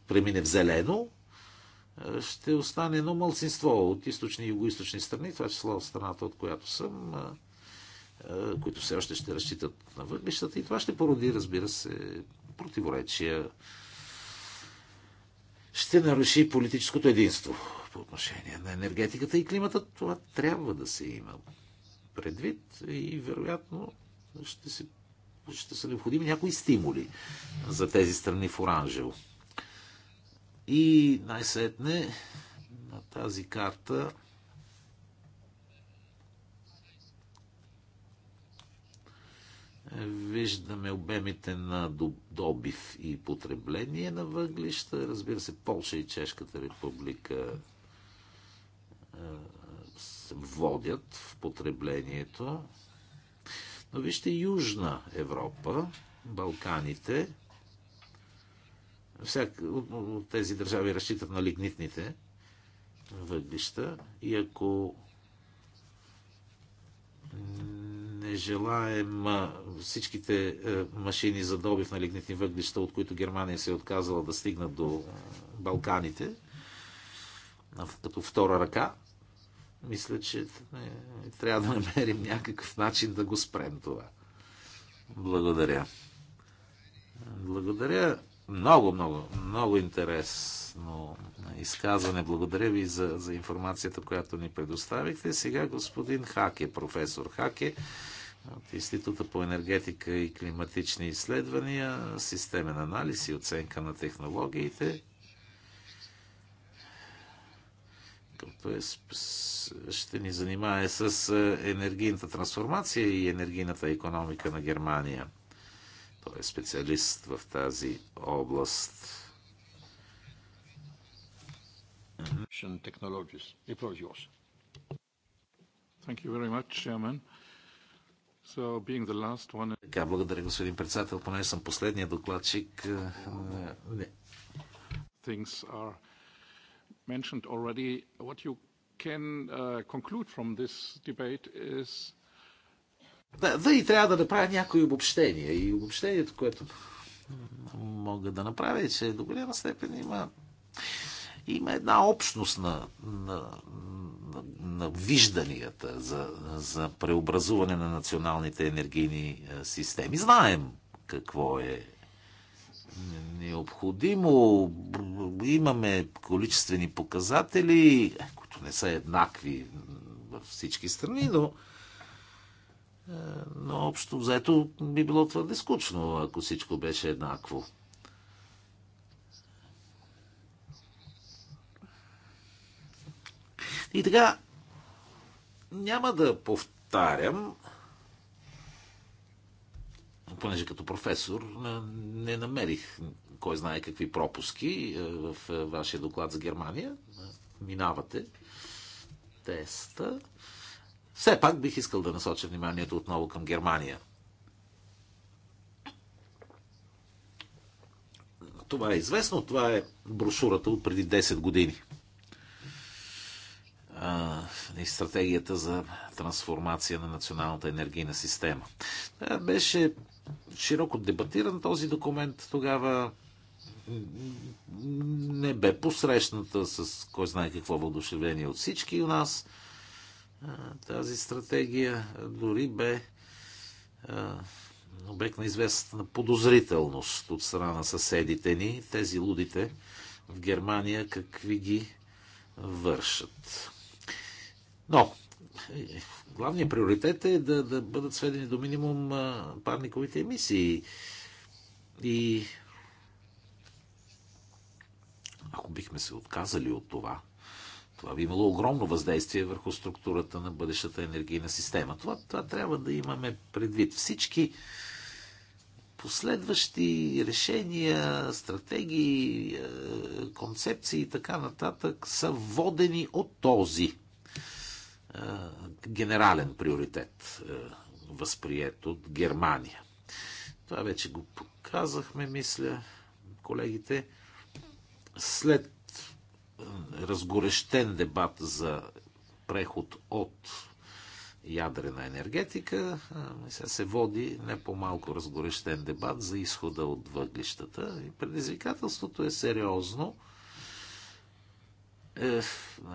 премине в зелено, е, ще остане едно мълцинство от източни и югоисточни страни, това число от страната, от която съм, е, е, които все още ще разчитат на въглищата и това ще породи, разбира се, противоречия. Ще наруши политическото единство по отношение на енергетиката и климата. Това трябва да се има предвид и вероятно ще, се, ще са необходими някои стимули за тези страни в оранжево. И най-сетне на тази карта Виждаме обемите на добив и потребление на въглища. Разбира се, Полша и Чешката република е, се водят в потреблението. Но вижте Южна Европа, Балканите, всяка от тези държави разчитат на лигнитните въглища и ако не желаем всичките е, машини за добив на лигнитни въглища, от които Германия се е отказала да стигнат до е, Балканите, като втора ръка, мисля, че е, трябва да намерим някакъв начин да го спрем това. Благодаря. Благодаря. Много, много, много интересно изказване. Благодаря ви за, за информацията, която ни предоставихте. Сега господин Хаке, професор Хаке от Института по енергетика и климатични изследвания, системен анализ и оценка на технологиите. Е ще ни занимае с е, енергийната трансформация и енергийната економика на Германия. Той е специалист в тази област. Technologies. The floor is yours. Thank you very much, Chairman. So, being the last one... Така, благодаря, господин председател. Поне съм последния докладчик. Не. Things are mentioned already. What you can uh, conclude from this debate is да, да и трябва да направя някои обобщения. И обобщението, което мога да направя, е, че до голяма степен има, има една общност на, на, на, на вижданията за, за преобразуване на националните енергийни системи. Знаем какво е необходимо. Имаме количествени показатели, които не са еднакви във всички страни, но но е, общо взето би било твърде скучно, ако всичко беше еднакво. И така, няма да повтарям, понеже като професор е, не намерих кой знае какви пропуски е, в вашия доклад за Германия. Минавате теста. Все пак бих искал да насоча вниманието отново към Германия. Това е известно, това е брошурата от преди 10 години. А, и стратегията за трансформация на националната енергийна система. Това е, беше широко дебатиран този документ тогава не бе посрещната с кой знае какво въодушевление от всички у нас тази стратегия дори бе обект на известна подозрителност от страна на съседите ни, тези лудите в Германия, какви ги вършат. Но, е, главният приоритет е да, да бъдат сведени до минимум парниковите емисии. И ако бихме се отказали от това, това би имало огромно въздействие върху структурата на бъдещата енергийна система. Това, това трябва да имаме предвид. Всички последващи решения, стратегии, е, концепции и така нататък са водени от този е, генерален приоритет, е, възприят от Германия. Това вече го показахме, мисля, колегите. След разгорещен дебат за преход от ядрена енергетика, сега се води не по-малко разгорещен дебат за изхода от въглищата. И предизвикателството е сериозно. Е,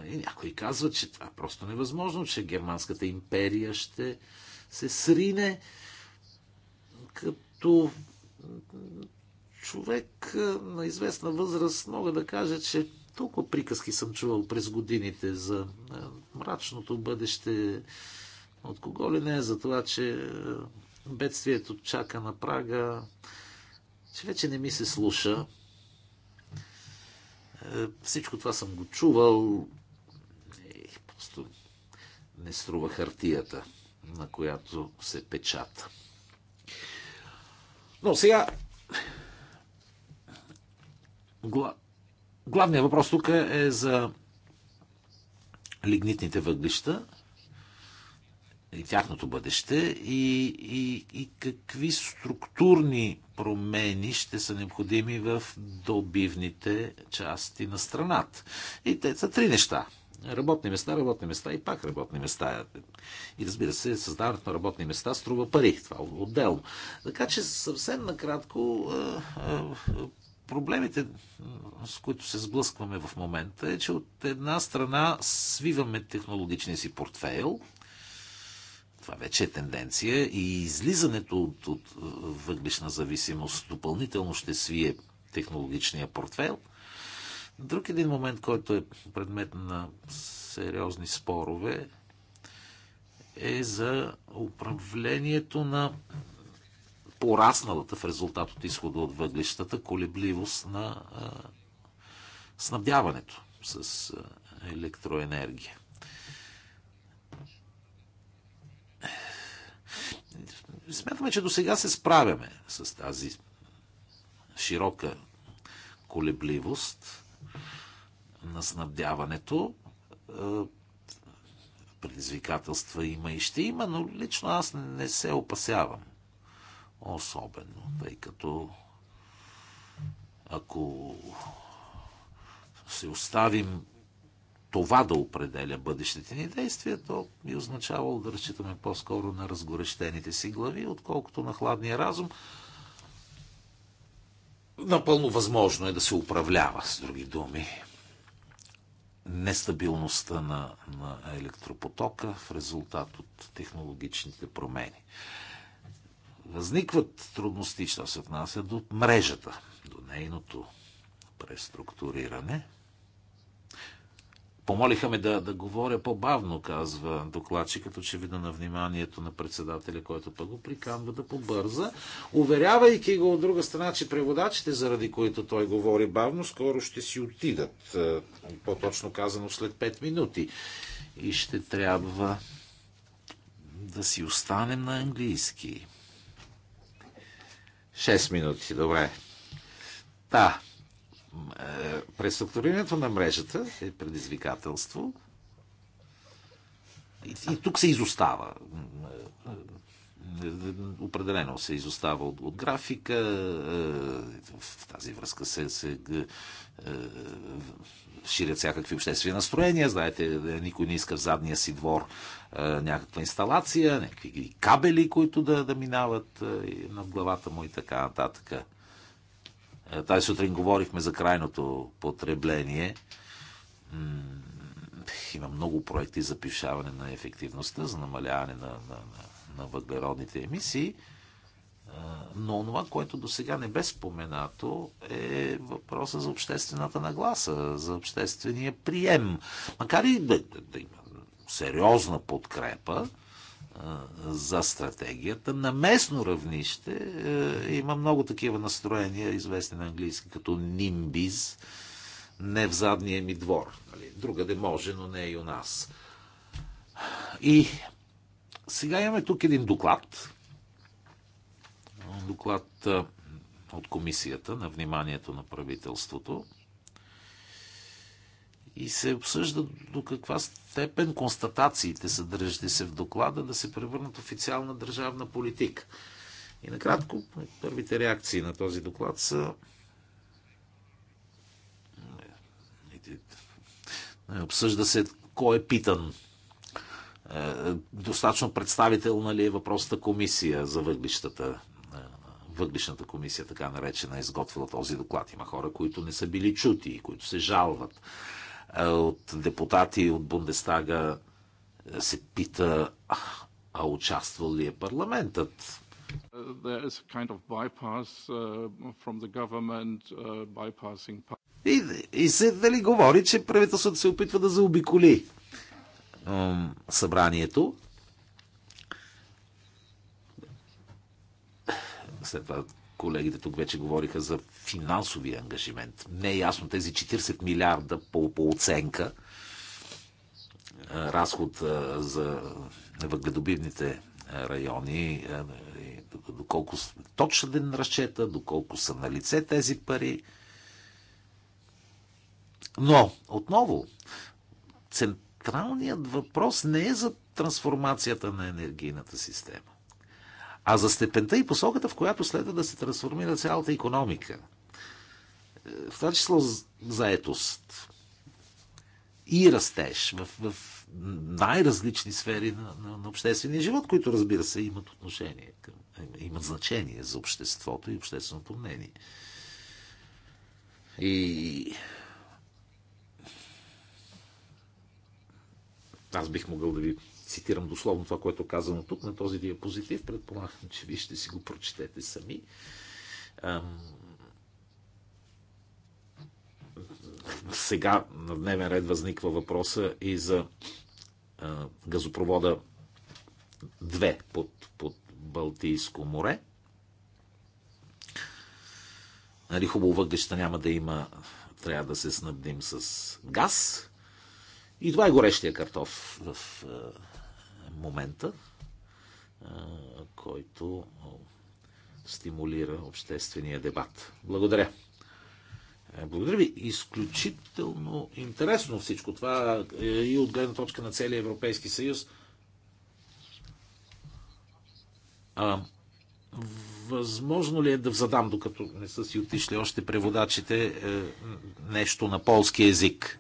някой казва, че това е просто невъзможно, че Германската империя ще се срине като човек е, на известна възраст мога да кажа, че толкова приказки съм чувал през годините за е, мрачното бъдеще, от кого ли не, за това, че е, бедствието чака на прага, че вече не ми се слуша. Е, всичко това съм го чувал Ех, просто не струва хартията, на която се печата. Но сега Главният въпрос тук е за лигнитните въглища и тяхното бъдеще и, и, и какви структурни промени ще са необходими в добивните части на страната. И те са три неща. Работни места, работни места и пак работни места. И разбира се, създаването на работни места струва пари. Това отделно. Така че съвсем накратко е, е, проблемите, с които се сблъскваме в момента, е, че от една страна свиваме технологичния си портфейл, това вече е тенденция, и излизането от, от е, въглишна зависимост допълнително ще свие технологичния портфейл. Друг един момент, който е предмет на сериозни спорове, е за управлението на порасналата в резултат от изхода от въглищата колебливост на а, снабдяването с а, електроенергия. Смятаме, че до сега се справяме с тази широка колебливост на снабдяването. Предизвикателства има и ще има, но лично аз не се опасявам особено, тъй като ако се оставим това да определя бъдещите ни действия, то би означавало да разчитаме по-скоро на разгорещените си глави, отколкото на хладния разум. Напълно възможно е да се управлява, с други думи, нестабилността на, на електропотока в резултат от технологичните промени. Възникват трудности, що се отнася до мрежата, до нейното преструктуриране. Помолиха ме да, да говоря по-бавно, казва докладчик, като че вида на вниманието на председателя, който пък го приканва да побърза, уверявайки го от друга страна, че преводачите, заради които той говори бавно, скоро ще си отидат, е, по-точно казано след 5 минути. И ще трябва да си останем на английски. 6 минути, добре. Да, е, преструктурирането на мрежата е предизвикателство. И, и тук се изостава. Определено се изостава от, от графика. Е, в тази връзка се, се е, ширят всякакви обществени настроения. Знаете, никой не иска в задния си двор някаква инсталация, някакви кабели, които да, да минават над главата му и така нататък. Тази сутрин говорихме за крайното потребление. Има много проекти за пишаване на ефективността, за намаляване на, на, на въглеродните емисии. Но това, което до сега не бе споменато, е въпроса за обществената нагласа, за обществения прием. Макар и да, да, да има сериозна подкрепа за стратегията. На местно равнище е, има много такива настроения, известни на английски като нимбиз, не в задния ми двор. Нали, другаде може, но не и у нас. И сега имаме тук един доклад. Доклад от комисията на вниманието на правителството и се обсъжда до каква степен констатациите, съдържащи се в доклада, да се превърнат в официална държавна политика. И накратко, първите реакции на този доклад са е, обсъжда се кой е питан. Е, достатъчно представителна ли е въпросната комисия за въглищата? Е, Въглишната комисия, така наречена, изготвила този доклад. Има хора, които не са били чути и които се жалват. Е, от депутати от Бундестага е, се пита, а участвал ли е парламентът? Е, и, и се дали говори, че правителството се опитва да заобиколи um, събранието. След това Колегите тук вече говориха за финансовия ангажимент. Не е ясно тези 40 милиарда по, по оценка разход за въгледобивните райони, доколко точен разчета, доколко са на лице тези пари. Но, отново, централният въпрос не е за трансформацията на енергийната система а за степента и посоката, в която следва да се трансформира цялата економика. В това число заетост и растеж в, в най-различни сфери на, на, на обществения живот, които, разбира се, имат отношение, към, имат значение за обществото и общественото мнение. И аз бих могъл да ви цитирам дословно това, което е казано тук на този диапозитив, предполагам, че вие ще си го прочетете сами. Сега на дневен ред възниква въпроса и за газопровода 2 под, под Балтийско море. Нали, хубаво въглища няма да има, трябва да се снабдим с газ. И това е горещия картоф в момента, който стимулира обществения дебат. Благодаря. Е, благодаря ви. Изключително интересно всичко това е и от гледна точка на целия Европейски съюз. А, възможно ли е да задам, докато не са си отишли още преводачите, е, нещо на полски язик?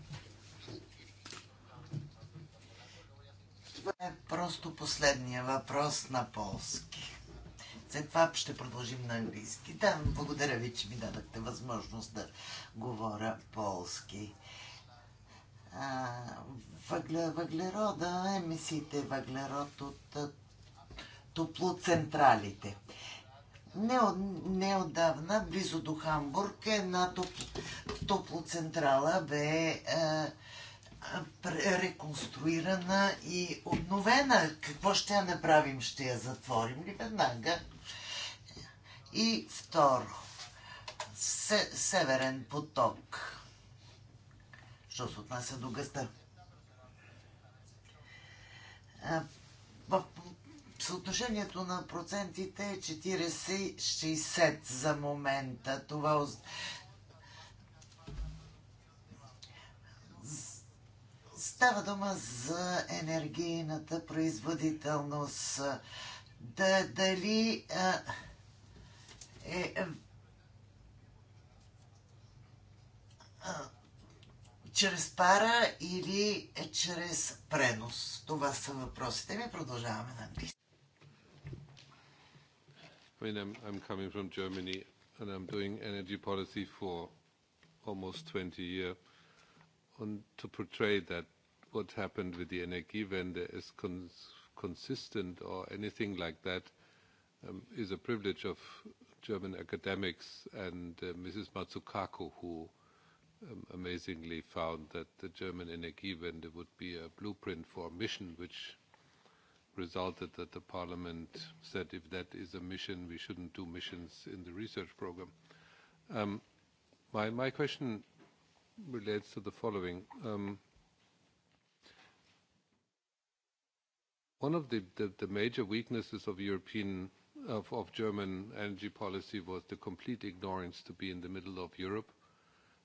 е просто последния въпрос на полски. След това ще продължим на английски. Да, благодаря ви, че ми дадахте възможност да говоря полски. А, въгле, въглерода, емисиите въглерод от топлоцентралите. Не, не отдавна, близо до Хамбург, една топ, топлоцентрала бе е, реконструирана и обновена. Какво ще я направим? Ще я затворим ли веднага? И второ, Северен поток. Що се отнася до гъста? В съотношението на процентите е 40-60 за момента. Това Става дума за енергийната производителност. Да, дали е, е чрез пара или е чрез пренос? Това са въпросите ми. Продължаваме на английски. I mean, I'm, I'm coming from Germany and I'm doing energy policy for almost 20 years. And to portray that what happened with the Energiewende is cons consistent or anything like that um, is a privilege of German academics and uh, Mrs. Matsukaku, who um, amazingly found that the German Energiewende would be a blueprint for a mission, which resulted that the parliament said if that is a mission, we shouldn't do missions in the research program. Um, my, my question relates to the following. Um, One of the, the, the major weaknesses of European of, of German energy policy was the complete ignorance to be in the middle of Europe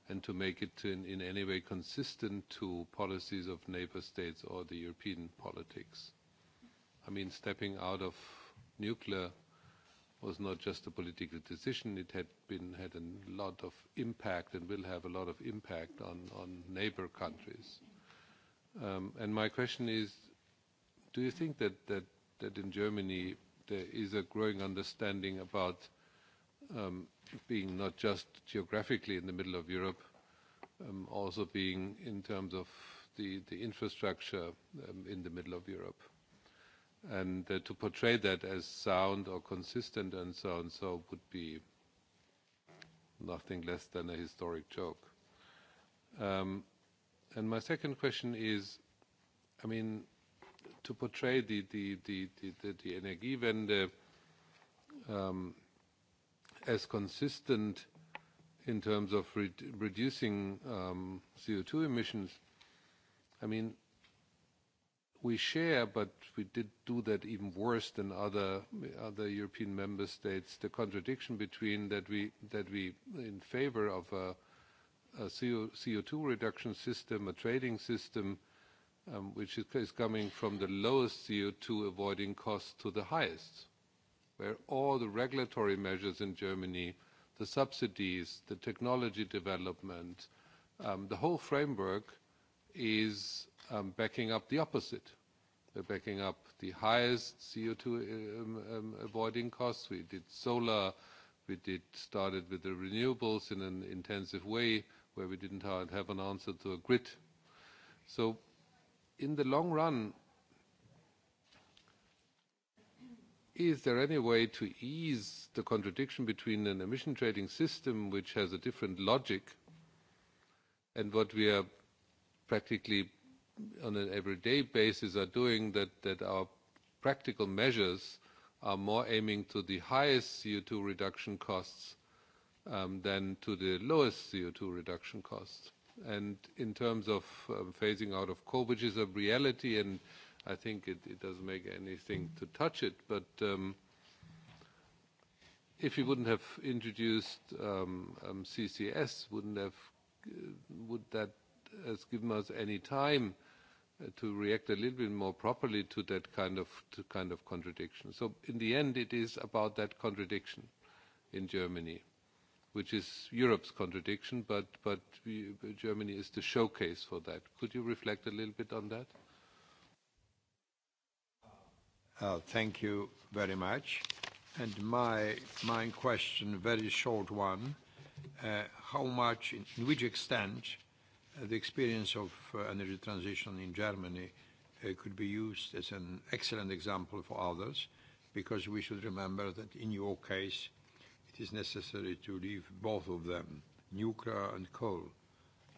and to make it in, in any way consistent to policies of neighbor states or the European politics. I mean, stepping out of nuclear was not just a political decision. It had been had a lot of impact and will have a lot of impact on, on neighbor countries. Um, and my question is, Do you think that, that, that in Germany there is a growing understanding about um, being not just geographically in the middle of Europe, um, also being in terms of the, the infrastructure um, in the middle of Europe? And uh, to portray that as sound or consistent and so and so would be nothing less than a historic joke. Um, and my second question is, I mean, to portray the, the, the, the, the Energiewende um, as consistent in terms of re reducing um, CO2 emissions, I mean, we share, but we did do that even worse than other other European member states. The contradiction between that we that we in favor of a, a CO, CO2 reduction system, a trading system, which is coming from the lowest CO2 avoiding costs to the highest, where all the regulatory measures in Germany, the subsidies, the technology development, the whole framework is backing up the opposite. They're backing up the highest CO2 avoiding costs. We did solar, we did started with the renewables in an intensive way, where we didn't have an answer to a grid. So in the long run, is there any way to ease the contradiction between an emission trading system which has a different logic and what we are practically on an everyday basis are doing that, that our practical measures are more aiming to the highest CO2 reduction costs um, than to the lowest CO2 reduction costs? And in terms of um, phasing out of coal, which is a reality, and I think it, it doesn't make anything to touch it, but um, if you wouldn't have introduced um, um, CCS, wouldn't have, would that has given us any time to react a little bit more properly to that kind of to kind of contradiction. So in the end, it is about that contradiction in Germany which is Europe's contradiction, but, but we, Germany is the showcase for that. Could you reflect a little bit on that? Uh, thank you very much. And my, my question, very short one, uh, how much, in which extent, uh, the experience of uh, energy transition in Germany uh, could be used as an excellent example for others, because we should remember that in your case, it is necessary to leave both of them, nuclear and coal,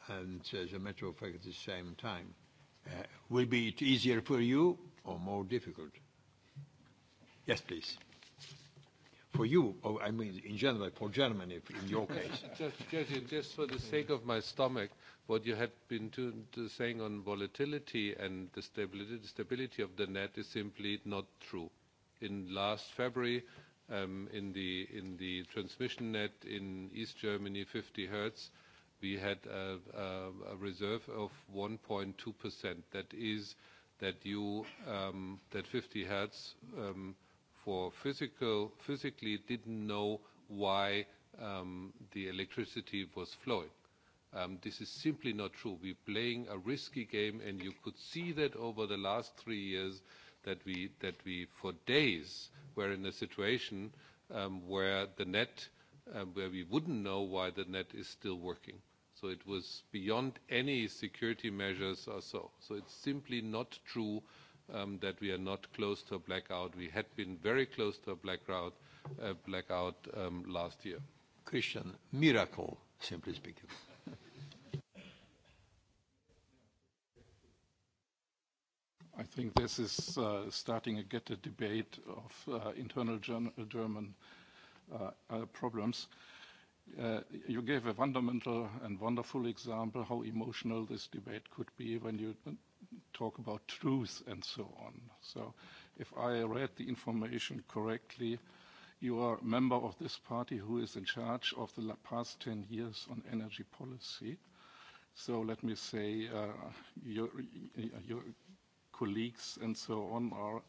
and as a matter of fact, at the same time. Uh, will be it easier for you or more difficult? Yes, please. For you, or I mean, in general, for Germany, in your case. just, just, just for the sake of my stomach, what you had been to, to saying on volatility and the stability, the stability of the net is simply not true. In last February, in the in the transmission net in East Germany, 50 hertz, we had a a reserve of 1.2%. That is that you um that 50 hertz um for physical physically didn't know why um the electricity was flowing. Um This is simply not true. We're playing a risky game, and you could see that over the last three years that we, that we for days were in a situation um, where the net, um, where we wouldn't know why the net is still working. So it was beyond any security measures or so. So it's simply not true um, that we are not close to a blackout. We had been very close to a blackout, uh, blackout um, last year. Christian, miracle, simply speaking. I think this is uh, starting to get a debate of uh, internal German uh, uh, problems. Uh, you gave a fundamental and wonderful example how emotional this debate could be when you talk about truth and so on. So if I read the information correctly, you are a member of this party who is in charge of the past 10 years on energy policy. So let me say uh, your, your colleagues and so on are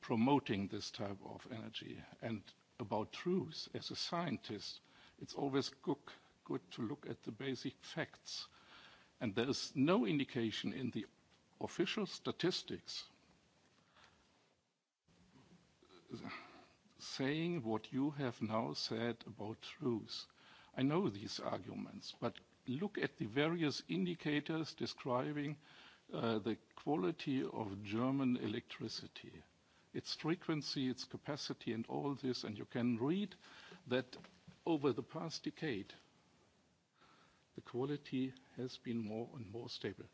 promoting this type of energy. And about truth, as a scientist, it's always good, good to look at the basic facts. And there is no indication in the official statistics saying what you have now said about truth. I know these arguments, but look at the various indicators describing – uh, the quality of German electricity, its frequency, its capacity, and all this. And you can read that over the past decade, the quality has been more and more stable.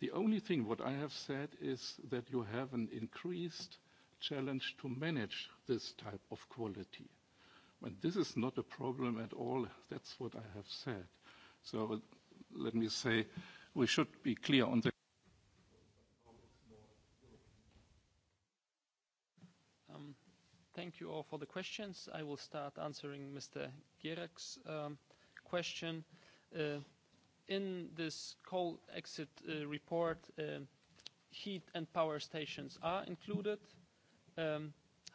The only thing what I have said is that you have an increased challenge to manage this type of quality. And this is not a problem at all. That's what I have said. So let me say we should be clear on the Thank you all for the questions. I will start answering Mr. Gierek's question. In this coal exit report, heat and power stations are included.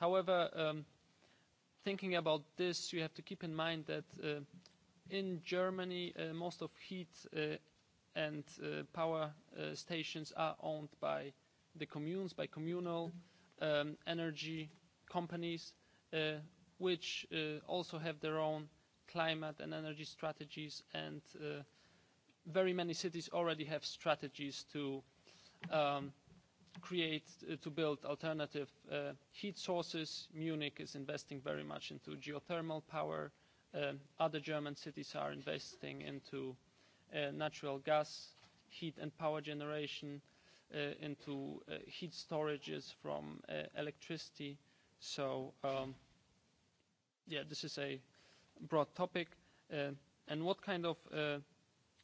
However, thinking about this, you have to keep in mind that in Germany, most of heat and power stations are owned by the communes, by communal energy companies which uh also have their own climate and energy strategies and uh very many cities already have strategies to um create uh to build alternative uh heat sources. Munich is investing very much into geothermal power. Other German cities are investing into uh natural gas, heat and power generation, uh into uh heat storages from uh electricity So, um, yeah, this is a broad topic. Uh, and what kind of uh,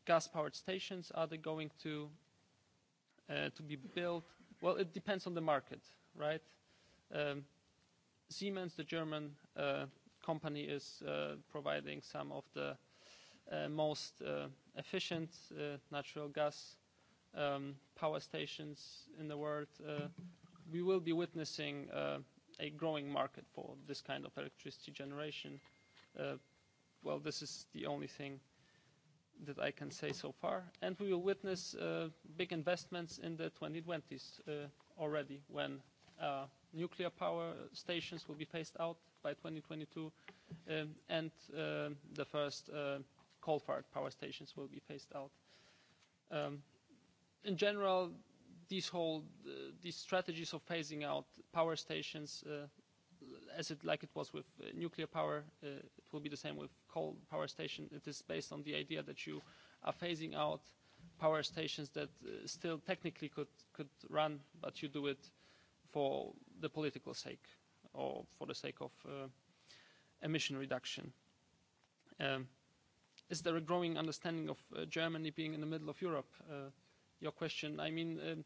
gas-powered stations are they going to uh, to be built? Well, it depends on the market, right? Um, Siemens, the German uh, company, is uh, providing some of the uh, most uh, efficient uh, natural gas um, power stations in the world. Uh, we will be witnessing uh, a growing market for this kind of electricity generation. Uh, well, this is the only thing that I can say so far. And we will witness uh, big investments in the 2020s uh, already when uh, nuclear power stations will be phased out by 2022 um, and uh, the first uh, coal-fired power stations will be phased out. Um, in general, these whole uh, these strategies of phasing out power stations, uh, as it like it was with uh, nuclear power, uh, it will be the same with coal power station. It is based on the idea that you are phasing out power stations that uh, still technically could could run, but you do it for the political sake or for the sake of uh, emission reduction. Um, is there a growing understanding of uh, Germany being in the middle of Europe? Uh, your question. I mean. Um,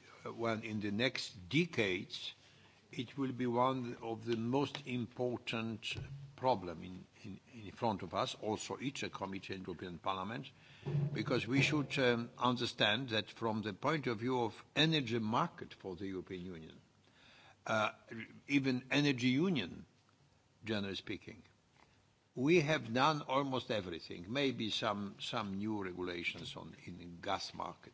when in the next decades it will be one of the most important problem in, in, in front of us, also each committee in European Parliament, because we should um, understand that from the point of view of energy market for the European Union, uh, even energy union, generally speaking, we have done almost everything, maybe some, some new regulations on, in the gas market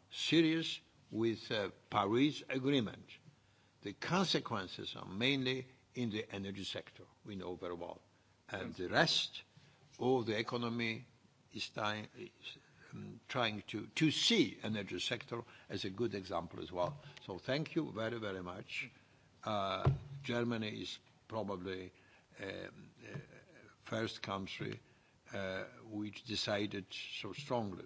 serious with the Paris Agreement. The consequences are mainly in the energy sector, we know very well. And the rest of the economy is trying, trying to, to see energy sector as a good example as well. So thank you very, very much. Uh, Germany is probably uh, first country uh, which decided so strongly